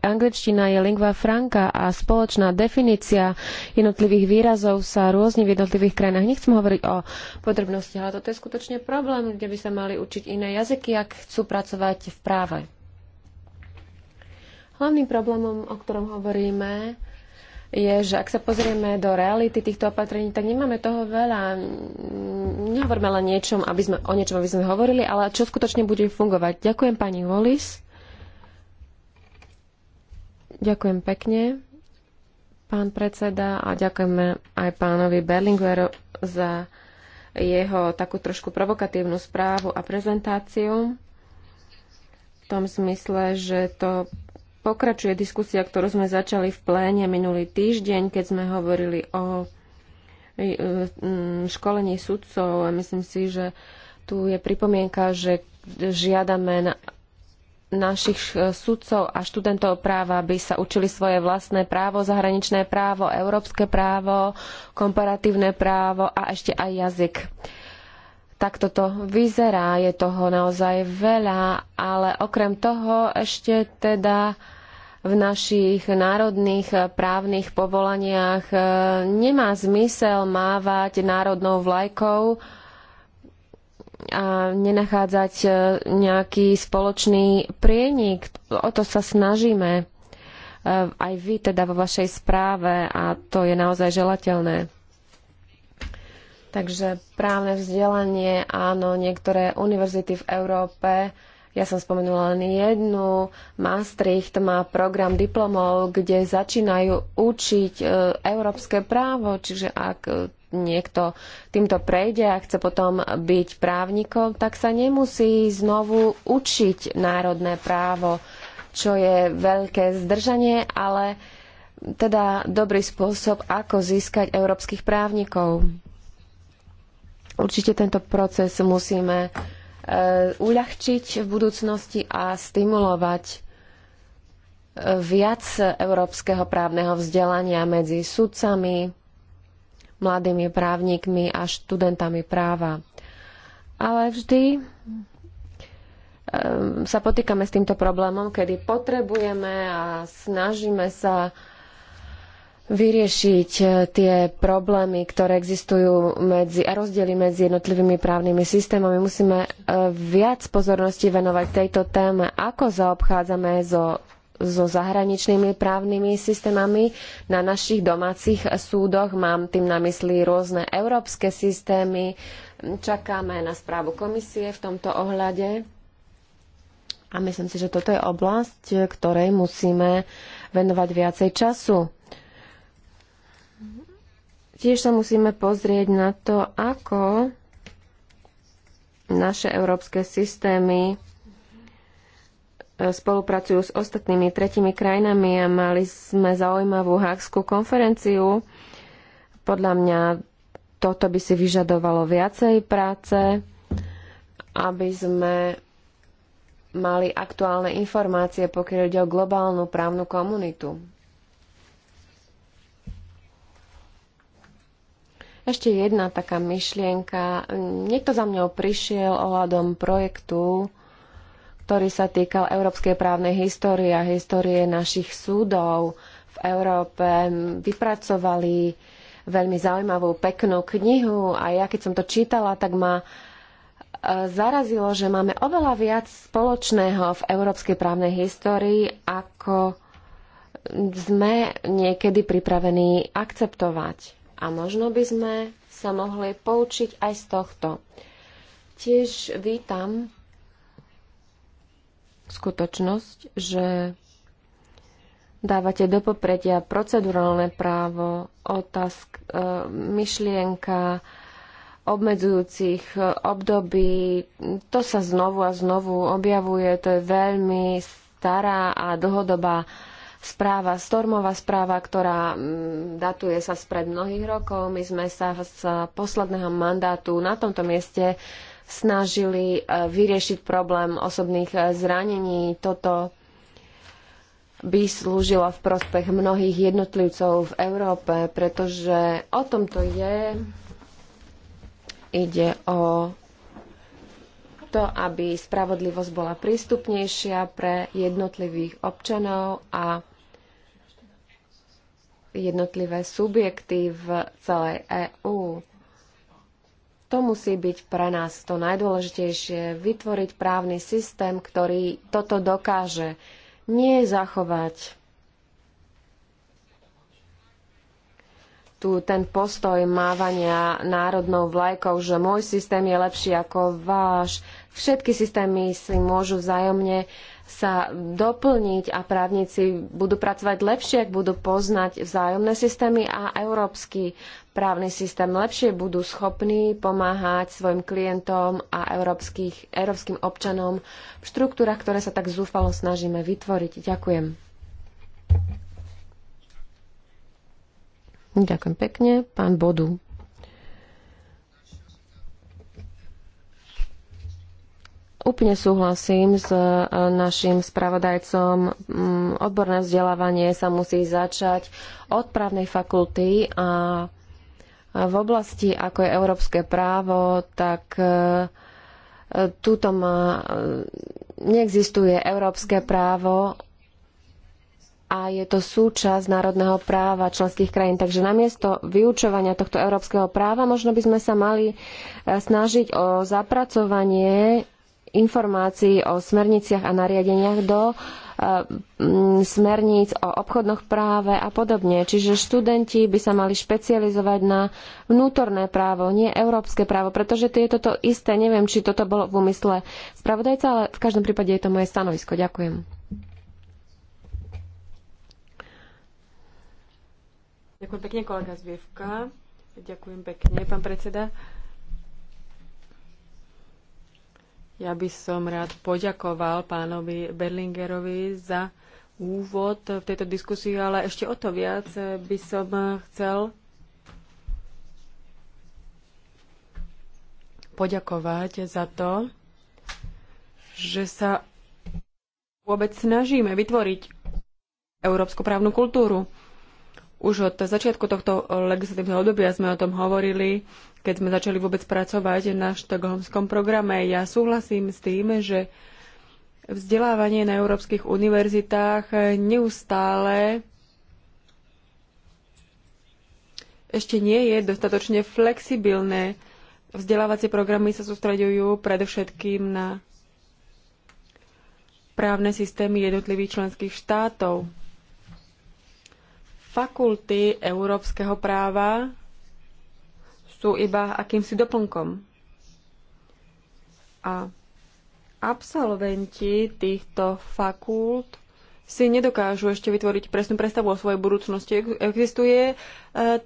angličtina je lingva franca a spoločná definícia jednotlivých výrazov sa rôzni v jednotlivých krajinách. Nechcem hovoriť o podrobnostiach, ale toto je skutočne problém, kde by sa mali učiť iné jazyky, ak chcú pracovať v práve. Hlavným problémom, o ktorom hovoríme, je, že ak sa pozrieme do reality týchto opatrení, tak nemáme toho veľa. Nehovoríme len niečom, aby sme, o niečom, aby sme hovorili, ale čo skutočne bude fungovať. Ďakujem pani Wallis. Ďakujem pekne, pán predseda, a ďakujeme aj pánovi Berlingueru za jeho takú trošku provokatívnu správu a prezentáciu v tom zmysle, že to pokračuje diskusia, ktorú sme začali v pléne minulý týždeň, keď sme hovorili o e, školení sudcov a myslím si, že tu je pripomienka, že žiadame na našich sudcov a študentov práva, aby sa učili svoje vlastné právo, zahraničné právo, európske právo, komparatívne právo a ešte aj jazyk. Tak toto vyzerá, je toho naozaj veľa, ale okrem toho ešte teda v našich národných právnych povolaniach e, nemá zmysel mávať národnou vlajkou a nenachádzať e, nejaký spoločný prienik. O to sa snažíme e, aj vy teda vo vašej správe a to je naozaj želateľné. Takže právne vzdelanie, áno, niektoré univerzity v Európe ja som spomenula len jednu. Maastricht má program diplomov, kde začínajú učiť e, európske právo, čiže ak e, niekto týmto prejde a chce potom byť právnikom, tak sa nemusí znovu učiť národné právo, čo je veľké zdržanie, ale teda dobrý spôsob, ako získať európskych právnikov. Určite tento proces musíme Eh, uľahčiť v budúcnosti a stimulovať eh, viac európskeho právneho vzdelania medzi sudcami, mladými právnikmi a študentami práva. Ale vždy eh, sa potýkame s týmto problémom, kedy potrebujeme a snažíme sa vyriešiť e, tie problémy, ktoré existujú medzi, a rozdiely medzi jednotlivými právnymi systémami. Musíme e, viac pozornosti venovať tejto téme, ako zaobchádzame so, so zahraničnými právnymi systémami. Na našich domácich súdoch mám tým na mysli rôzne európske systémy. Čakáme na správu komisie v tomto ohľade. A myslím si, že toto je oblasť, ktorej musíme venovať viacej času Tiež sa musíme pozrieť na to, ako naše európske systémy e, spolupracujú s ostatnými tretimi krajinami a mali sme zaujímavú hákskú konferenciu. Podľa mňa toto by si vyžadovalo viacej práce, aby sme mali aktuálne informácie, pokiaľ ide o globálnu právnu komunitu. Ešte jedna taká myšlienka. Niekto za mňou prišiel ohľadom projektu, ktorý sa týkal európskej právnej histórie a histórie našich súdov v Európe. Vypracovali veľmi zaujímavú, peknú knihu a ja keď som to čítala, tak ma e, zarazilo, že máme oveľa viac spoločného v európskej právnej histórii, ako sme niekedy pripravení akceptovať. A možno by sme sa mohli poučiť aj z tohto. Tiež vítam skutočnosť, že dávate do popredia procedurálne právo, otázk, e, myšlienka obmedzujúcich e, období. To sa znovu a znovu objavuje, to je veľmi stará a dlhodobá správa, stormová správa, ktorá mm, datuje sa spred mnohých rokov. My sme sa z posledného mandátu na tomto mieste snažili e, vyriešiť problém osobných e, zranení. Toto by slúžilo v prospech mnohých jednotlivcov v Európe, pretože o tom to je. Ide o to, aby spravodlivosť bola prístupnejšia pre jednotlivých občanov a jednotlivé subjekty v celej EÚ. To musí byť pre nás to najdôležitejšie, vytvoriť právny systém, ktorý toto dokáže nie zachovať tu ten postoj mávania národnou vlajkou, že môj systém je lepší ako váš, Všetky systémy si môžu vzájomne sa doplniť a právnici budú pracovať lepšie, ak budú poznať vzájomné systémy a európsky právny systém lepšie budú schopní pomáhať svojim klientom a európskych, európskym občanom v štruktúrach, ktoré sa tak zúfalo snažíme vytvoriť. Ďakujem. Ďakujem pekne. Pán Bodu. úplne súhlasím s e, našim spravodajcom. Mm, odborné vzdelávanie sa musí začať od právnej fakulty a v oblasti, ako je európske právo, tak e, e, túto má, neexistuje európske právo a je to súčasť národného práva členských krajín. Takže namiesto vyučovania tohto európskeho práva možno by sme sa mali snažiť o zapracovanie informácií o smerniciach a nariadeniach do e, smerníc o obchodnoch práve a podobne. Čiže študenti by sa mali špecializovať na vnútorné právo, nie európske právo, pretože je toto isté. Neviem, či toto bolo v úmysle spravodajca, ale v každom prípade je to moje stanovisko. Ďakujem. Ďakujem pekne, kolega Zvievka. Ďakujem pekne, pán predseda. Ja by som rád poďakoval pánovi Berlingerovi za úvod v tejto diskusii, ale ešte o to viac by som chcel poďakovať za to, že sa vôbec snažíme vytvoriť európsku právnu kultúru. Už od začiatku tohto legislatívneho obdobia sme o tom hovorili keď sme začali vôbec pracovať na štokholmskom programe. Ja súhlasím s tým, že vzdelávanie na európskych univerzitách neustále ešte nie je dostatočne flexibilné. Vzdelávacie programy sa sústreďujú predovšetkým na právne systémy jednotlivých členských štátov. Fakulty európskeho práva sú iba akýmsi doplnkom. A absolventi týchto fakult si nedokážu ešte vytvoriť presnú predstavu o svojej budúcnosti. Existuje e,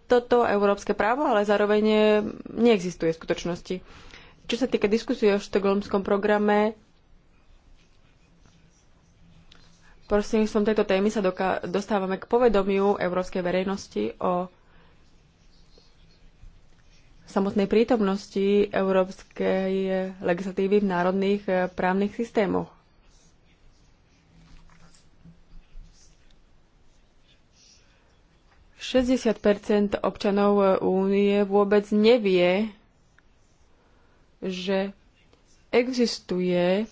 toto európske právo, ale zároveň e, neexistuje v skutočnosti. Čo sa týka diskusie o štokholmskom programe, Prosím som tejto témy sa dostávame k povedomiu európskej verejnosti o samotnej prítomnosti európskej legislatívy v národných eh, právnych systémoch. Šesťdesiat občanov únie vôbec nevie, že existuje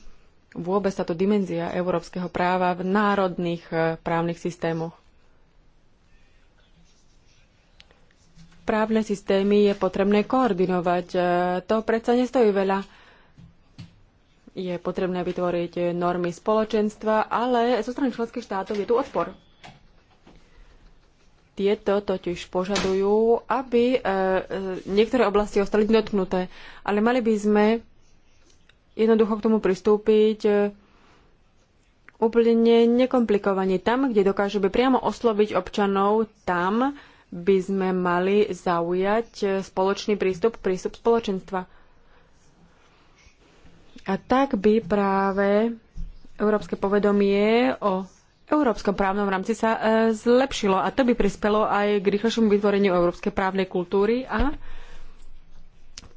vôbec táto dimenzia európskeho práva v národných eh, právnych systémoch. právne systémy je potrebné koordinovať. E, to predsa nestojí veľa. Je potrebné vytvoriť normy spoločenstva, ale zo strany členských štátov je tu odpor. Tieto totiž požadujú, aby e, e, niektoré oblasti ostali dotknuté. Ale mali by sme jednoducho k tomu pristúpiť úplne nekomplikovanie. Tam, kde dokážeme priamo osloviť občanov, tam by sme mali zaujať e, spoločný prístup, prístup spoločenstva. A tak by práve európske povedomie o európskom právnom rámci sa e, zlepšilo a to by prispelo aj k rýchlejšiemu vytvoreniu európskej právnej kultúry a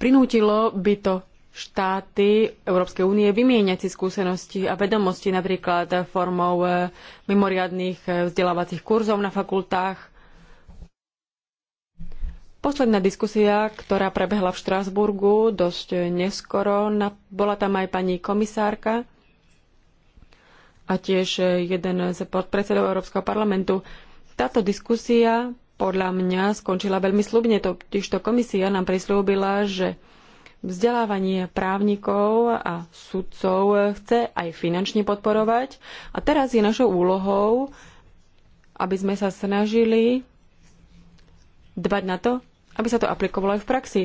prinútilo by to štáty Európskej únie vymieňať si skúsenosti a vedomosti napríklad formou e, mimoriadnych e, vzdelávacích kurzov na fakultách Posledná diskusia, ktorá prebehla v Štrásburgu dosť neskoro, bola tam aj pani komisárka a tiež jeden z podpredsedov Európskeho parlamentu. Táto diskusia podľa mňa skončila veľmi slubne, totiž to komisia nám prislúbila, že vzdelávanie právnikov a sudcov chce aj finančne podporovať a teraz je našou úlohou, aby sme sa snažili dbať na to, aby sa to aplikovalo aj v praxi.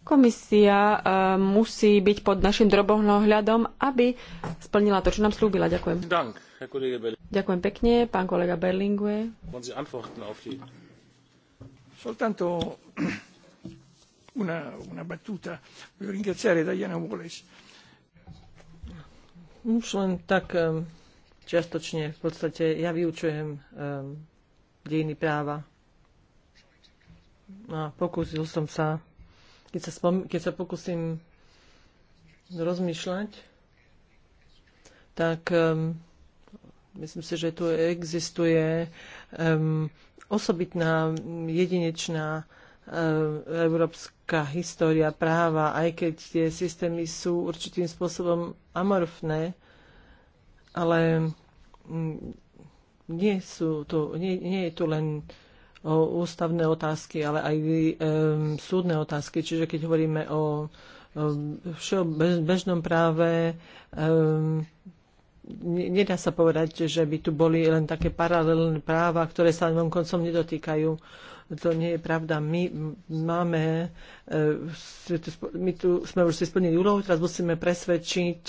Komisia e, musí byť pod našim drobohľadom, aby splnila to, čo nám slúbila. Ďakujem. Ďakujem pekne, pán kolega Berlingue. Soltanto una, una battuta. Voglio ringraziare Diana Wallace. Už len tak ehm, čiastočne v podstate ja vyučujem um, dejiny práva a pokúsil som sa, keď sa, spom- keď sa pokúsim rozmýšľať, tak um, myslím si, že tu existuje um, osobitná, jedinečná ehm, európska história práva, aj keď tie systémy sú určitým spôsobom amorfné, ale mm, nie, sú tu, nie, nie je tu len o ústavné otázky, ale aj um, súdne otázky. Čiže keď hovoríme o, o bežnom práve, um, nedá sa povedať, že by tu boli len také paralelné práva, ktoré sa koncom nedotýkajú. To nie je pravda. My máme, e, my tu sme už si splnili úlohu, teraz musíme presvedčiť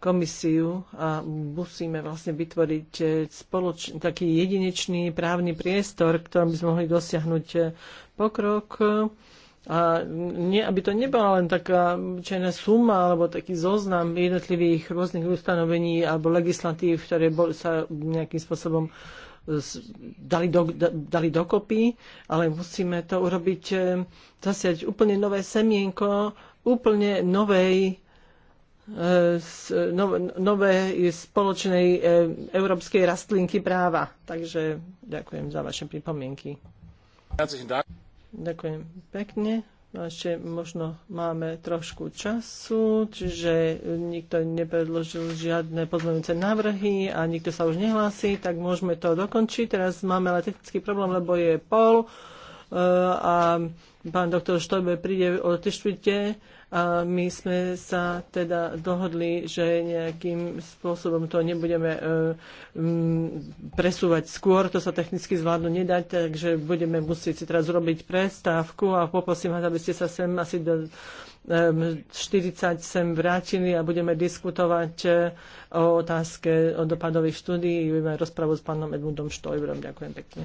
komisiu a musíme vlastne vytvoriť eh, spoloč, taký jedinečný právny priestor, ktorom by sme mohli dosiahnuť eh, pokrok. A nie, aby to nebola len taká čajná suma alebo taký zoznam jednotlivých rôznych ustanovení alebo legislatív, ktoré bol, sa nejakým spôsobom eh, dali, do, dali dokopy, ale musíme to urobiť, zasiať úplne nové semienko, úplne novej E, no, nové spoločnej e, európskej rastlinky práva. Takže ďakujem za vaše pripomienky. Ďakujem pekne. No, ešte možno máme trošku času, čiže nikto nepredložil žiadne pozmeňujúce návrhy a nikto sa už nehlási, tak môžeme to dokončiť. Teraz máme ale technický problém, lebo je pol e, a pán doktor Štojbe príde o štvrte. A my sme sa teda dohodli, že nejakým spôsobom to nebudeme e, presúvať skôr, to sa technicky zvládnu nedať, takže budeme musieť si teraz robiť prestávku a poprosím vás, aby ste sa sem asi do 40 sem vrátili a budeme diskutovať e, o otázke o dopadových štúdií. Budeme rozpravu s pánom Edmundom Štojbrom. Ďakujem pekne.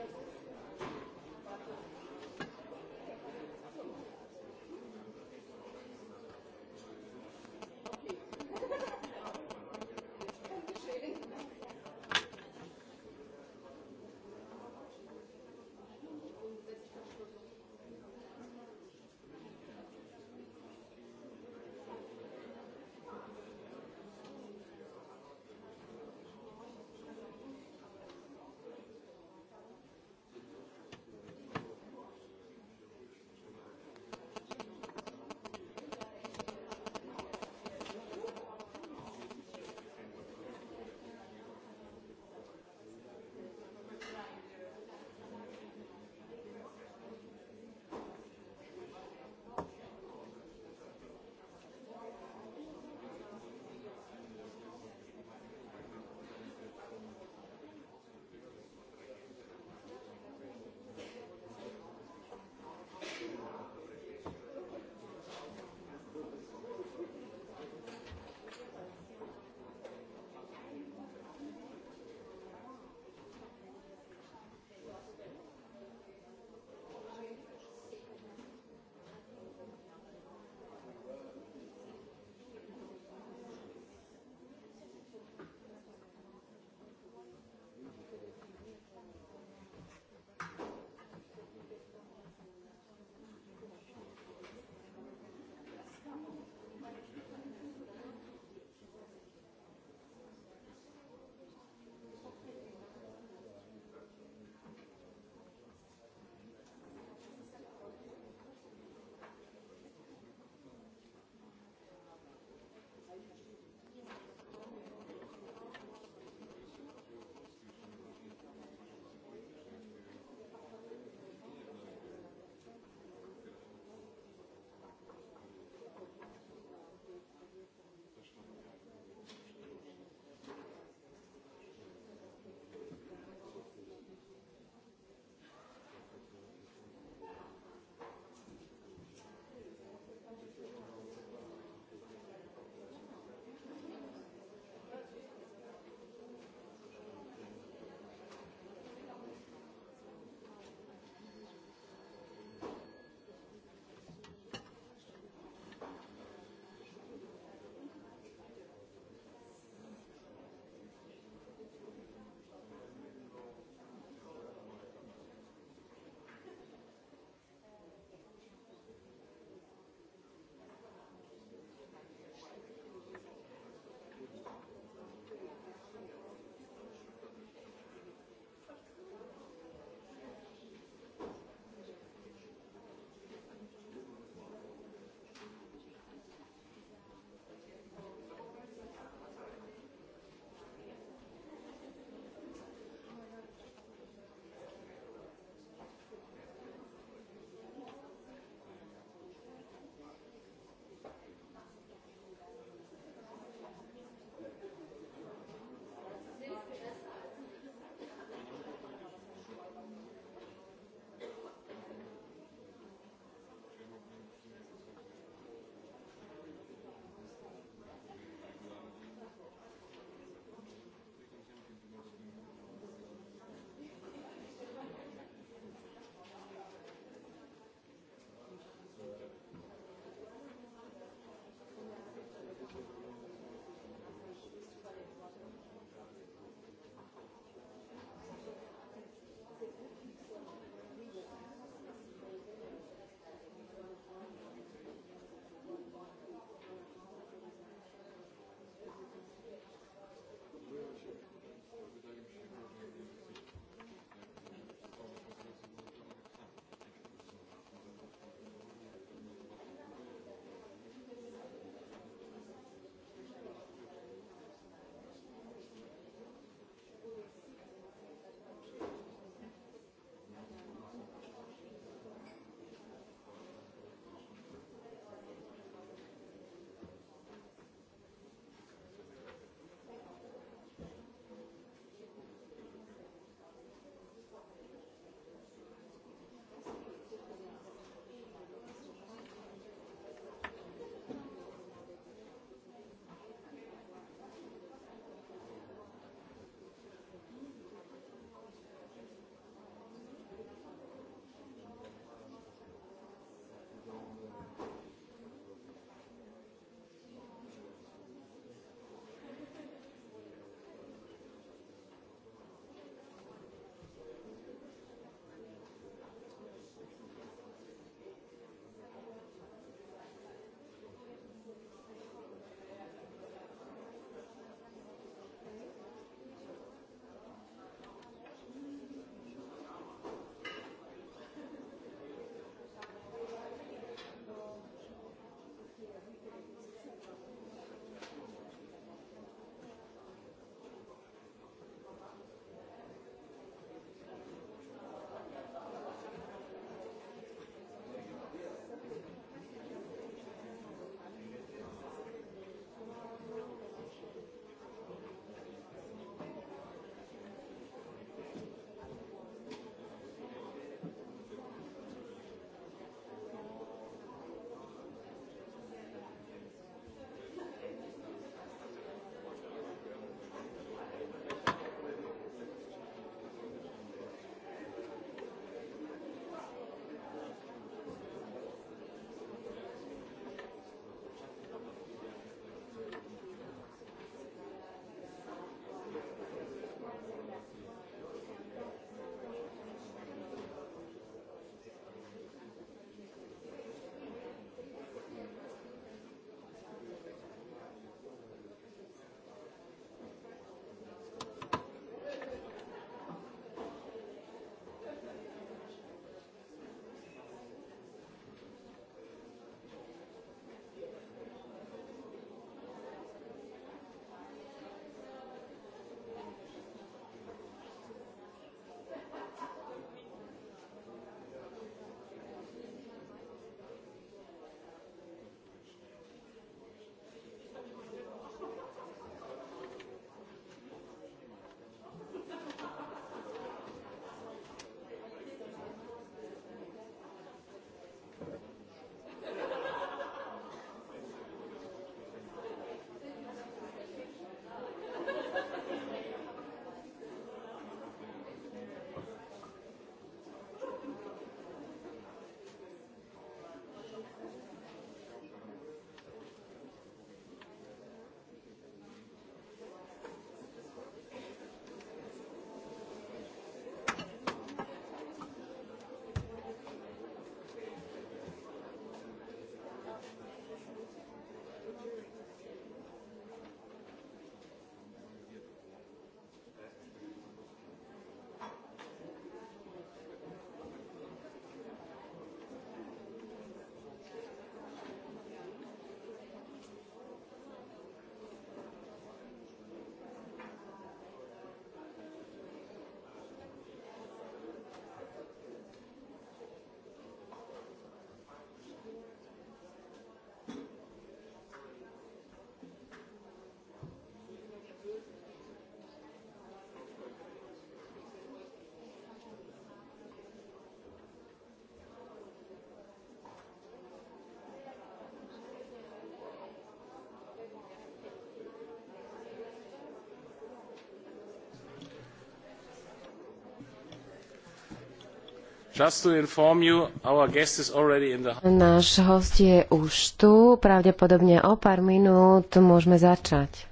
Náš host je už tu, pravdepodobne o pár minút môžeme začať.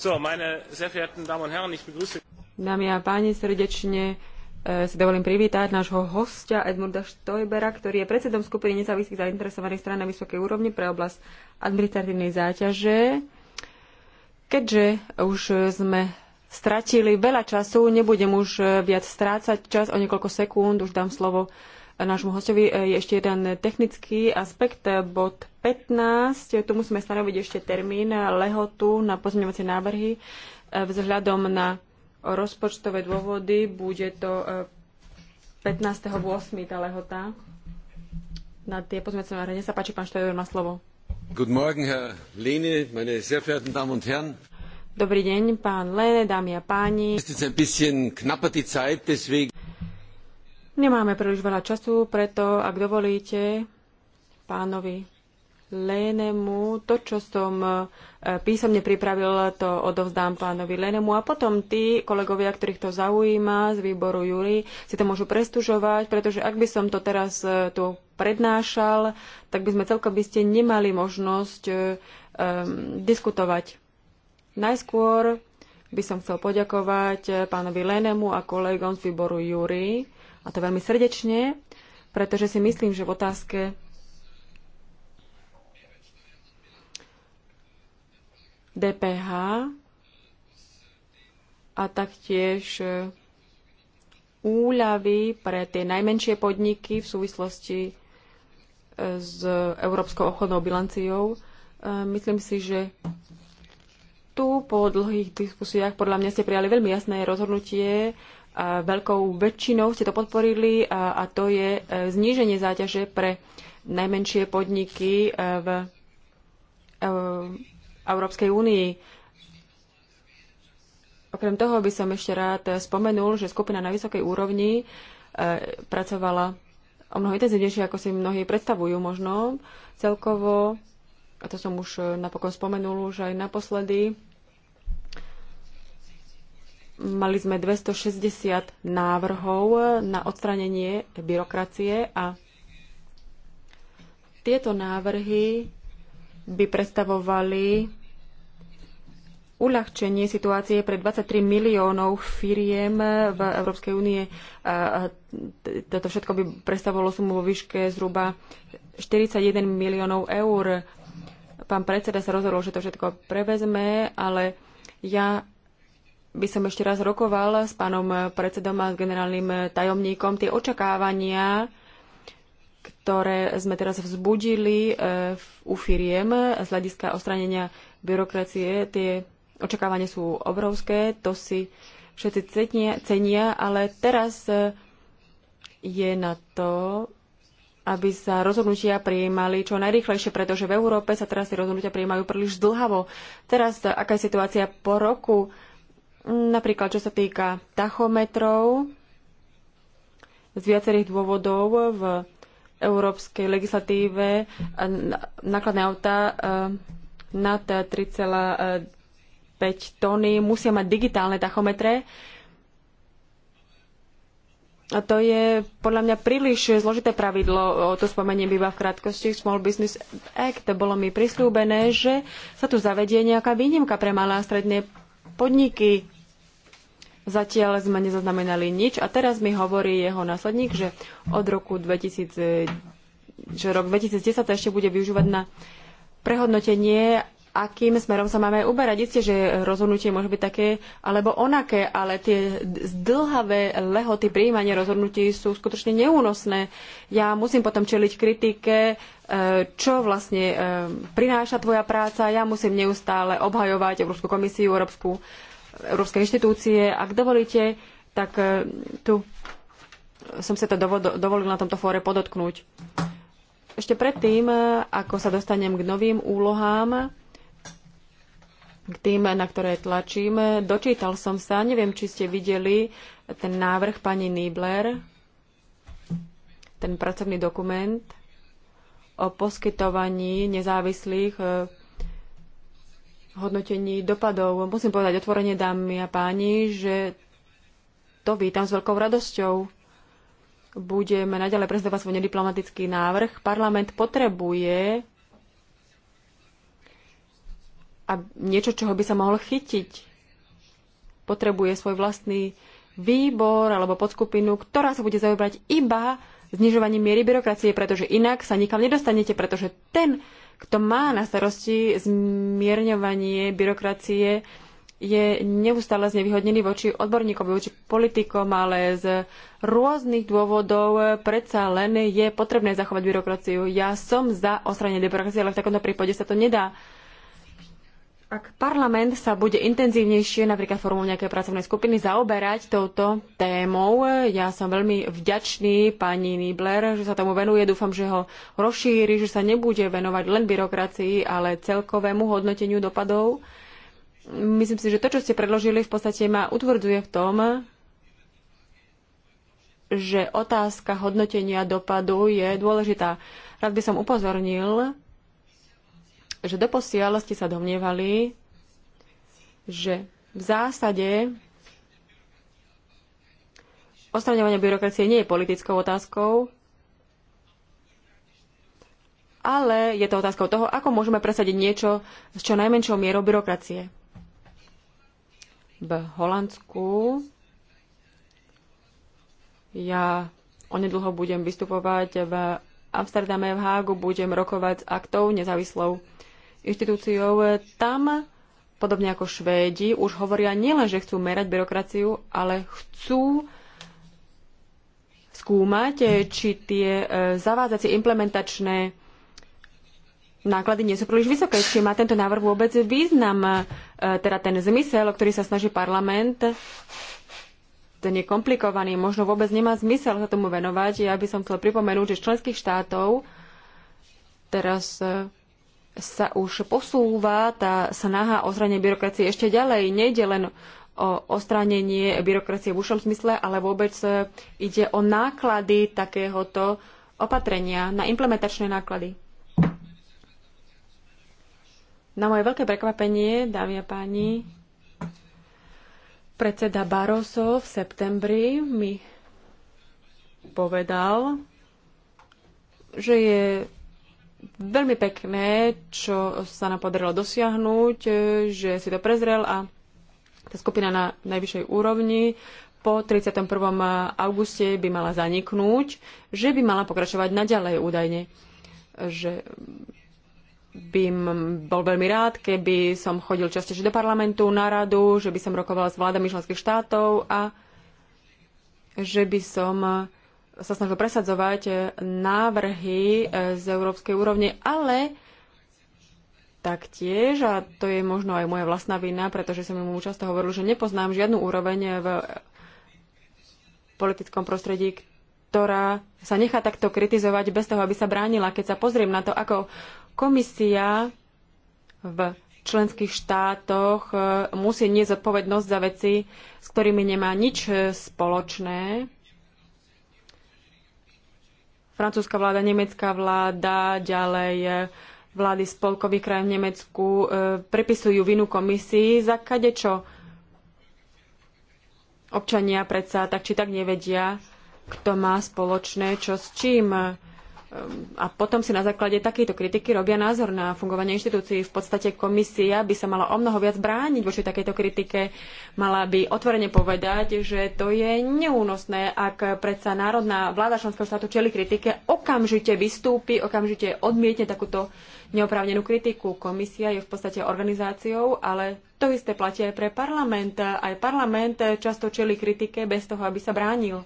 So, meine sehr verehrten Damen und Herren, ich begrüße... Dámy a páni, srdečne e, si dovolím privítať nášho hostia Edmunda Stoibera, ktorý je predsedom skupiny nezávislých zainteresovaných strán na vysokej úrovni pre oblasť administratívnej záťaže. Keďže už sme stratili veľa času, nebudem už e, viac strácať čas o niekoľko sekúnd, už dám slovo e, nášmu hostovi. Je ešte jeden technický aspekt, bod 15. Tu musíme stanoviť ešte termín lehotu na pozmeňovacie návrhy. E, vzhľadom na rozpočtové dôvody bude to 15.8. E, tá lehota na tie pozmeňovacie návrhy. Nech sa páči, pán Štojor, má slovo. Guten Morgen, Herr Lene, meine sehr verehrten Damen und Herren. Dobrý deň, pán Lene, dámy a páni. Nemáme príliš veľa času, preto, ak dovolíte, pánovi Lénemu. To, čo som e, písomne pripravil, to odovzdám pánovi Lénemu. A potom tí kolegovia, ktorých to zaujíma z výboru Júri, si to môžu prestužovať, pretože ak by som to teraz e, tu prednášal, tak by sme celkom by ste nemali možnosť um, diskutovať. Najskôr by som chcel poďakovať pánovi Lénemu a kolegom z výboru Júri, a to veľmi srdečne, pretože si myslím, že v otázke DPH a taktiež e, úľavy pre tie najmenšie podniky v súvislosti e, s európskou obchodnou bilanciou. E, myslím si, že tu po dlhých diskusiách podľa mňa ste prijali veľmi jasné rozhodnutie a veľkou väčšinou ste to podporili a, a to je zníženie záťaže pre najmenšie podniky v Európskej únii. Okrem toho by som ešte rád spomenul, že skupina na vysokej úrovni e, pracovala o mnoho intenzívnejšie, ako si mnohí predstavujú možno. Celkovo, a to som už e, napokon spomenul, už aj naposledy, mali sme 260 návrhov na odstranenie byrokracie a tieto návrhy by predstavovali uľahčenie situácie pre 23 miliónov firiem v Európskej únie. Toto všetko by predstavovalo sumu vo výške zhruba 41 miliónov eur. Pán predseda sa rozhodol, že to všetko prevezme, ale ja by som ešte raz rokoval s pánom predsedom a s generálnym tajomníkom tie očakávania, ktoré sme teraz vzbudili e, u firiem z hľadiska ostranenia byrokracie, tie Očakávania sú obrovské, to si všetci cenia, cenia ale teraz e, je na to, aby sa rozhodnutia prijímali čo najrychlejšie, pretože v Európe sa teraz tie rozhodnutia prijímajú príliš dlhavo. Teraz, e, aká je situácia po roku, mm, napríklad čo sa týka tachometrov, z viacerých dôvodov v európskej legislatíve e, nákladné auta nad tony, musia mať digitálne tachometre. A to je podľa mňa príliš zložité pravidlo, o to spomeniem iba v krátkosti, Small Business Act. Bolo mi prislúbené, že sa tu zavedie nejaká výnimka pre malé a stredné podniky. Zatiaľ sme nezaznamenali nič a teraz mi hovorí jeho následník, že od roku 2000, že rok 2010 sa ešte bude využívať na prehodnotenie akým smerom sa máme uberať. Isté, že rozhodnutie môže byť také alebo onaké, ale tie zdlhavé lehoty príjmania rozhodnutí sú skutočne neúnosné. Ja musím potom čeliť kritike, e, čo vlastne e, prináša tvoja práca. Ja musím neustále obhajovať Európsku komisiu, Európsku, Európske inštitúcie. Ak dovolíte, tak e, tu som sa to dovolil na tomto fóre podotknúť. Ešte predtým, ako sa dostanem k novým úlohám, k tým, na ktoré tlačím. Dočítal som sa, neviem, či ste videli ten návrh pani Nibler, ten pracovný dokument o poskytovaní nezávislých e, hodnotení dopadov. Musím povedať otvorene, dámy a páni, že to vítam s veľkou radosťou. Budeme naďalej prezentovať svoj nediplomatický návrh. Parlament potrebuje a niečo, čoho by sa mohol chytiť. Potrebuje svoj vlastný výbor alebo podskupinu, ktorá sa bude zaujímať iba znižovaním miery byrokracie, pretože inak sa nikam nedostanete, pretože ten, kto má na starosti zmierňovanie byrokracie, je neustále znevýhodnený voči odborníkom, voči politikom, ale z rôznych dôvodov predsa len je potrebné zachovať byrokraciu. Ja som za osranie byrokracie, ale v takomto prípade sa to nedá ak parlament sa bude intenzívnejšie, napríklad formou nejakej pracovnej skupiny, zaoberať touto témou, ja som veľmi vďačný pani Nibler, že sa tomu venuje. Dúfam, že ho rozšíri, že sa nebude venovať len byrokracii, ale celkovému hodnoteniu dopadov. Myslím si, že to, čo ste predložili, v podstate ma utvrdzuje v tom, že otázka hodnotenia dopadu je dôležitá. Rád by som upozornil, že doposiaľ ste sa domnievali, že v zásade Ostraňovanie byrokracie nie je politickou otázkou, ale je to otázkou toho, ako môžeme presadiť niečo s čo najmenšou mierou byrokracie. V Holandsku ja onedlho budem vystupovať v Amsterdame, v Hágu budem rokovať s aktou nezávislou inštitúciou, e, tam podobne ako Švédi, už hovoria nielen, že chcú merať byrokraciu, ale chcú skúmať, e, či tie e, zavádzacie implementačné náklady nie sú príliš vysoké, či má tento návrh vôbec význam, teda ten zmysel, o ktorý sa snaží parlament, ten je komplikovaný, možno vôbec nemá zmysel sa tomu venovať. Ja by som chcel pripomenúť, že z členských štátov teraz sa už posúva tá snaha o zranie byrokracie ešte ďalej. Nejde len o ostránenie byrokracie v ušom smysle, ale vôbec e, ide o náklady takéhoto opatrenia, na implementačné náklady. Na moje veľké prekvapenie, dámy a páni, predseda Barroso v septembri mi povedal, že je veľmi pekné, čo sa nám podarilo dosiahnuť, e, že si to prezrel a tá skupina na najvyššej úrovni po 31. auguste by mala zaniknúť, že by mala pokračovať naďalej údajne, že by bol veľmi rád, keby som chodil častejšie do parlamentu, na radu, že by som rokovala s vládami členských štátov a že by som sa snažil presadzovať e, návrhy e, z európskej úrovne, ale taktiež, a to je možno aj moja vlastná vina, pretože som mu často hovoril, že nepoznám žiadnu úroveň v politickom prostredí, ktorá sa nechá takto kritizovať bez toho, aby sa bránila. Keď sa pozriem na to, ako komisia v členských štátoch e, musí nieť zodpovednosť za veci, s ktorými nemá nič spoločné, francúzska vláda, nemecká vláda, ďalej e, vlády spolkových krajín v Nemecku e, prepisujú vinu komisii za kadečo. Občania predsa tak či tak nevedia, kto má spoločné čo s čím a potom si na základe takejto kritiky robia názor na fungovanie inštitúcií. V podstate komisia by sa mala o mnoho viac brániť voči takejto kritike. Mala by otvorene povedať, že to je neúnosné, ak predsa národná vláda členského štátu čeli kritike, okamžite vystúpi, okamžite odmietne takúto neoprávnenú kritiku. Komisia je v podstate organizáciou, ale to isté platí aj pre parlament. Aj parlament často čeli kritike bez toho, aby sa bránil.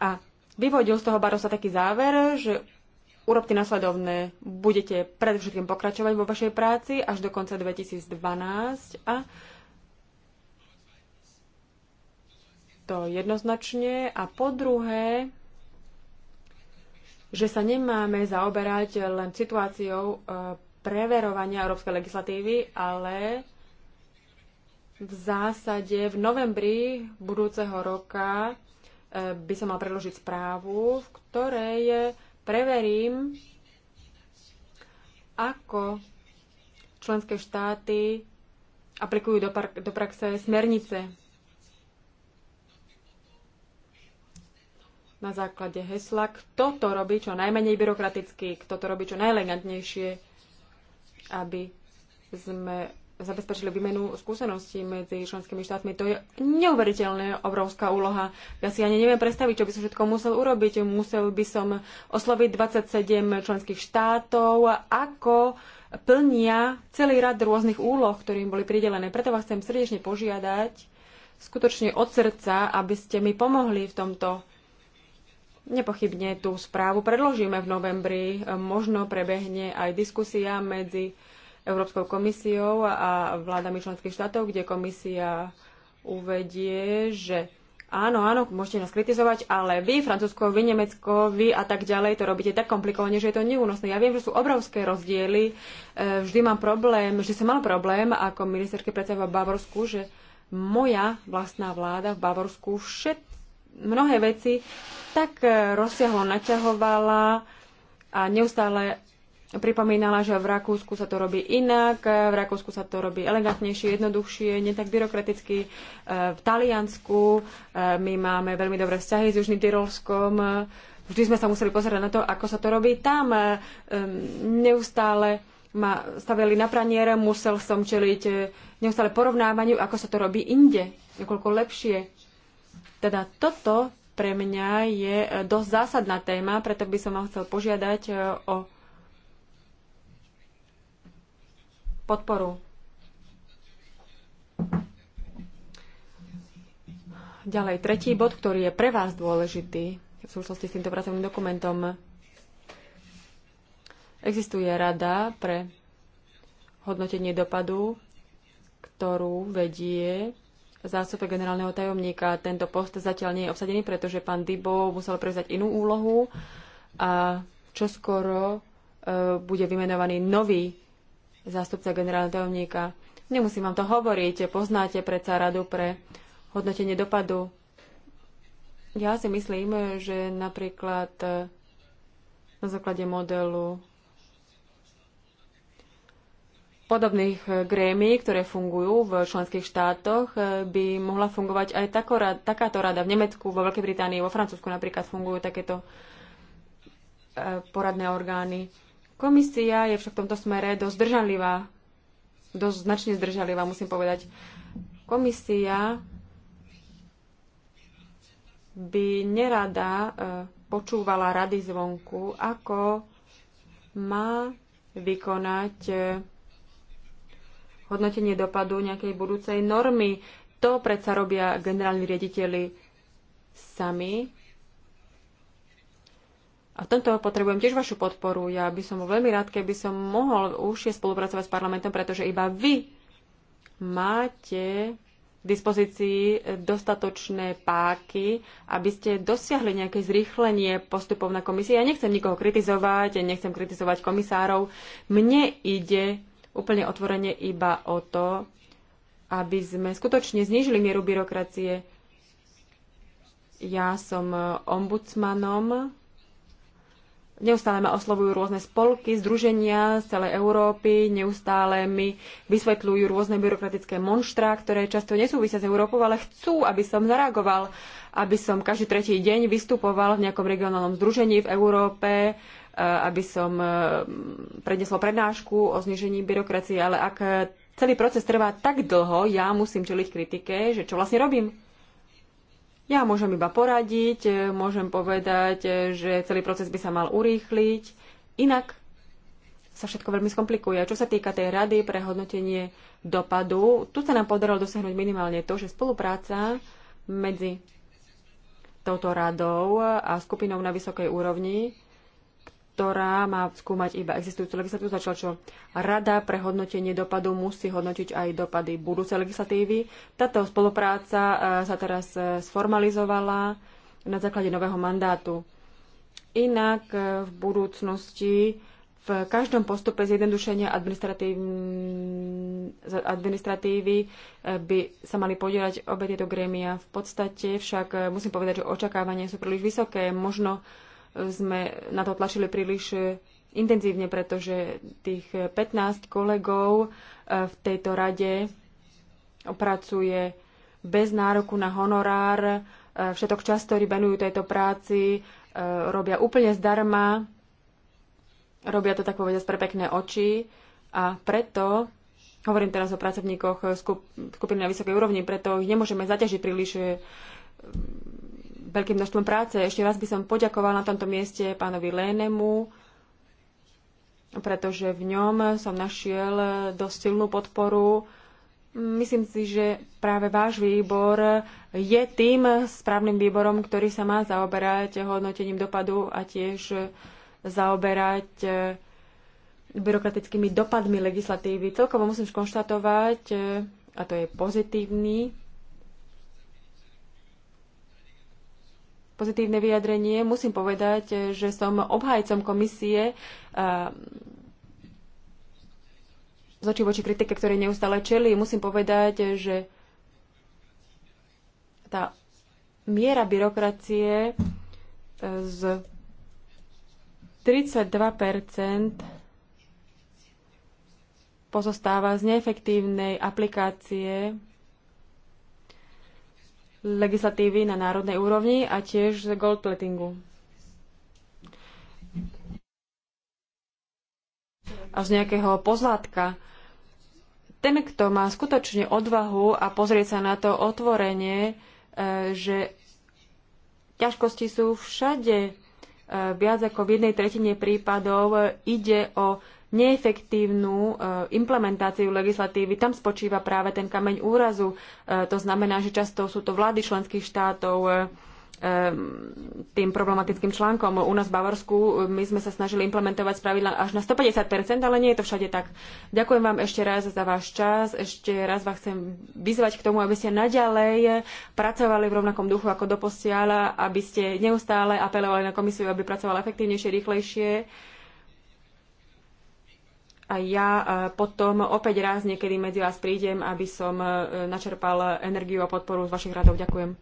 A vyvodil z toho Barosa taký záver, že urobte nasledovné. Budete predovšetkým pokračovať vo vašej práci až do konca 2012 a to jednoznačne. A po druhé, že sa nemáme zaoberať len situáciou e, preverovania európskej legislatívy, ale v zásade v novembri budúceho roka by som mal predložiť správu, v ktorej preverím, ako členské štáty aplikujú do, do praxe smernice na základe hesla, kto to robí čo najmenej byrokraticky, kto to robí čo najelegantnejšie, aby sme zabezpečili výmenu skúseností medzi členskými štátmi. To je neuveriteľne obrovská úloha. Ja si ani neviem predstaviť, čo by som všetko musel urobiť. Musel by som osloviť 27 členských štátov, ako plnia celý rad rôznych úloh, ktorým boli pridelené. Preto vás chcem srdečne požiadať, skutočne od srdca, aby ste mi pomohli v tomto. Nepochybne tú správu predložíme v novembri. Možno prebehne aj diskusia medzi Európskou komisiou a vládami členských štátov, kde komisia uvedie, že áno, áno, môžete nás kritizovať, ale vy, Francúzsko, vy, Nemecko, vy a tak ďalej, to robíte tak komplikovane, že je to neúnosné. Ja viem, že sú obrovské rozdiely, e, vždy mám problém, vždy som mal problém ako ministerke predseda v Bavorsku, že moja vlastná vláda v Bavorsku všet, mnohé veci tak e, rozsiahlo naťahovala a neustále pripomínala, že v Rakúsku sa to robí inak, v Rakúsku sa to robí elegantnejšie, jednoduchšie, netak byrokraticky. E, v Taliansku e, my máme veľmi dobré vzťahy s Južným Tyrolskom. Vždy sme sa museli pozerať na to, ako sa to robí tam. E, neustále ma stavili na pranier, musel som čeliť neustále porovnávaniu, ako sa to robí inde, niekoľko lepšie. Teda toto pre mňa je dosť zásadná téma, preto by som vám chcel požiadať o podporu. Ďalej, tretí bod, ktorý je pre vás dôležitý v súvislosti s týmto pracovným dokumentom. Existuje rada pre hodnotenie dopadu, ktorú vedie zástupca generálneho tajomníka. Tento post zatiaľ nie je obsadený, pretože pán Dibo musel prevzať inú úlohu a čoskoro e, bude vymenovaný nový zástupca generálneho tajomníka. Nemusím vám to hovoriť, poznáte predsa radu pre hodnotenie dopadu. Ja si myslím, že napríklad eh, na základe modelu podobných eh, grémií, ktoré fungujú v členských štátoch, eh, by mohla fungovať aj takáto rada. V Nemecku, vo Veľkej Británii, vo Francúzsku napríklad fungujú takéto poradné orgány. Komisia je však v tomto smere dosť zdržanlivá. Dosť značne zdržanlivá, musím povedať. Komisia by nerada e, počúvala rady zvonku, ako má vykonať e, hodnotenie dopadu nejakej budúcej normy. To predsa robia generálni riaditeľi sami a v tomto potrebujem tiež vašu podporu. Ja by som veľmi rád, keby som mohol užšie spolupracovať s parlamentom, pretože iba vy máte k dispozícii dostatočné páky, aby ste dosiahli nejaké zrýchlenie postupov na komisii. Ja nechcem nikoho kritizovať, ja nechcem kritizovať komisárov. Mne ide úplne otvorene iba o to, aby sme skutočne znížili mieru byrokracie. Ja som ombudsmanom Neustále ma oslovujú rôzne spolky, združenia z celej Európy, neustále mi vysvetľujú rôzne byrokratické monštra, ktoré často nesúvisia s Európou, ale chcú, aby som zareagoval, aby som každý tretí deň vystupoval v nejakom regionálnom združení v Európe, e, aby som e, prednesol prednášku o znižení byrokracie, ale ak celý proces trvá tak dlho, ja musím čeliť kritike, že čo vlastne robím. Ja môžem iba poradiť, e, môžem povedať, e, že celý proces by sa mal urýchliť, inak sa všetko veľmi skomplikuje. Čo sa týka tej rady pre hodnotenie dopadu, tu sa nám podarilo dosiahnuť minimálne to, že spolupráca medzi touto radou a skupinou na vysokej úrovni ktorá má skúmať iba existujúcu legislatívu, začal čo Rada pre hodnotenie dopadu musí hodnotiť aj dopady budúcej legislatívy. Táto spolupráca eh, sa teraz eh, sformalizovala na základe nového mandátu. Inak eh, v budúcnosti v každom postupe zjednodušenia administratívy by sa mali podielať obe tieto grémia. V podstate však musím povedať, že očakávania sú príliš vysoké. Možno sme na to tlačili príliš eh, intenzívne, pretože tých 15 kolegov eh, v tejto rade pracuje bez nároku na honorár, eh, všetok čas, ktorý venujú tejto práci, robia úplne zdarma, robia to tak povedať pre pekné oči a preto hovorím teraz o pracovníkoch skupiny na vysokej úrovni, preto ich nemôžeme zaťažiť príliš veľkým množstvom práce. Ešte raz by som poďakovala na tomto mieste pánovi Lénemu, pretože v ňom som našiel dosť silnú podporu. Myslím si, že práve váš výbor je tým správnym výborom, ktorý sa má zaoberať hodnotením dopadu a tiež zaoberať byrokratickými dopadmi legislatívy. Celkovo musím skonštatovať, a to je pozitívny pozitívne vyjadrenie. Musím povedať, že som obhajcom komisie z očí voči kritike, ktoré neustále čeli. Musím povedať, že tá miera byrokracie e, z 32 pozostáva z neefektívnej aplikácie legislatívy na národnej úrovni a tiež z goldplatingu. A z nejakého pozlátka. Ten, kto má skutočne odvahu a pozrieť sa na to otvorenie, e, že ťažkosti sú všade. E, viac ako v jednej tretine prípadov e, ide o neefektívnu e, implementáciu legislatívy. Tam spočíva práve ten kameň úrazu. E, to znamená, že často sú to vlády členských štátov e, tým problematickým článkom. U nás v Bavorsku my sme sa snažili implementovať spravidla až na 150%, ale nie je to všade tak. Ďakujem vám ešte raz za váš čas, ešte raz vás chcem vyzvať k tomu, aby ste naďalej pracovali v rovnakom duchu ako doposiaľ, aby ste neustále apelovali na komisiu, aby pracovala efektívnejšie, rýchlejšie a ja e, potom opäť raz niekedy medzi vás prídem, aby som e, načerpal energiu a podporu z vašich radov. Ďakujem.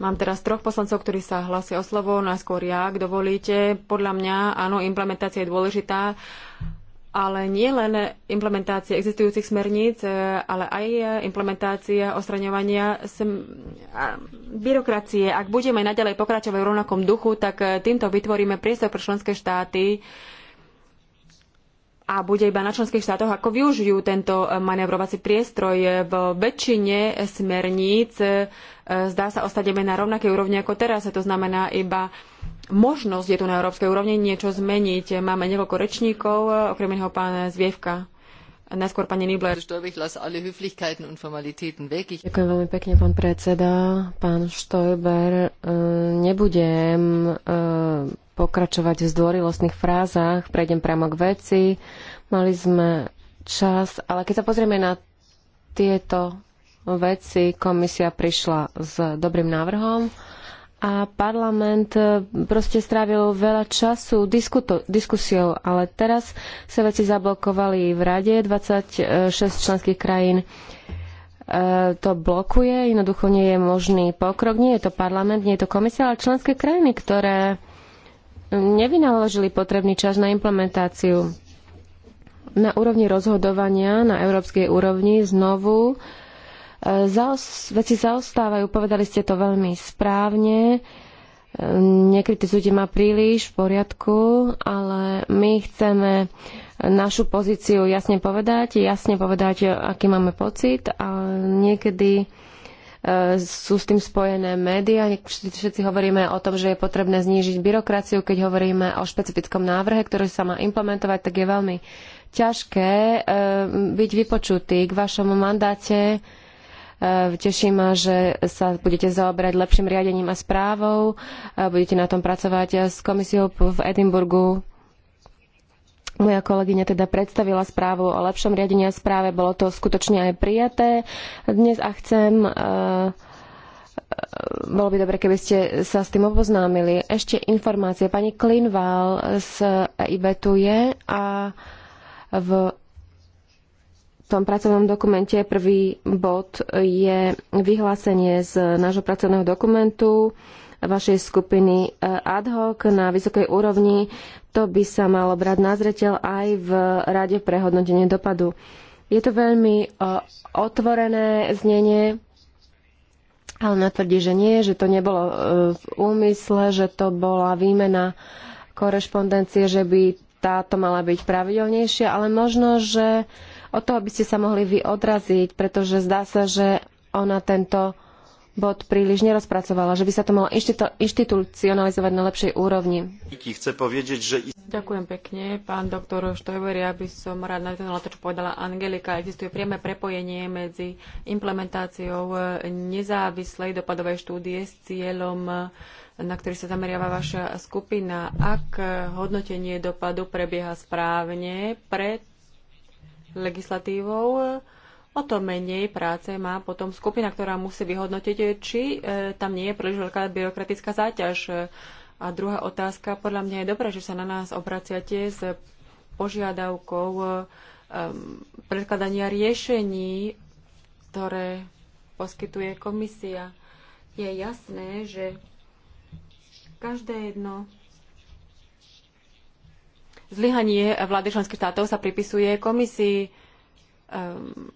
Mám teraz troch poslancov, ktorí sa hlasia o slovo. Najskôr ja, ak dovolíte. Podľa mňa, áno, implementácia je dôležitá ale nie len implementácie existujúcich smerníc, e, ale aj e, implementácia ostraňovania byrokracie. Ak budeme naďalej pokračovať v rovnakom duchu, tak e, týmto vytvoríme priestor pre členské štáty a bude iba na členských štátoch, ako využijú tento manevrovací priestroj. V väčšine smerníc zdá sa, ostaneme na rovnakej úrovni ako teraz. To znamená iba možnosť je tu na európskej úrovni niečo zmeniť. Máme niekoľko rečníkov, okrem iného pán Zvievka. Najskôr pani Nibler. Ďakujem veľmi pekne, pán predseda. Pán Štojber, e, nebudem e, pokračovať v zdvorilostných frázach, prejdem priamo k veci. Mali sme čas, ale keď sa pozrieme na tieto veci komisia prišla s dobrým návrhom a parlament e, proste strávil veľa času diskuto, diskusiou, ale teraz sa veci zablokovali v rade, 26 členských krajín e, to blokuje, jednoducho nie je možný pokrok, nie je to parlament, nie je to komisia, ale členské krajiny, ktoré nevynaložili potrebný čas na implementáciu. Na úrovni rozhodovania, na európskej úrovni znovu zaos- veci zaostávajú, povedali ste to veľmi správne. Nekritizujte ma príliš, v poriadku, ale my chceme našu pozíciu jasne povedať, jasne povedať, aký máme pocit a niekedy e, sú s tým spojené médiá. Všetci hovoríme o tom, že je potrebné znížiť byrokraciu. Keď hovoríme o špecifickom návrhe, ktorý sa má implementovať, tak je veľmi ťažké e, byť vypočutý. K vašom mandáte Eh, teší ma, že sa budete zaoberať lepším riadením a správou. Eh, budete na tom pracovať s komisiou v Edinburgu. Moja kolegyňa teda predstavila správu o lepšom riadení a správe. Bolo to skutočne aj prijaté dnes a chcem eh, bolo by dobre, keby ste sa s tým oboznámili. Ešte informácie. Pani Klinval z e IB tu je a v tom pracovnom dokumente prvý bod je vyhlásenie z nášho pracovného dokumentu vašej skupiny eh, ad hoc na vysokej úrovni. To by sa malo brať na zreteľ aj v Rade pre hodnotenie dopadu. Je to veľmi eh, otvorené znenie, ale natvrdí, že nie, že to nebolo eh, v úmysle, že to bola výmena korešpondencie, že by táto mala byť pravidelnejšia, ale možno, že od toho by ste sa mohli vy odraziť, pretože zdá sa, že ona tento bod príliš nerozpracovala, že by sa to malo inštitucionalizovať na lepšej úrovni. Chce že... Ďakujem pekne, pán doktor Štojber. Ja by som rád na to, čo povedala Angelika. Existuje priame prepojenie medzi implementáciou e, nezávislej dopadovej štúdie s cieľom e, na ktorý sa zameriava vaša skupina. Ak e, hodnotenie dopadu prebieha správne, pred legislatívou, o to menej práce má potom skupina, ktorá musí vyhodnotiť, či e, tam nie je príliš veľká byrokratická záťaž. A druhá otázka, podľa mňa je dobré, že sa na nás obraciate s požiadavkou um, predkladania riešení, ktoré poskytuje komisia. Je jasné, že každé jedno Zlyhanie vlády členských štátov sa pripisuje komisii. Um,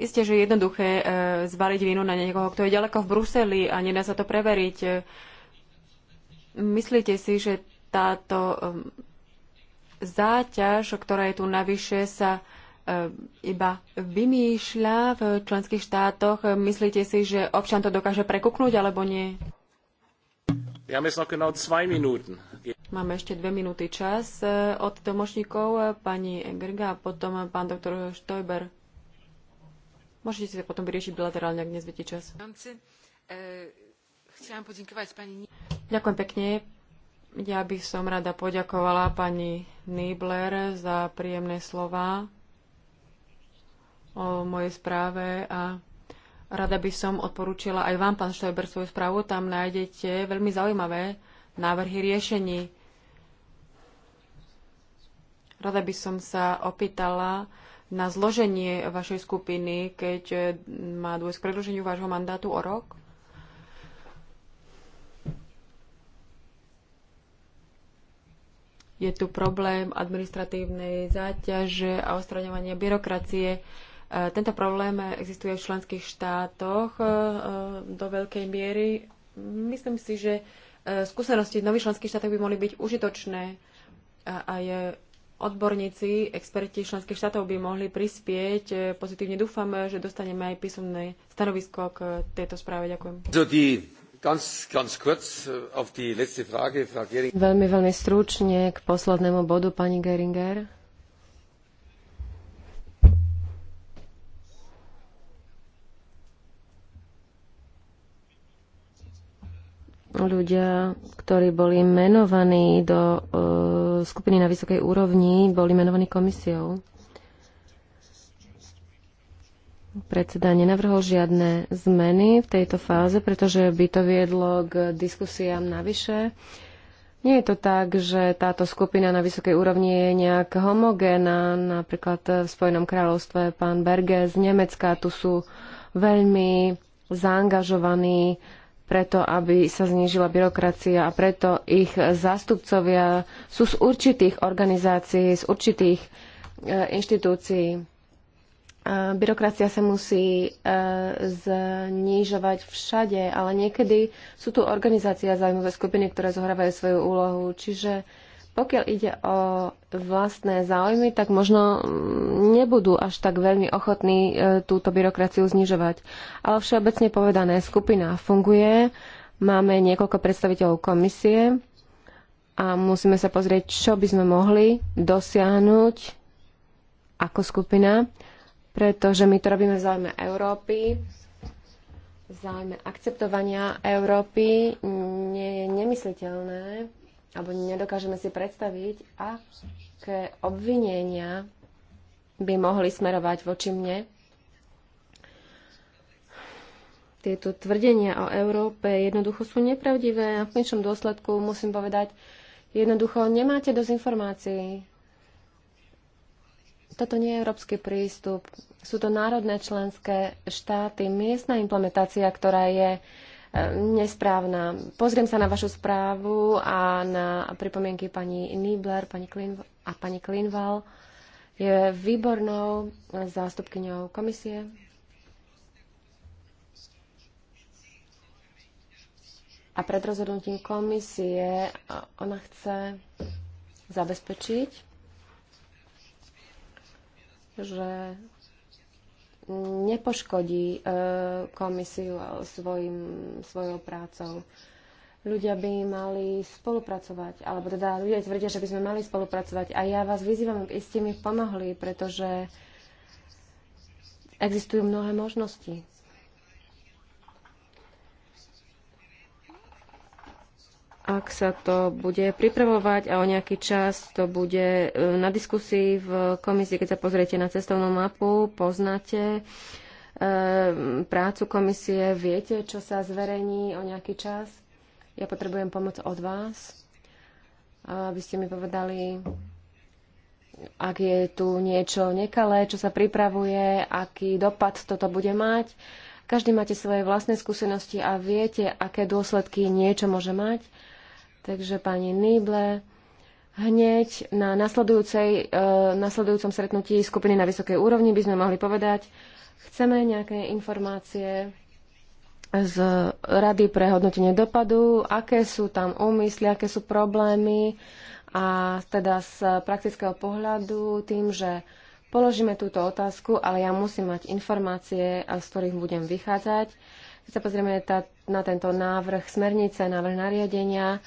Isté, že je jednoduché ehm, zvaliť vinu na niekoho, kto je ďaleko v Bruseli a nedá sa to preveriť. Myslíte si, že táto ehm, záťaž, ktorá je tu navyše, sa iba vymýšľa v členských štátoch? Myslíte si, že občan to dokáže prekuknúť alebo nie? Wir haben jetzt noch genau zwei Minuten. Máme ešte dve minúty čas e, od tlmočníkov, e, pani Engerga a potom e, pán doktor Štojber. Môžete si to potom vyriešiť bilaterálne, ak nezviete čas. Ďakujem pekne. Ja by som rada poďakovala pani Nibler za príjemné slova o mojej správe a rada by som odporúčila aj vám, pán Štojber, svoju správu. Tam nájdete veľmi zaujímavé návrhy riešení. Rada by som sa opýtala na zloženie vašej skupiny, keď má dôjsť k predlženiu vášho mandátu o rok. Je tu problém administratívnej záťaže a ostraňovania byrokracie. E, tento problém existuje v členských štátoch e, e, do veľkej miery. Myslím si, že E, skúsenosti nových členských štátoch by mohli byť užitočné a aj odborníci, experti členských štátov by mohli prispieť. E, pozitívne dúfam, že dostaneme aj písomné stanovisko k tejto správe. Ďakujem. Veľmi, veľmi stručne k poslednému bodu, pani Geringer. ľudia, ktorí boli menovaní do e, skupiny na vysokej úrovni, boli menovaní komisiou. Predseda nenavrhol žiadne zmeny v tejto fáze, pretože by to viedlo k diskusiám navyše. Nie je to tak, že táto skupina na vysokej úrovni je nejak homogénna. Napríklad v Spojenom kráľovstve pán Berge z Nemecka, tu sú veľmi zaangažovaní preto aby sa znížila byrokracia a preto ich zástupcovia sú z určitých organizácií, z určitých e, inštitúcií. Byrokracia sa musí e, znižovať všade, ale niekedy sú tu organizácie a zájmové skupiny, ktoré zohrávajú svoju úlohu. Čiže pokiaľ ide o vlastné záujmy, tak možno mm, nebudú až tak veľmi ochotní e, túto byrokraciu znižovať. Ale všeobecne povedané, skupina funguje, máme niekoľko predstaviteľov komisie a musíme sa pozrieť, čo by sme mohli dosiahnuť ako skupina, pretože my to robíme v záujme Európy, v záujme akceptovania Európy. Nie je nemysliteľné, alebo nedokážeme si predstaviť, aké obvinenia by mohli smerovať voči mne. Tieto tvrdenia o Európe jednoducho sú nepravdivé a v konečnom dôsledku musím povedať, jednoducho nemáte dosť informácií. Toto nie je európsky prístup. Sú to národné členské štáty, miestna implementácia, ktorá je uh, nesprávna. Pozriem sa na vašu správu a na pripomienky pani Niebler pani Klin- a pani Klinval. Je výbornou zástupkyňou komisie. A pred rozhodnutím komisie ona chce zabezpečiť, že nepoškodí e, komisiu svojim, svojou prácou. Ľudia by mali spolupracovať, alebo teda ľudia tvrdia, že by sme mali spolupracovať. A ja vás vyzývam, aby ste mi pomohli, pretože existujú mnohé možnosti. ak sa to bude pripravovať a o nejaký čas to bude e, na diskusii v komisii, keď sa pozriete na cestovnú mapu, poznáte e, prácu komisie, viete, čo sa zverejní o nejaký čas. Ja potrebujem pomoc od vás, aby ste mi povedali, ak je tu niečo nekalé, čo sa pripravuje, aký dopad toto bude mať. Každý máte svoje vlastné skúsenosti a viete, aké dôsledky niečo môže mať. Takže pani Nýble hneď na nasledujúcej, e, nasledujúcom stretnutí skupiny na vysokej úrovni by sme mohli povedať, chceme nejaké informácie z Rady pre hodnotenie dopadu, aké sú tam úmysly, aké sú problémy a teda z praktického pohľadu tým, že položíme túto otázku, ale ja musím mať informácie, z ktorých budem vychádzať. Keď sa pozrieme na tento návrh smernice, návrh nariadenia,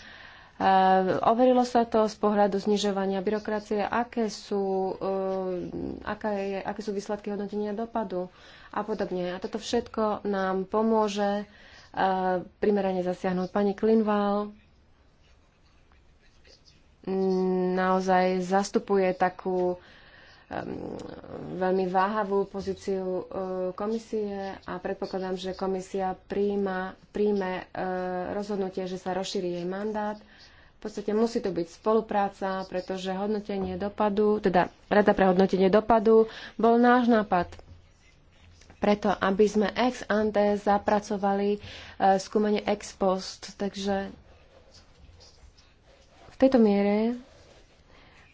Eh, overilo sa to z pohľadu znižovania byrokracie, aké sú, eh, aká je, aké sú výsledky hodnotenia dopadu a podobne. A toto všetko nám pomôže eh, primerane zasiahnuť. Pani Klinval mm, naozaj zastupuje takú veľmi váhavú pozíciu komisie a predpokladám, že komisia príjma, príjme rozhodnutie, že sa rozšíri jej mandát podstate musí to byť spolupráca, pretože hodnotenie dopadu, teda Rada pre hodnotenie dopadu bol náš nápad. Preto, aby sme ex ante zapracovali e, skúmanie ex post. Takže v tejto miere,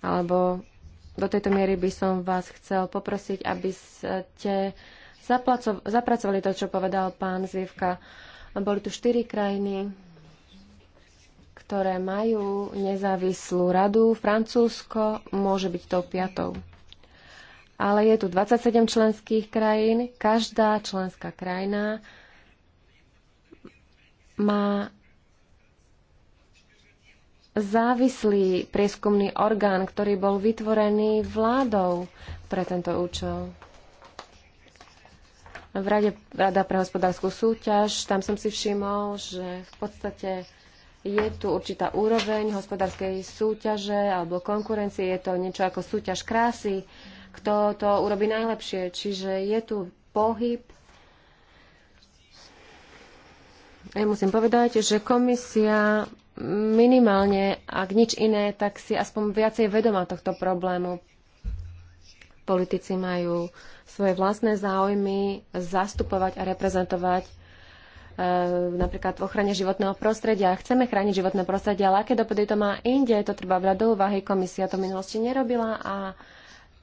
alebo do tejto miery by som vás chcel poprosiť, aby ste zapracovali to, čo povedal pán Zivka. Boli tu štyri krajiny, ktoré majú nezávislú radu. Francúzsko môže byť tou piatou. Ale je tu 27 členských krajín. Každá členská krajina má závislý prieskumný orgán, ktorý bol vytvorený vládou pre tento účel. V Rade Rada pre hospodárskú súťaž, tam som si všimol, že v podstate je tu určitá úroveň hospodárskej súťaže alebo konkurencie. Je to niečo ako súťaž krásy, kto to urobí najlepšie. Čiže je tu pohyb. Ja musím povedať, že komisia minimálne, ak nič iné, tak si aspoň viacej vedomá tohto problému. Politici majú svoje vlastné záujmy zastupovať a reprezentovať E, napríklad v ochrane životného prostredia. Chceme chrániť životné prostredie, ale aké dopady to má inde, to treba brať do úvahy. Komisia to v minulosti nerobila a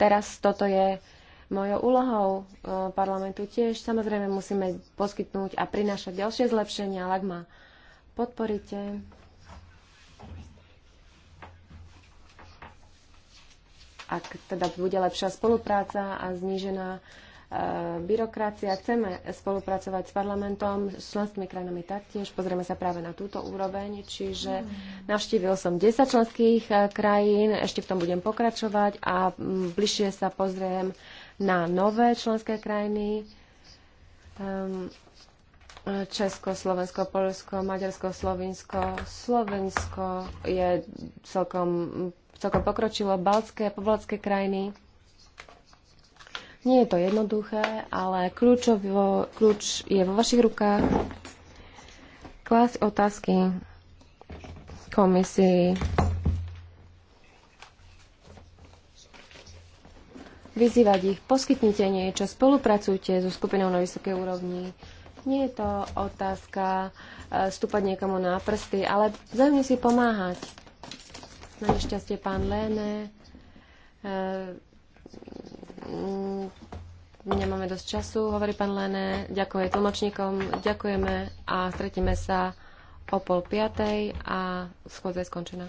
teraz toto je mojou úlohou e, parlamentu tiež. Samozrejme musíme poskytnúť a prinášať ďalšie zlepšenia, ale ak ma podporíte. Ak teda bude lepšia spolupráca a znížená Eh, byrokracia. Chceme spolupracovať s parlamentom, s členskými krajinami taktiež. Pozrieme sa práve na túto úroveň, čiže navštívil som 10 členských eh, krajín, ešte v tom budem pokračovať a mm, bližšie sa pozriem na nové členské krajiny. Ehm, Česko, Slovensko, Polsko, Maďarsko, Slovinsko. Slovensko je celkom, celkom pokročilo, Baltské pobaltské krajiny nie je to jednoduché, ale kľúčovo, kľúč je vo vašich rukách. Klas otázky komisii. Vyzývať ich, poskytnite niečo, spolupracujte so skupinou na vysokej úrovni. Nie je to otázka e, stúpať niekomu na prsty, ale vzájomne si pomáhať. Na nešťastie pán Léne e, Mm, nemáme dosť času, hovorí pán Lene. Ďakujem tlmočníkom, ďakujeme a stretíme sa o pol piatej a schôdza je skončená.